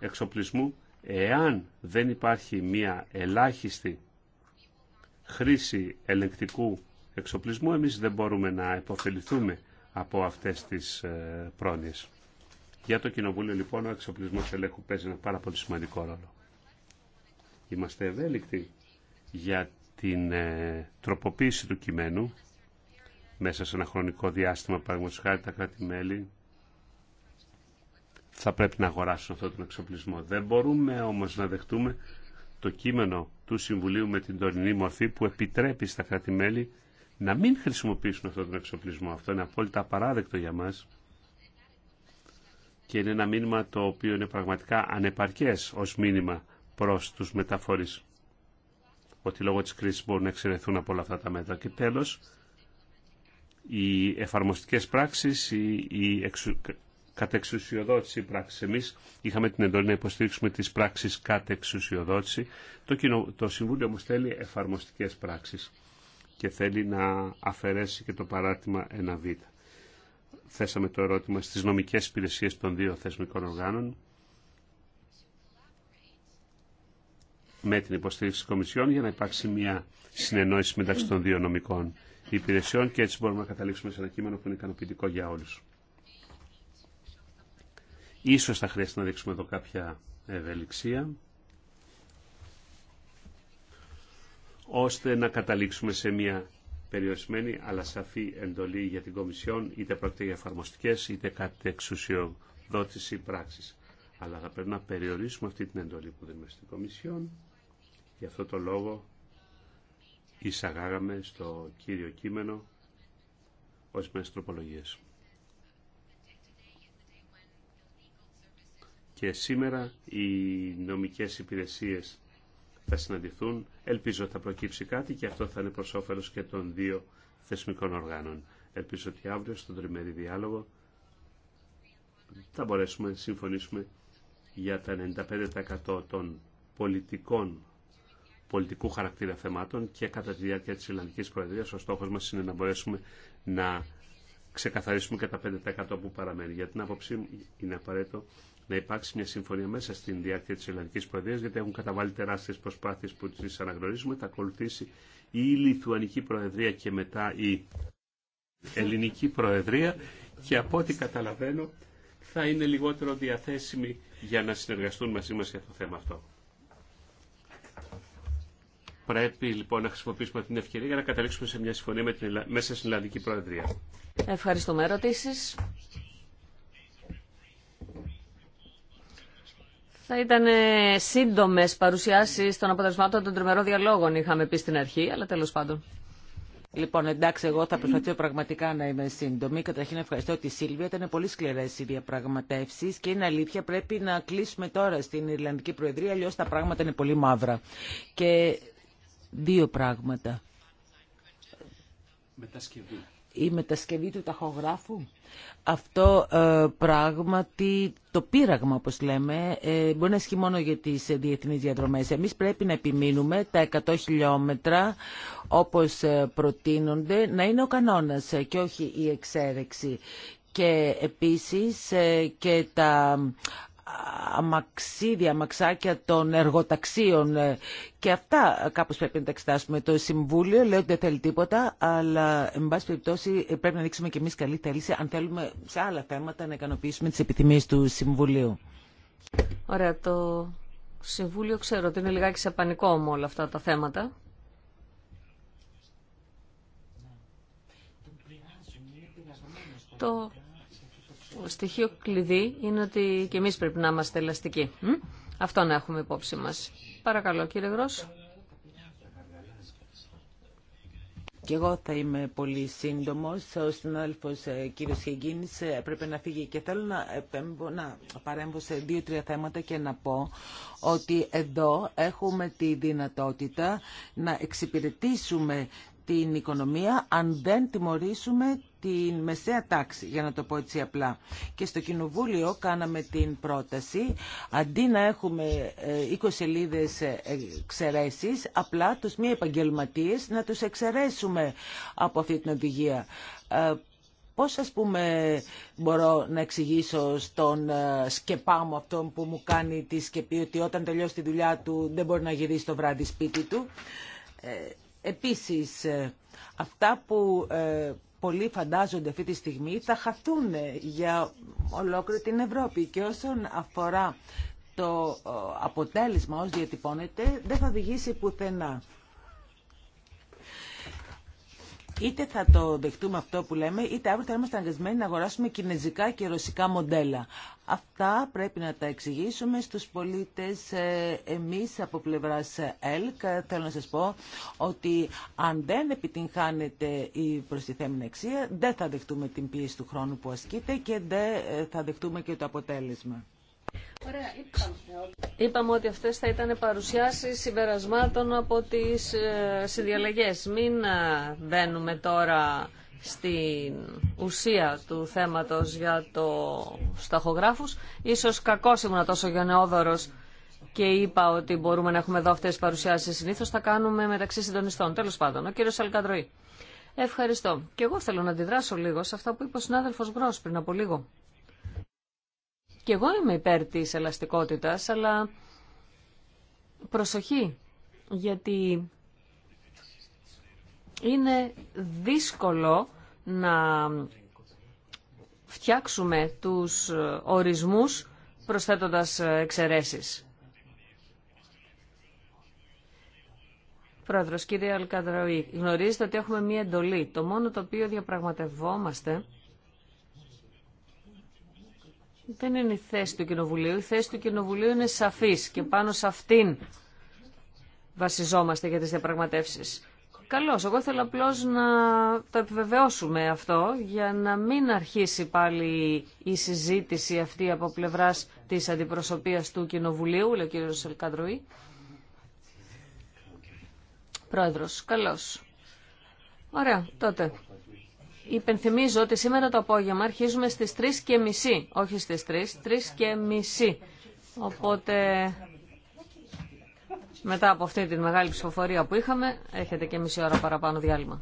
εξοπλισμού. Εάν δεν υπάρχει μία ελάχιστη χρήση ελεγκτικού εξοπλισμού, εμείς δεν μπορούμε να υποφεληθούμε από αυτές τις ε, πρόνοιες. Για το Κοινοβούλιο λοιπόν ο εξοπλισμός ελέγχου παίζει ένα πάρα πολύ σημαντικό ρόλο. Είμαστε ευέλικτοι για την ε, τροποποίηση του κειμένου μέσα σε ένα χρονικό διάστημα, παραδείγματο τα κράτη-μέλη θα πρέπει να αγοράσουν αυτόν τον εξοπλισμό. Δεν μπορούμε όμως να δεχτούμε το κείμενο του Συμβουλίου με την τωρινή μορφή που επιτρέπει στα κράτη-μέλη να μην χρησιμοποιήσουν αυτόν τον εξοπλισμό. Αυτό είναι απόλυτα απαράδεκτο για μας και είναι ένα μήνυμα το οποίο είναι πραγματικά ανεπαρκές ως μήνυμα προς τους μεταφορείς ότι λόγω της κρίσης μπορούν να εξαιρεθούν από όλα αυτά τα μέτρα. Και τέλος, οι εφαρμοστικές πράξεις, η, η κατεξουσιοδότηση πράξη. Εμείς είχαμε την εντολή να υποστήριξουμε τις πράξεις κατεξουσιοδότηση. Το, το Συμβούλιο όμως θέλει εφαρμοστικές πράξεις και θέλει να αφαιρέσει και το παρατημα ένα 1β θέσαμε το ερώτημα στις νομικές υπηρεσίες των δύο θεσμικών οργάνων με την υποστήριξη της Κομισιόν για να υπάρξει μια συνεννόηση μεταξύ των δύο νομικών υπηρεσιών και έτσι μπορούμε να καταλήξουμε σε ένα κείμενο που είναι ικανοποιητικό για όλους. Ίσως θα χρειαστεί να δείξουμε εδώ κάποια ευελιξία ώστε να καταλήξουμε σε μια περιορισμένη αλλά σαφή εντολή για την Κομισιόν, είτε πρόκειται για εφαρμοστικέ είτε κάτι εξουσιοδότηση πράξη. Αλλά θα πρέπει να περιορίσουμε αυτή την εντολή που δίνουμε στην Κομισιόν. Γι' αυτό το λόγο εισαγάγαμε στο κύριο κείμενο ορισμένε τροπολογίε. Και σήμερα οι νομικές υπηρεσίες θα συναντηθούν. Ελπίζω ότι θα προκύψει κάτι και αυτό θα είναι προς όφελος και των δύο θεσμικών οργάνων. Ελπίζω ότι αύριο στον τριμερή διάλογο θα μπορέσουμε να συμφωνήσουμε για τα 95% των πολιτικών πολιτικού χαρακτήρα θεμάτων και κατά τη διάρκεια της Ιλλανδικής Προεδρίας ο στόχος μας είναι να μπορέσουμε να ξεκαθαρίσουμε και τα 5% που παραμένει. Για την άποψή μου είναι απαραίτητο να υπάρξει μια συμφωνία μέσα στην διάρκεια τη Ελληνική Προεδρία, γιατί έχουν καταβάλει τεράστιε προσπάθειε που τι αναγνωρίζουμε. Θα ακολουθήσει η Λιθουανική Προεδρία και μετά η Ελληνική Προεδρία και από ό,τι καταλαβαίνω θα είναι λιγότερο διαθέσιμοι για να συνεργαστούν μαζί μα για το θέμα αυτό. Πρέπει λοιπόν να χρησιμοποιήσουμε την ευκαιρία για να καταλήξουμε σε μια συμφωνία με την, μέσα στην ελληνική Προεδρία. Ευχαριστούμε. Ερωτήσεις. Θα ήταν ε, σύντομε παρουσιάσει των αποτελεσμάτων των τριμερών διαλόγων, είχαμε πει στην αρχή, αλλά τέλο πάντων. Λοιπόν, εντάξει, εγώ θα προσπαθήσω πραγματικά να είμαι σύντομη. Καταρχήν ευχαριστώ τη Σίλβια. Ήταν πολύ σκληρέ οι διαπραγματεύσει και είναι αλήθεια πρέπει να κλείσουμε τώρα στην Ιρλανδική Προεδρία, αλλιώ τα πράγματα είναι πολύ μαύρα. Και δύο πράγματα η μετασκευή του ταχογράφου. Αυτό ε, πράγματι το πείραγμα όπως λέμε ε, μπορεί να ισχύει μόνο για τις ε, διεθνείς διαδρομές. Εμείς πρέπει να επιμείνουμε τα 100 χιλιόμετρα όπως ε, προτείνονται να είναι ο κανόνας και όχι η εξέρεξη και επίσης και τα αμαξίδια, αμαξάκια των εργοταξίων ε, και αυτά κάπως πρέπει να τα εξετάσουμε. Το Συμβούλιο λέει ότι δεν θέλει τίποτα, αλλά εν πάση περιπτώσει πρέπει να δείξουμε και εμείς καλή θέληση αν θέλουμε σε άλλα θέματα να ικανοποιήσουμε τις επιθυμίες του Συμβουλίου. Ωραία, το Συμβούλιο ξέρω ότι είναι λιγάκι σε πανικό με όλα αυτά τα θέματα. Το στοιχείο κλειδί είναι ότι και εμείς πρέπει να είμαστε ελαστικοί. Αυτό να έχουμε υπόψη μας. Παρακαλώ κύριε Γρός. Και εγώ θα είμαι πολύ σύντομο. Ο συνάδελφο ε, κύριο Χεγγίνης ε, έπρεπε να φύγει και θέλω να, επέμβω, να παρέμβω σε δύο-τρία θέματα και να πω ότι εδώ έχουμε τη δυνατότητα να εξυπηρετήσουμε την οικονομία αν δεν τιμωρήσουμε την μεσαία τάξη, για να το πω έτσι απλά. Και στο Κοινοβούλιο κάναμε την πρόταση, αντί να έχουμε 20 ε, σελίδε εξαιρέσει, απλά τους μη επαγγελματίες να τους εξαιρέσουμε από αυτή την οδηγία. Ε, πώς, ας πούμε, μπορώ να εξηγήσω στον ε, σκεπά μου αυτό που μου κάνει τη σκεπή ότι όταν τελειώσει τη δουλειά του δεν μπορεί να γυρίσει το βράδυ σπίτι του. Επίσης, αυτά που πολλοί φαντάζονται αυτή τη στιγμή θα χαθούν για ολόκληρη την Ευρώπη. Και όσον αφορά το ε, αποτέλεσμα ως διατυπώνεται δεν θα οδηγήσει πουθενά. Είτε θα το δεχτούμε αυτό που λέμε, είτε αύριο θα είμαστε αναγκασμένοι να αγοράσουμε κινέζικα και ρωσικά μοντέλα. Αυτά πρέπει να τα εξηγήσουμε στους πολίτες. Ε, εμείς από πλευράς ΕΛΚ θέλω να σας πω ότι αν δεν επιτυγχάνεται η προστιθέμενη αξία, δεν θα δεχτούμε την πίεση του χρόνου που ασκείται και δεν ε, θα δεχτούμε και το αποτέλεσμα. Ωραία, είπαμε. ότι αυτές θα ήταν παρουσιάσεις συμπερασμάτων από τις ε, συνδιαλλαγές. Μην ε, μπαίνουμε τώρα στην ουσία του θέματος για το σταχογράφους. Ίσως κακός ήμουν τόσο γενναιόδωρος και είπα ότι μπορούμε να έχουμε εδώ αυτές τις παρουσιάσεις. Συνήθως θα κάνουμε μεταξύ συντονιστών. Τέλος πάντων, ο κύριος Αλκαντροή. Ευχαριστώ. Και εγώ θέλω να αντιδράσω λίγο σε αυτά που είπε ο συνάδελφος Μπρος πριν από λίγο. Και εγώ είμαι υπέρ τη ελαστικότητα, αλλά προσοχή, γιατί είναι δύσκολο να φτιάξουμε τους ορισμούς προσθέτοντας εξαιρέσεις. Πρόεδρος, κύριε Αλκαδραουή, γνωρίζετε ότι έχουμε μία εντολή. Το μόνο το οποίο διαπραγματευόμαστε δεν είναι η θέση του Κοινοβουλίου. Η θέση του Κοινοβουλίου είναι σαφής και πάνω σε αυτήν βασιζόμαστε για τις διαπραγματεύσεις. Καλώς, εγώ θέλω απλώ να το επιβεβαιώσουμε αυτό για να μην αρχίσει πάλι η συζήτηση αυτή από πλευράς της αντιπροσωπείας του Κοινοβουλίου, λέει ο κύριος Σελκαντρουή. Πρόεδρος, καλώς. Ωραία, τότε Υπενθυμίζω ότι σήμερα το απόγευμα αρχίζουμε στις 3 και μισή, όχι στις 3, 3 και μισή. Οπότε μετά από αυτή τη μεγάλη ψηφοφορία που είχαμε, έχετε και μισή ώρα παραπάνω διάλειμμα.